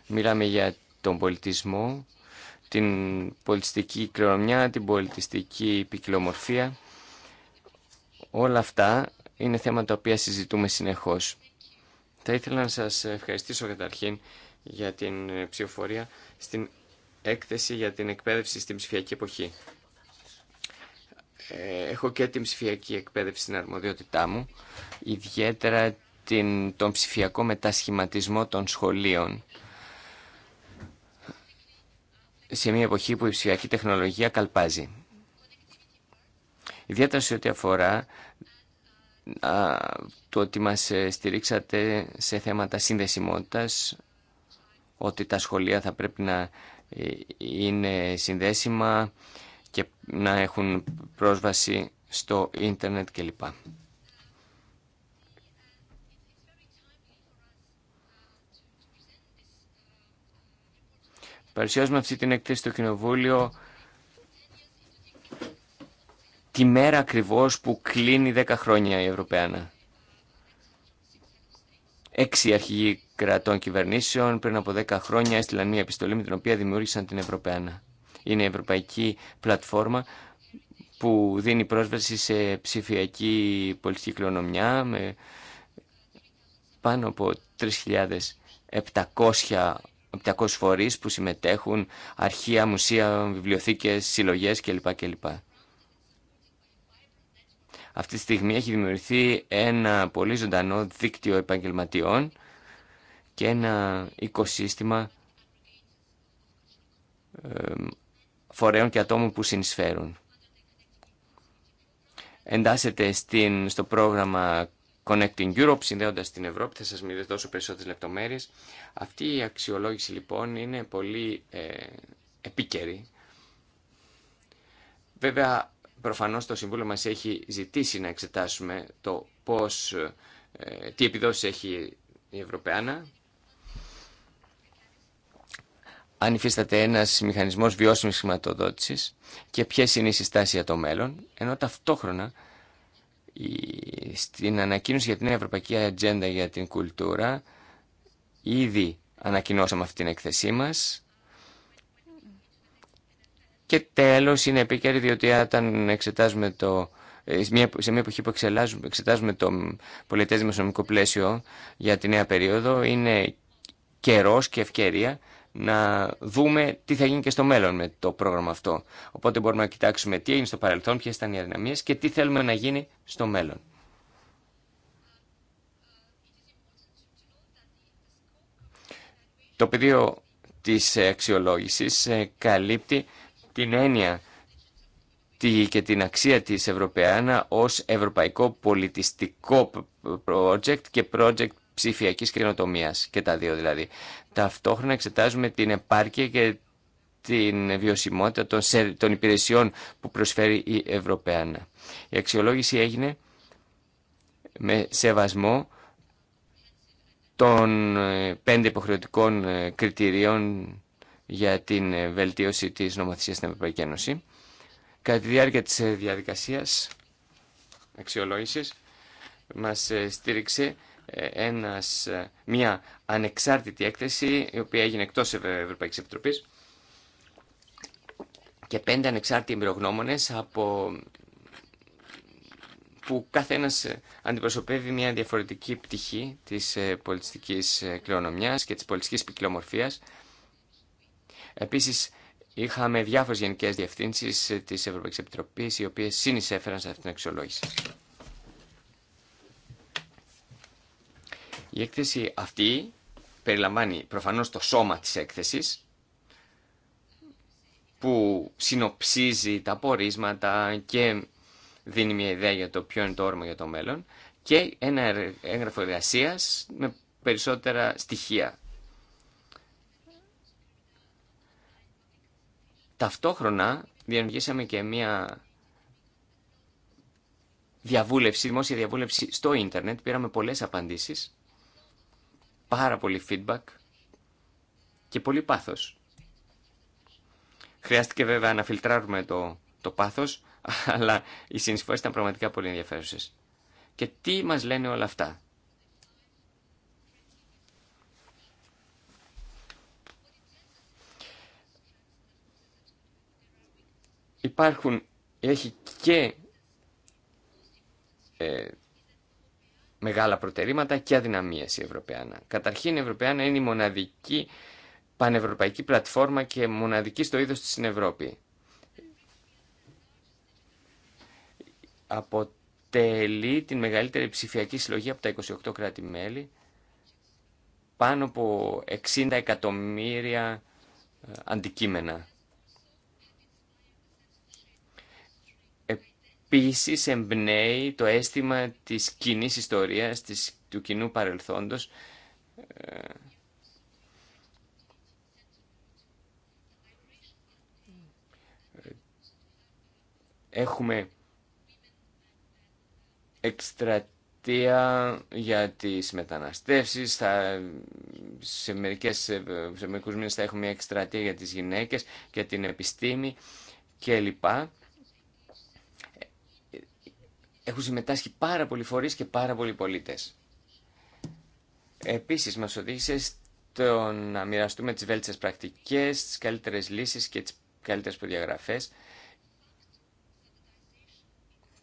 [SPEAKER 4] Μιλάμε για τον πολιτισμό, την πολιτιστική κληρονομιά, την πολιτιστική ποικιλομορφία. Όλα αυτά είναι θέματα τα οποία συζητούμε συνεχώς. Θα ήθελα να σας ευχαριστήσω καταρχήν για την ψηφοφορία στην έκθεση για την εκπαίδευση στην ψηφιακή εποχή. Ε, έχω και την ψηφιακή εκπαίδευση στην αρμοδιότητά μου, ιδιαίτερα την, τον ψηφιακό μετασχηματισμό των σχολείων σε μια εποχή που η ψηφιακή τεχνολογία καλπάζει. Ιδιαίτερα σε ό,τι αφορά το ότι μας ε, στηρίξατε σε θέματα συνδεσιμότητας, ότι τα σχολεία θα πρέπει να ε, είναι συνδέσιμα και να έχουν πρόσβαση στο ίντερνετ κλπ. Παρουσιάζουμε αυτή την έκθεση στο Κοινοβούλιο τη μέρα ακριβώς που κλείνει 10 χρόνια η Ευρωπαϊκή. Έξι αρχηγοί κρατών κυβερνήσεων πριν από 10 χρόνια έστειλαν μια επιστολή με την οποία δημιούργησαν την Ευρωπαϊκή. Είναι η Ευρωπαϊκή Πλατφόρμα που δίνει πρόσβαση σε ψηφιακή πολιτική κληρονομιά με πάνω από 3.700 700 φορείς που συμμετέχουν, αρχεία, μουσεία, βιβλιοθήκες, συλλογές κλπ. κλπ. Αυτή τη στιγμή έχει δημιουργηθεί ένα πολύ ζωντανό δίκτυο επαγγελματιών και ένα οικοσύστημα φορέων και ατόμων που συνεισφέρουν. Εντάσσεται στην, στο πρόγραμμα Connecting Europe, συνδέοντας την Ευρώπη, θα σας μιλήσω τόσο περισσότερες λεπτομέρειες. Αυτή η αξιολόγηση λοιπόν είναι πολύ ε, επίκαιρη. Βέβαια, προφανώς το Συμβούλιο μας έχει ζητήσει να εξετάσουμε το πώς, ε, τι επιδόσεις έχει η Ευρωπαϊκή αν υφίσταται ένα μηχανισμό βιώσιμη χρηματοδότηση και ποιε είναι οι συστάσει για το μέλλον, ενώ ταυτόχρονα στην ανακοίνωση για την Ευρωπαϊκή Ατζέντα για την Κουλτούρα ήδη ανακοινώσαμε αυτή την εκθεσή μας και τέλος είναι επίκαιρη διότι όταν εξετάζουμε το ε, σε μια εποχή που εξετάζουμε το πολιτές δημοσιονομικό πλαίσιο για την νέα περίοδο είναι καιρός και ευκαιρία να δούμε τι θα γίνει και στο μέλλον με το πρόγραμμα αυτό. Οπότε μπορούμε να κοιτάξουμε τι έγινε στο παρελθόν, ποιε ήταν οι αδυναμίε και τι θέλουμε να γίνει στο μέλλον. Το πεδίο της αξιολόγησης ε, καλύπτει την έννοια και την αξία της ευρωπαϊκής ως ευρωπαϊκό πολιτιστικό project και project ψηφιακής κρινοτομίας και τα δύο δηλαδή. Ταυτόχρονα εξετάζουμε την επάρκεια και την βιωσιμότητα των υπηρεσιών που προσφέρει η Ευρωπαϊκή. Η αξιολόγηση έγινε με σεβασμό των ε, πέντε υποχρεωτικών ε, κριτηρίων για την ε, βελτίωση της νομοθεσίας στην Ευρωπαϊκή Ένωση. Κατά τη διάρκεια της διαδικασίας αξιολόγησης μας στήριξε ε, ένας, ε, μια ανεξάρτητη έκθεση η οποία έγινε εκτός Ευρωπαϊκής Επιτροπής και πέντε ανεξάρτητοι εμπειρογνώμονες από που κάθε ένας ε, αντιπροσωπεύει μια διαφορετική πτυχή της πολιτιστικής κληρονομιάς και της πολιτιστικής ποικιλομορφίας. Επίσης, είχαμε διάφορες γενικές διευθύνσεις της Ευρωπαϊκής Επιτροπής, οι οποίες συνεισέφεραν σε αυτήν την αξιολόγηση. Η έκθεση αυτή περιλαμβάνει προφανώς το σώμα της έκθεσης που συνοψίζει τα πορίσματα και δίνει μια ιδέα για το ποιο είναι το όρμα για το μέλλον και ένα έγγραφο εργασία με περισσότερα στοιχεία. Ταυτόχρονα διανοηγήσαμε και μια διαβούλευση, δημόσια διαβούλευση στο ίντερνετ. Πήραμε πολλές απαντήσεις πάρα πολύ feedback και πολύ πάθος. Χρειάστηκε βέβαια να φιλτράρουμε το, το πάθος, αλλά οι συνεισφορές ήταν πραγματικά πολύ ενδιαφέρουσες. Και τι μας λένε όλα αυτά. Υπάρχουν, έχει και ε, μεγάλα προτερήματα και αδυναμίε η Ευρωπαϊκή. Καταρχήν η Ευρωπαϊκή είναι η μοναδική πανευρωπαϊκή πλατφόρμα και μοναδική στο είδος της στην Ευρώπη. Αποτελεί την μεγαλύτερη ψηφιακή συλλογή από τα 28 κράτη-μέλη, πάνω από 60 εκατομμύρια ε, αντικείμενα επίσης εμπνέει το αίσθημα της κοινή ιστορίας, του κοινού παρελθόντος, ε, Έχουμε εκστρατεία για τις μεταναστεύσεις, σε, μερικές, σε μερικούς μήνες θα έχουμε μια εκστρατεία για τις γυναίκες, για την επιστήμη κλπ έχουν συμμετάσχει πάρα πολλοί φορείς και πάρα πολλοί πολίτες. Επίσης μας οδήγησε στο να μοιραστούμε τις βέλτιστες πρακτικές, τις καλύτερες λύσεις και τις καλύτερες προδιαγραφές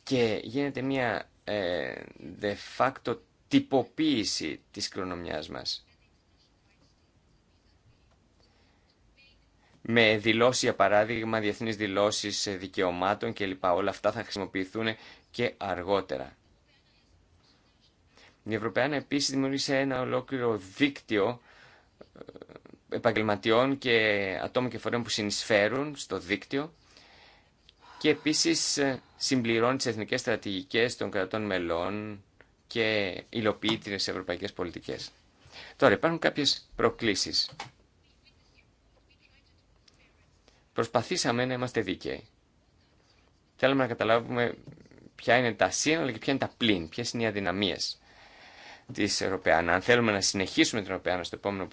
[SPEAKER 4] και γίνεται μια ε, de facto τυποποίηση της κληρονομιάς μας. με δηλώσει, για παράδειγμα, διεθνείς δηλώσεις ε, δικαιωμάτων κλπ. Όλα αυτά θα χρησιμοποιηθούν και αργότερα. Η Ευρωπαϊκή επίσης δημιούργησε ένα ολόκληρο δίκτυο ε, επαγγελματιών και ατόμων και φορέων που συνεισφέρουν στο δίκτυο και επίσης ε, συμπληρώνει τις εθνικές στρατηγικές των κρατών μελών και υλοποιεί τις ευρωπαϊκές πολιτικές. Τώρα υπάρχουν κάποιες προκλήσεις Προσπαθήσαμε να είμαστε δίκαιοι. Θέλουμε να καταλάβουμε ποια είναι τα σύνολα αλλά και ποια είναι τα πλήν, ποιε είναι οι αδυναμίε τη Ευρωπαϊκή. Αν θέλουμε να συνεχίσουμε την Ευρωπαϊκή στο επόμενο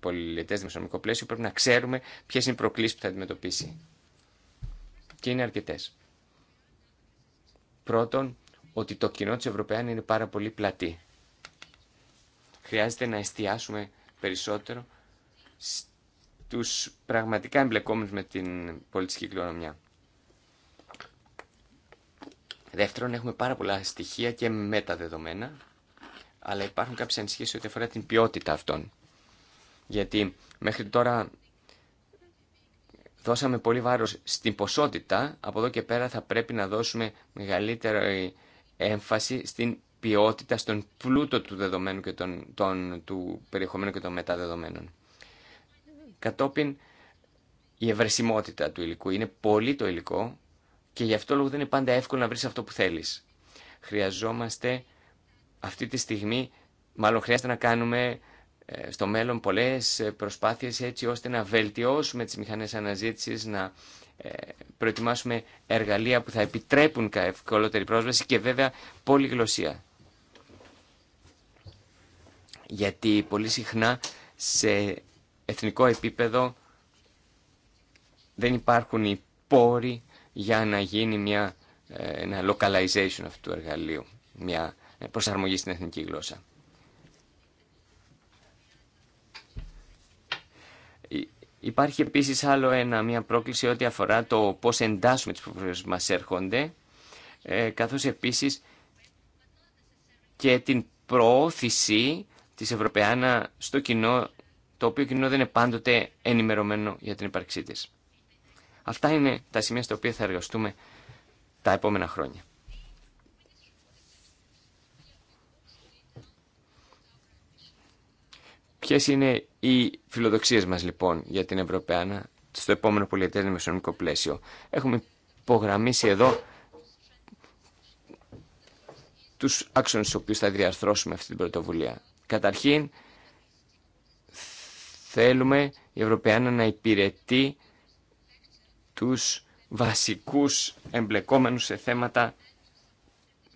[SPEAKER 4] πολιτιστικό δημοσιονομικό πλαίσιο, πρέπει να ξέρουμε ποιε είναι οι προκλήσει που θα αντιμετωπίσει. Και είναι αρκετέ. Πρώτον, ότι το κοινό τη Ευρωπαϊκή είναι πάρα πολύ πλατή. Χρειάζεται να εστιάσουμε περισσότερο τους πραγματικά εμπλεκόμενους με την πολιτική κληρονομιά. Δεύτερον, έχουμε πάρα πολλά στοιχεία και μεταδεδομένα, αλλά υπάρχουν κάποιες ανησυχίες ό,τι αφορά την ποιότητα αυτών. Γιατί μέχρι τώρα δώσαμε πολύ βάρος στην ποσότητα, από εδώ και πέρα θα πρέπει να δώσουμε μεγαλύτερη έμφαση στην ποιότητα, στον πλούτο του δεδομένου και του περιεχομένου και των μεταδεδομένων. Κατόπιν η ευρεσιμότητα του υλικού. Είναι πολύ το υλικό και γι' αυτό λόγο δεν είναι πάντα εύκολο να βρεις αυτό που θέλεις. Χρειαζόμαστε αυτή τη στιγμή, μάλλον χρειάζεται να κάνουμε ε, στο μέλλον πολλές ε, προσπάθειες έτσι ώστε να βελτιώσουμε τις μηχανές αναζήτησης, να ε, προετοιμάσουμε εργαλεία που θα επιτρέπουν ευκολότερη πρόσβαση και βέβαια πολυγλωσία. Γιατί πολύ συχνά σε εθνικό επίπεδο δεν υπάρχουν οι πόροι για να γίνει μια, ε, ένα localization αυτού του εργαλείου, μια προσαρμογή στην εθνική γλώσσα. Υπάρχει επίσης άλλο ένα, μια πρόκληση ό,τι αφορά το πώς εντάσσουμε τις προβλήσεις που μας έρχονται, ε, καθώς επίσης και την προώθηση της Ευρωπαϊκής στο κοινό το οποίο κοινό δεν είναι πάντοτε ενημερωμένο για την ύπαρξή τη. Αυτά είναι τα σημεία στα οποία θα εργαστούμε τα επόμενα χρόνια. Ποιες είναι οι φιλοδοξίες μας λοιπόν για την Ευρωπαϊκή στο επόμενο πολιετές μεσονομικό πλαίσιο. Έχουμε υπογραμμίσει εδώ τους άξονες στους οποίους θα διαρθρώσουμε αυτή την πρωτοβουλία. Καταρχήν, Θέλουμε η Ευρωπαϊκή να υπηρετεί τους βασικούς εμπλεκόμενους σε θέματα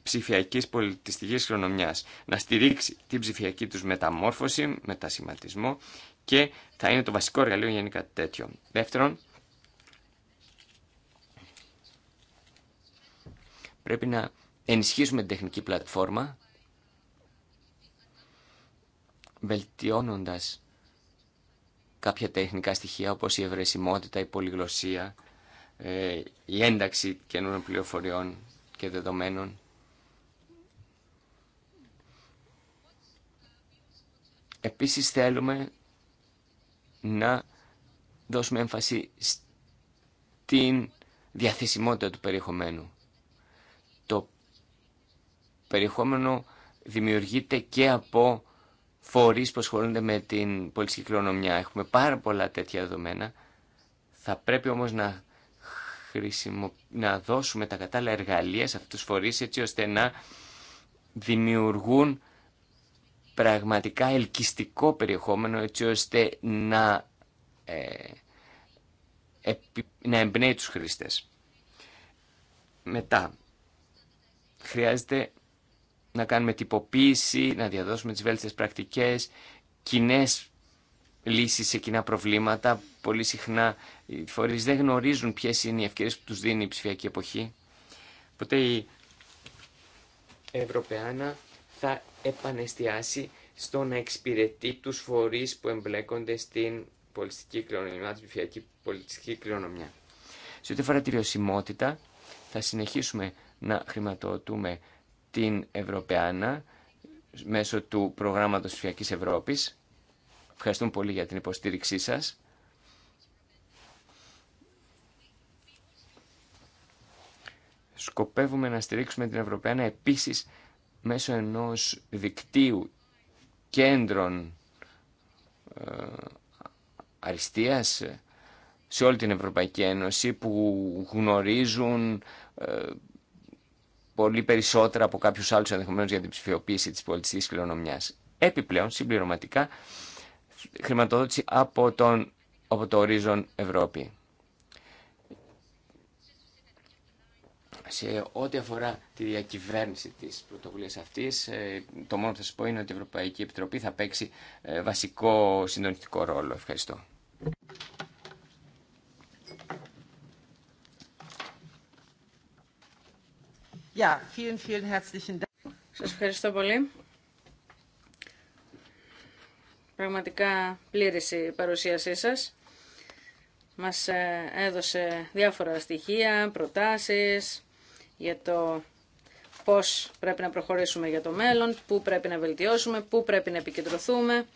[SPEAKER 4] ψηφιακής πολιτιστικής χρονομιάς. Να στηρίξει την ψηφιακή τους μεταμόρφωση, μετασηματισμό και θα είναι το βασικό εργαλείο για κάτι τέτοιο. Δεύτερον, πρέπει να ενισχύσουμε την τεχνική πλατφόρμα βελτιώνοντας κάποια τεχνικά στοιχεία όπως η ευρεσιμότητα, η πολυγλωσία, ε, η ένταξη καινούριων πληροφοριών και δεδομένων. Επίσης θέλουμε να δώσουμε έμφαση στην διαθεσιμότητα του περιεχομένου. Το περιεχόμενο δημιουργείται και από φορείς που ασχολούνται με την πολύ Έχουμε πάρα πολλά τέτοια δεδομένα. Θα πρέπει όμως να, χρησιμο... να δώσουμε τα κατάλληλα εργαλεία σε αυτούς τους φορείς έτσι ώστε να δημιουργούν πραγματικά ελκυστικό περιεχόμενο έτσι ώστε να, ε, να εμπνέει τους χρήστες. Μετά, χρειάζεται να κάνουμε τυποποίηση, να διαδώσουμε τις βέλτιστες πρακτικές, κοινέ λύσεις σε κοινά προβλήματα. Πολύ συχνά οι φορείς δεν γνωρίζουν ποιες είναι οι ευκαιρίες που τους δίνει η ψηφιακή εποχή. Οπότε η Ευρωπαϊκή θα επανεστιάσει στο να εξυπηρετεί τους φορείς που εμπλέκονται στην πολιτιστική κληρονομιά, την ψηφιακή πολιτιστική κληρονομιά. Σε ό,τι αφορά τη βιωσιμότητα, θα συνεχίσουμε να χρηματοδοτούμε την Ευρωπαϊκή μέσω του προγράμματος Φιακής Ευρώπης. Ευχαριστούμε πολύ για την υποστήριξή σας. Σκοπεύουμε να στηρίξουμε την Ευρωπαϊκή επίσης μέσω ενός δικτύου κέντρων ε, αριστείας ε, σε όλη την Ευρωπαϊκή Ένωση που γνωρίζουν ε, πολύ περισσότερα από κάποιου άλλου ενδεχομένω για την ψηφιοποίηση τη πολιτιστικής κληρονομιάς. Επιπλέον, συμπληρωματικά, χρηματοδότηση από, τον, από το ορίζον Ευρώπη. Σε ό,τι αφορά τη διακυβέρνηση της πρωτοβουλίας αυτής, ε, το μόνο που θα σας πω είναι ότι η Ευρωπαϊκή Επιτροπή θα παίξει ε, βασικό συντονιστικό ρόλο. Ευχαριστώ.
[SPEAKER 1] Σα ευχαριστώ πολύ. Πραγματικά πλήρη η παρουσίασή σας. Μας ε, έδωσε διάφορα στοιχεία, προτάσεις για το πώς πρέπει να προχωρήσουμε για το μέλλον, πού πρέπει να βελτιώσουμε, πού πρέπει να επικεντρωθούμε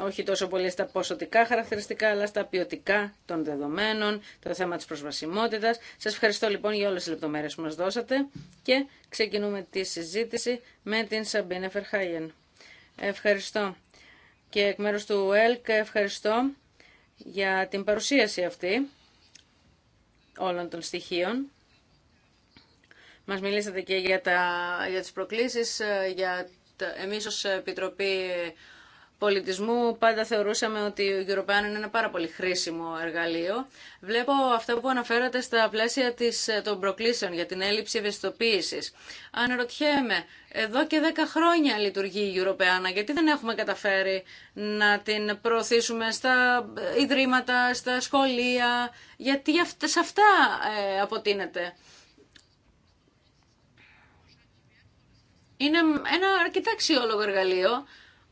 [SPEAKER 1] όχι τόσο πολύ στα ποσοτικά χαρακτηριστικά, αλλά στα ποιοτικά των δεδομένων, το θέμα της προσβασιμότητας. Σας ευχαριστώ λοιπόν για όλες τις λεπτομέρειες που μας δώσατε και ξεκινούμε τη συζήτηση με την Σαμπίνε Φερχάγεν. Ευχαριστώ. Και εκ μέρους του ΕΛΚ ευχαριστώ για την παρουσίαση αυτή όλων των στοιχείων. Μας μιλήσατε και για, τα, για τις προκλήσεις, ε, για εμείς ως Επιτροπή πολιτισμού πάντα θεωρούσαμε ότι ο European είναι ένα πάρα πολύ χρήσιμο εργαλείο. Βλέπω αυτά που αναφέρατε στα πλαίσια της, ε, των προκλήσεων για την έλλειψη ευαισθητοποίησης. Αναρωτιέμαι, εδώ και 10 χρόνια λειτουργεί η Europeana, γιατί δεν έχουμε καταφέρει να την προωθήσουμε στα ε, ιδρύματα, στα σχολεία, γιατί σε αυτά ε, αποτείνεται. Είναι ένα αρκετά αξιόλογο εργαλείο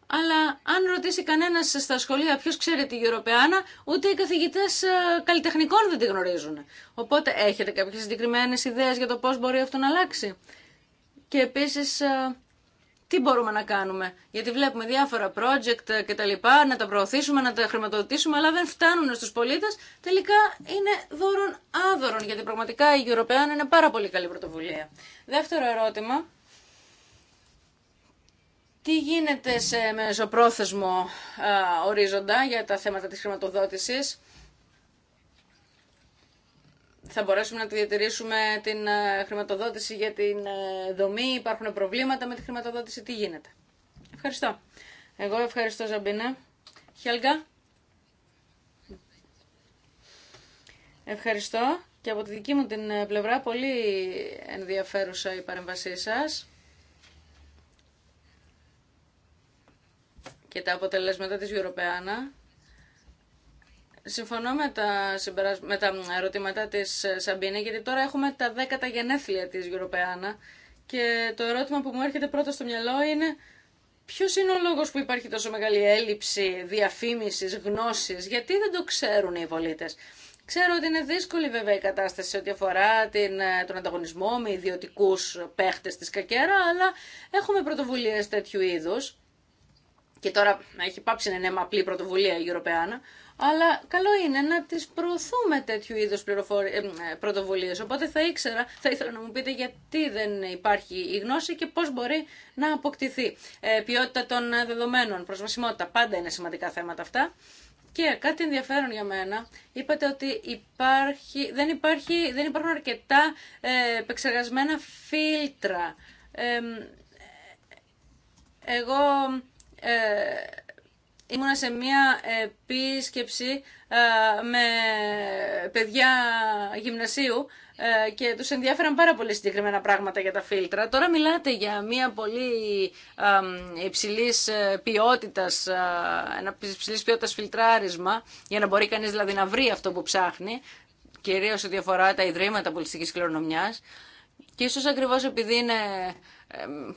[SPEAKER 1] αλλά αν ρωτήσει κανένα στα σχολεία ποιο ξέρει τη Γεωροπεάνα, ούτε οι καθηγητέ ε, καλλιτεχνικών δεν τη γνωρίζουν. Οπότε έχετε κάποιε συγκεκριμένε ιδέε για το πώ μπορεί αυτό να αλλάξει. Και επίση, ε, τι μπορούμε να κάνουμε. Γιατί βλέπουμε διάφορα project κτλ. να τα προωθήσουμε, να τα χρηματοδοτήσουμε, αλλά δεν φτάνουν στου πολίτε. Τελικά είναι δώρον άδωρον, γιατί πραγματικά η Γεωροπεάνα είναι πάρα πολύ καλή πρωτοβουλία. Δεύτερο ερώτημα τι γίνεται σε μεσοπρόθεσμο ορίζοντα για τα θέματα της χρηματοδότησης. Θα μπορέσουμε να τη διατηρήσουμε την χρηματοδότηση για την δομή. Υπάρχουν προβλήματα με τη χρηματοδότηση. Τι γίνεται. Ευχαριστώ. Εγώ ευχαριστώ Ζαμπίνα. Χέλγα. Ευχαριστώ. Και από τη δική μου την ε, πλευρά πολύ ενδιαφέρουσα η παρέμβασή σας. και τα αποτελέσματα της Ευρωπαϊάνα, Συμφωνώ με τα, με τα ερωτήματα της ε, Σαμπίνη, γιατί τώρα έχουμε τα δέκατα γενέθλια της Ευρωπαϊάνα και το ερώτημα που μου έρχεται πρώτα στο μυαλό είναι ποιος είναι ο λόγος που υπάρχει τόσο μεγάλη έλλειψη διαφήμισης, γνώσης, γιατί δεν το ξέρουν οι πολίτες. Ξέρω ότι είναι δύσκολη βέβαια η κατάσταση ό,τι αφορά την, ε, τον ανταγωνισμό με ιδιωτικού παίχτε τη κακέρα, αλλά έχουμε πρωτοβουλίε τέτοιου είδου και τώρα έχει πάψει να είναι με απλή πρωτοβουλία η Ευρωπαϊκή, αλλά καλό είναι να τις προωθούμε τέτοιου είδους ε, ε, πρωτοβουλίες. Οπότε θα ήξερα, θα ήθελα να μου πείτε γιατί δεν υπάρχει η γνώση και πώς μπορεί να αποκτηθεί. Ε, ποιότητα των δεδομένων, προσβασιμότητα, πάντα είναι σημαντικά θέματα αυτά. Και κάτι ενδιαφέρον για μένα, είπατε ότι υπάρχει, δεν, υπάρχει, δεν υπάρχουν αρκετά ε, επεξεργασμένα φίλτρα. εγώ ε, ήμουνα σε μία επίσκεψη ε, με παιδιά γυμνασίου ε, και τους ενδιαφέραν πάρα πολύ συγκεκριμένα πράγματα για τα φίλτρα. Τώρα μιλάτε για μια πολύ υψηλής ε, ποιότητας, ένα υψηλής ποιότητας φιλτράρισμα, για να μπορεί κανείς δηλαδή να βρει αυτό που ψάχνει, κυρίως ό,τι αφορά τα ιδρύματα πολιτιστικής κληρονομιάς. Και ίσως ακριβώς επειδή είναι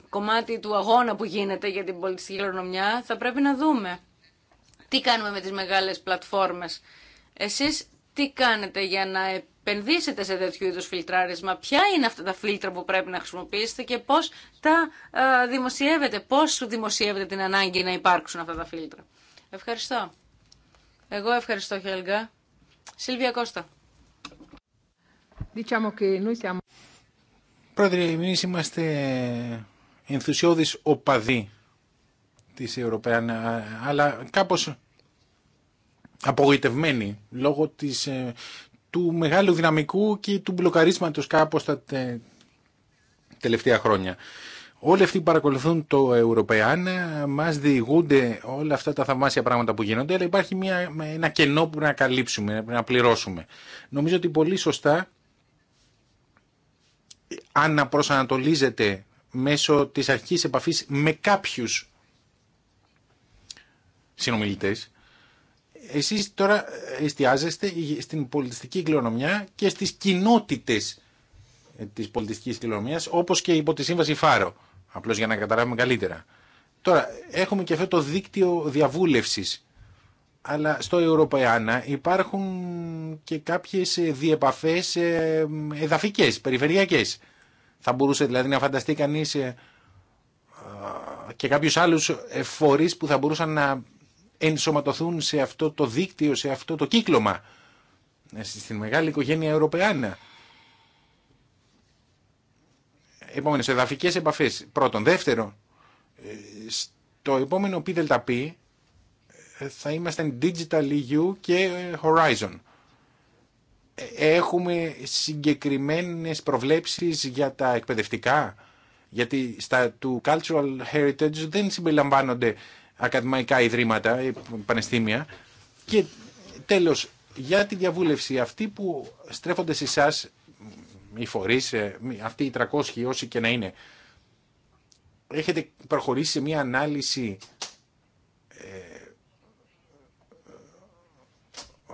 [SPEAKER 1] κομμάτι του αγώνα που γίνεται για την πολιτιστική κληρονομιά, θα πρέπει να δούμε τι κάνουμε με τις μεγάλες πλατφόρμες. Εσείς τι κάνετε για να επενδύσετε σε τέτοιου είδους φιλτράρισμα, ποια είναι αυτά τα φίλτρα που πρέπει να χρησιμοποιήσετε και πώς τα δημοσιεύετε, πώς σου δημοσιεύετε την ανάγκη να υπάρξουν αυτά τα φίλτρα. Ευχαριστώ. Εγώ ευχαριστώ, Χέλγα. Σίλβια Κώστα.
[SPEAKER 2] Πρόεδρε, εμεί είμαστε ενθουσιώδει οπαδοί τη Ευρωπαϊκή αλλά κάπω απογοητευμένοι λόγω της, ε, του μεγάλου δυναμικού και του μπλοκαρίσματο κάπως τα τελευταία χρόνια. Όλοι αυτοί που παρακολουθούν το Ευρωπαϊάν ε, μας διηγούνται όλα αυτά τα θαυμάσια πράγματα που γίνονται, αλλά υπάρχει μια, ένα κενό που να καλύψουμε, να πληρώσουμε. Νομίζω ότι πολύ σωστά αν να προσανατολίζεται μέσω της αρχής επαφής με κάποιους συνομιλητές. Εσείς τώρα εστιάζεστε στην πολιτιστική κληρονομιά και στις κοινότητες της πολιτιστικής κληρονομιάς, όπως και υπό τη Σύμβαση Φάρο, απλώς για να καταλάβουμε καλύτερα. Τώρα, έχουμε και αυτό το δίκτυο διαβούλευσης αλλά στο Ευρωπαϊάννα υπάρχουν και κάποιες διεπαφές ε, εδαφικές, περιφερειακές. Θα μπορούσε δηλαδή να φανταστεί κανείς ε, και κάποιους άλλους ε, φορείς που θα μπορούσαν να ενσωματωθούν σε αυτό το δίκτυο, σε αυτό το κύκλωμα, στην μεγάλη οικογένεια Ευρωπαϊάννα. Επόμενες εδαφικές επαφές πρώτον. Δεύτερον, στο επόμενο πι ε, θα είμαστε Digital EU και ε, Horizon. Ε, έχουμε συγκεκριμένες προβλέψεις για τα εκπαιδευτικά, γιατί στα του Cultural Heritage δεν συμπεριλαμβάνονται ακαδημαϊκά ιδρύματα, πανεστήμια. Και τέλος, για τη διαβούλευση, αυτοί που στρέφονται σε εσά, οι φορείς, αυτοί οι 300 όσοι και να είναι, έχετε προχωρήσει σε μια ανάλυση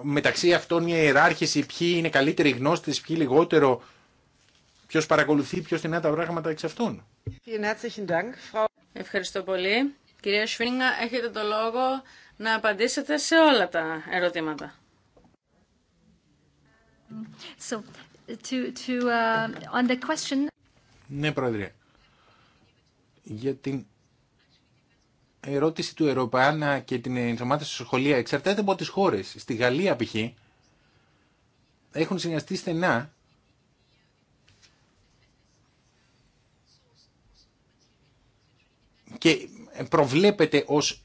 [SPEAKER 2] μεταξύ αυτών μια ιεράρχηση ποιοι είναι καλύτεροι γνώστες, ποιοι λιγότερο, ποιο παρακολουθεί, ποιος την τα πράγματα εξ αυτών.
[SPEAKER 1] Ευχαριστώ πολύ. Κυρία Σφίνγκα, έχετε το λόγο να απαντήσετε σε όλα τα ερωτήματα. So, to, to, uh, on the question...
[SPEAKER 2] Ναι, Πρόεδρε. Για την η ερώτηση του Ευρωπαϊκού και την ενσωμάτωση στη σχολεία εξαρτάται από τις χώρες. Στη Γαλλία π.χ. έχουν συνεργαστεί στενά και προβλέπεται ως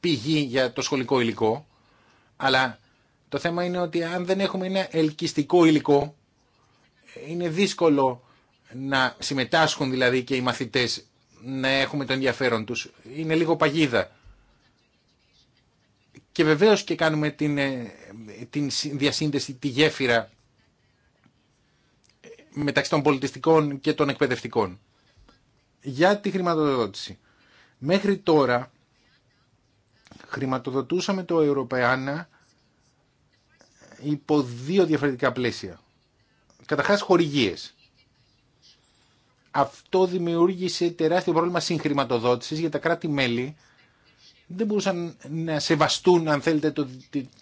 [SPEAKER 2] πηγή για το σχολικό υλικό, αλλά το θέμα είναι ότι αν δεν έχουμε ένα ελκυστικό υλικό, ε, είναι δύσκολο να συμμετάσχουν δηλαδή και οι μαθητές να έχουμε το ενδιαφέρον τους. Είναι λίγο παγίδα. Και βεβαίως και κάνουμε την, ε, την διασύνδεση, τη γέφυρα ε, μεταξύ των πολιτιστικών και των εκπαιδευτικών. Για τη χρηματοδότηση. Μέχρι τώρα χρηματοδοτούσαμε το Ευρωπαϊάννα ε, υπό δύο διαφορετικά πλαίσια. Καταρχάς χορηγίες αυτό δημιούργησε τεράστιο πρόβλημα συγχρηματοδότησης για τα κράτη-μέλη. Δεν μπορούσαν να σεβαστούν, αν θέλετε, το,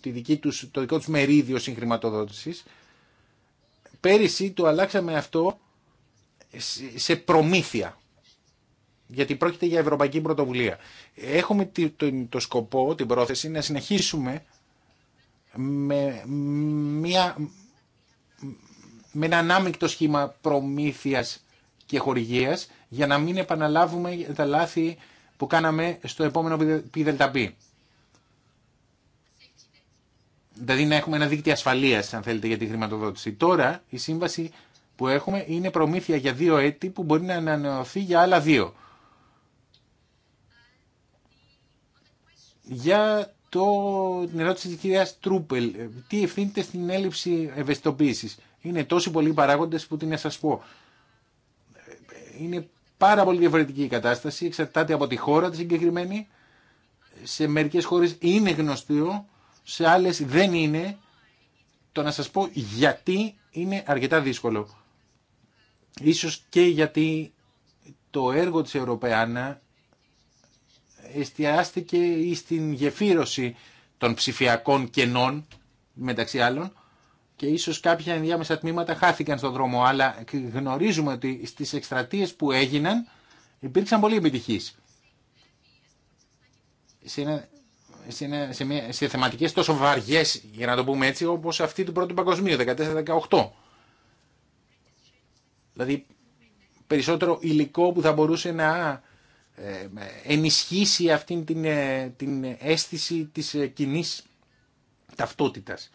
[SPEAKER 2] τη, δική τους, το δικό τους μερίδιο συγχρηματοδότησης. Πέρυσι το αλλάξαμε αυτό σε προμήθεια γιατί πρόκειται για ευρωπαϊκή πρωτοβουλία. Έχουμε το, σκοπό, την πρόθεση να συνεχίσουμε με, μια, με ένα ανάμεικτο σχήμα προμήθειας και χορηγία για να μην επαναλάβουμε τα λάθη που κάναμε στο επόμενο πι Δηλαδή να έχουμε ένα δίκτυο ασφαλείας αν θέλετε για τη χρηματοδότηση. Τώρα η σύμβαση που έχουμε είναι προμήθεια για δύο έτη που μπορεί να ανανεωθεί για άλλα δύο. Για το, την ερώτηση της κυρίας Τρούπελ, τι ευθύνεται στην έλλειψη ευαισθητοποίησης. Είναι τόσοι πολλοί παράγοντες που τι να σας πω είναι πάρα πολύ διαφορετική η κατάσταση, εξαρτάται από τη χώρα τη συγκεκριμένη. Σε μερικές χώρες είναι γνωστό, σε άλλες δεν είναι. Το να σας πω γιατί είναι αρκετά δύσκολο. Ίσως και γιατί το έργο της Ευρωπαίαννα εστιάστηκε στην γεφύρωση των ψηφιακών κενών μεταξύ άλλων και ίσως κάποια ενδιάμεσα τμήματα χάθηκαν στον δρόμο, αλλά γνωρίζουμε ότι στις εκστρατείες που έγιναν υπήρξαν πολύ επιτυχείς. Σε, ένα, σε, σε, θεματικές τόσο βαριές, για να το πούμε έτσι, όπως αυτή του Πρώτου Παγκοσμίου, 14-18. Δηλαδή, περισσότερο υλικό που θα μπορούσε να ε, ενισχύσει αυτή την, ε, την αίσθηση της ε, κοινή ταυτότητας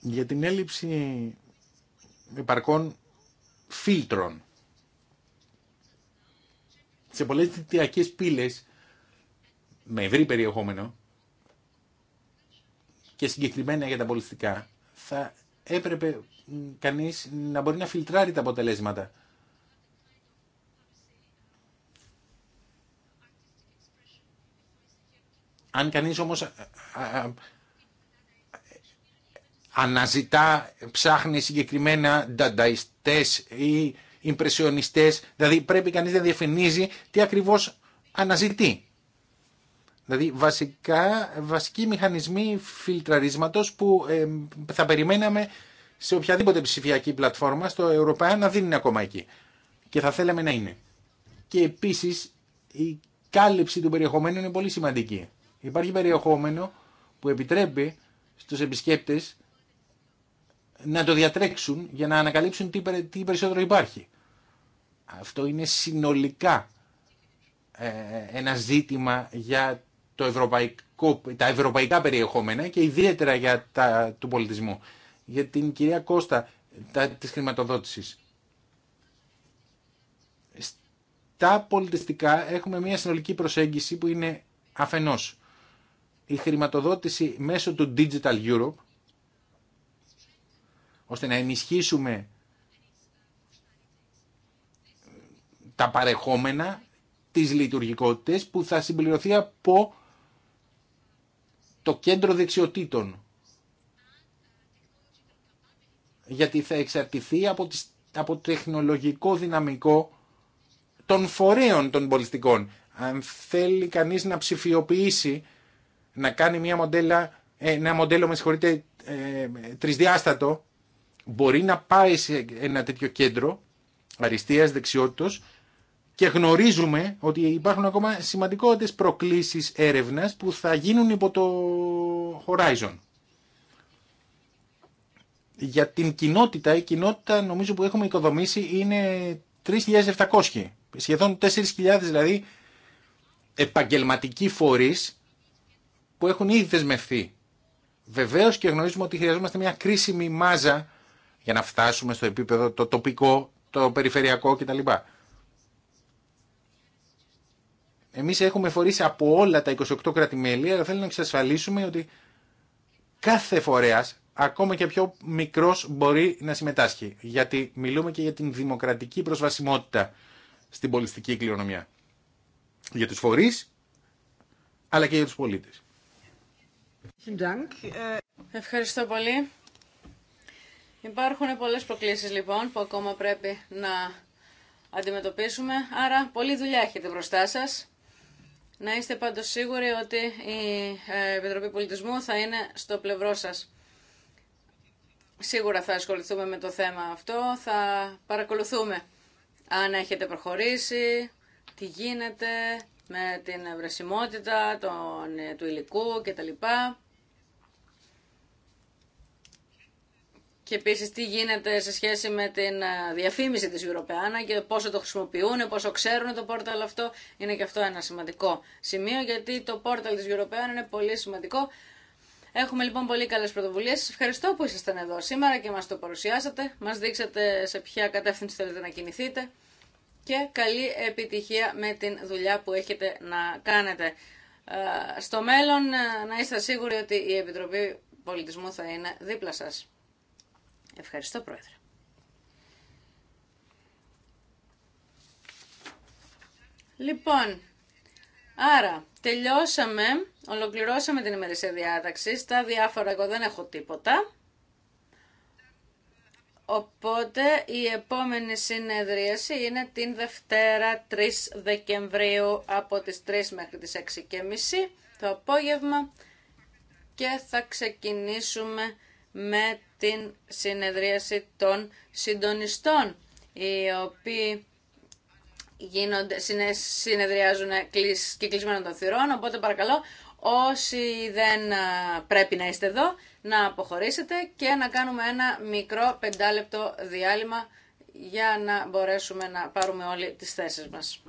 [SPEAKER 2] για την έλλειψη επαρκών φίλτρων. Σε πολλές θητιακές πύλες με ευρύ περιεχόμενο και συγκεκριμένα για τα πολιτικά θα έπρεπε κανείς να μπορεί να φιλτράρει τα αποτελέσματα. Αν κανείς όμως αναζητά, ψάχνει συγκεκριμένα ντανταϊστές ή ιμπρεσιονιστές, δηλαδή πρέπει κανείς να διαφημίζει τι ακριβώς αναζητεί. Δηλαδή βασικά, βασικοί μηχανισμοί φιλτραρίσματος που θα περιμέναμε σε οποιαδήποτε ψηφιακή πλατφόρμα στο Ευρωπαϊκό να δίνει ακόμα εκεί. Και θα θέλαμε να είναι. Και επίσης η κάλυψη του περιεχομένου είναι πολύ σημαντική. Υπάρχει περιεχόμενο που επιτρέπει στους επισκέπτες να το διατρέξουν για να ανακαλύψουν τι, περισσότερο υπάρχει. Αυτό είναι συνολικά ε, ένα ζήτημα για το ευρωπαϊκό, τα ευρωπαϊκά περιεχόμενα και ιδιαίτερα για τα του πολιτισμού. Για την κυρία Κώστα τα, της χρηματοδότησης. Στα πολιτιστικά έχουμε μια συνολική προσέγγιση που είναι αφενός η χρηματοδότηση μέσω του Digital Europe ώστε να ενισχύσουμε τα παρεχόμενα της λειτουργικότητες που θα συμπληρωθεί από το κέντρο δεξιοτήτων. Γιατί θα εξαρτηθεί από, τις, από τεχνολογικό δυναμικό των φορέων των πολιτικών. Αν θέλει κανείς να ψηφιοποιήσει, να κάνει μια μοντέλα, ε, ένα μοντέλο με ε, ε, τρισδιάστατο, μπορεί να πάει σε ένα τέτοιο κέντρο αριστείας, δεξιότητος και γνωρίζουμε ότι υπάρχουν ακόμα σημαντικότερες προκλήσεις έρευνας που θα γίνουν υπό το Horizon. Για την κοινότητα, η κοινότητα νομίζω που έχουμε οικοδομήσει είναι 3.700, σχεδόν 4.000 δηλαδή επαγγελματικοί φορείς που έχουν ήδη δεσμευθεί. Βεβαίως και γνωρίζουμε ότι χρειαζόμαστε μια κρίσιμη μάζα για να φτάσουμε στο επίπεδο το τοπικό, το περιφερειακό κτλ. Εμείς έχουμε φορείς από όλα τα 28 κράτη-μέλη, αλλά θέλω να εξασφαλίσουμε ότι κάθε φορέας, ακόμα και πιο μικρός, μπορεί να συμμετάσχει. Γιατί μιλούμε και για την δημοκρατική προσβασιμότητα στην πολιτική κληρονομιά. Για τους φορείς, αλλά και για τους πολίτες.
[SPEAKER 1] Ευχαριστώ πολύ. Υπάρχουν πολλές προκλήσεις λοιπόν που ακόμα πρέπει να αντιμετωπίσουμε. Άρα πολλή δουλειά έχετε μπροστά σας. Να είστε πάντως σίγουροι ότι η ε, Επιτροπή Πολιτισμού θα είναι στο πλευρό σας. Σίγουρα θα ασχοληθούμε με το θέμα αυτό, θα παρακολουθούμε αν έχετε προχωρήσει, τι γίνεται με την ευρεσιμότητα τον, ε, του υλικού κτλ. και επίση τι γίνεται σε σχέση με την ε, διαφήμιση τη Europeana και πόσο το χρησιμοποιούν, πόσο ξέρουν το πόρταλ αυτό. Είναι και αυτό ένα σημαντικό σημείο, γιατί το πόρταλ τη Europeana είναι πολύ σημαντικό. Έχουμε λοιπόν πολύ καλέ πρωτοβουλίε. Σα ευχαριστώ που ήσασταν εδώ σήμερα και μα το παρουσιάσατε. Μα δείξατε σε ποια κατεύθυνση θέλετε να κινηθείτε. Και καλή επιτυχία με την δουλειά που έχετε να κάνετε. Ε, στο μέλλον ε, να είστε σίγουροι ότι η Επιτροπή Πολιτισμού θα είναι δίπλα σας. Ευχαριστώ, Πρόεδρε. Λοιπόν, άρα τελειώσαμε, ολοκληρώσαμε την ημερήσια διάταξη. Στα διάφορα εγώ δεν έχω τίποτα. Οπότε η επόμενη συνεδρίαση είναι την Δευτέρα 3 Δεκεμβρίου από τις 3 μέχρι τις 6.30 το απόγευμα και θα ξεκινήσουμε με την συνεδρίαση των συντονιστών, οι οποίοι γίνονται, συνεδριάζουν και των θυρών, οπότε παρακαλώ όσοι δεν πρέπει να είστε εδώ, να αποχωρήσετε και να κάνουμε ένα μικρό πεντάλεπτο διάλειμμα για να μπορέσουμε να πάρουμε όλοι τις θέσεις μας.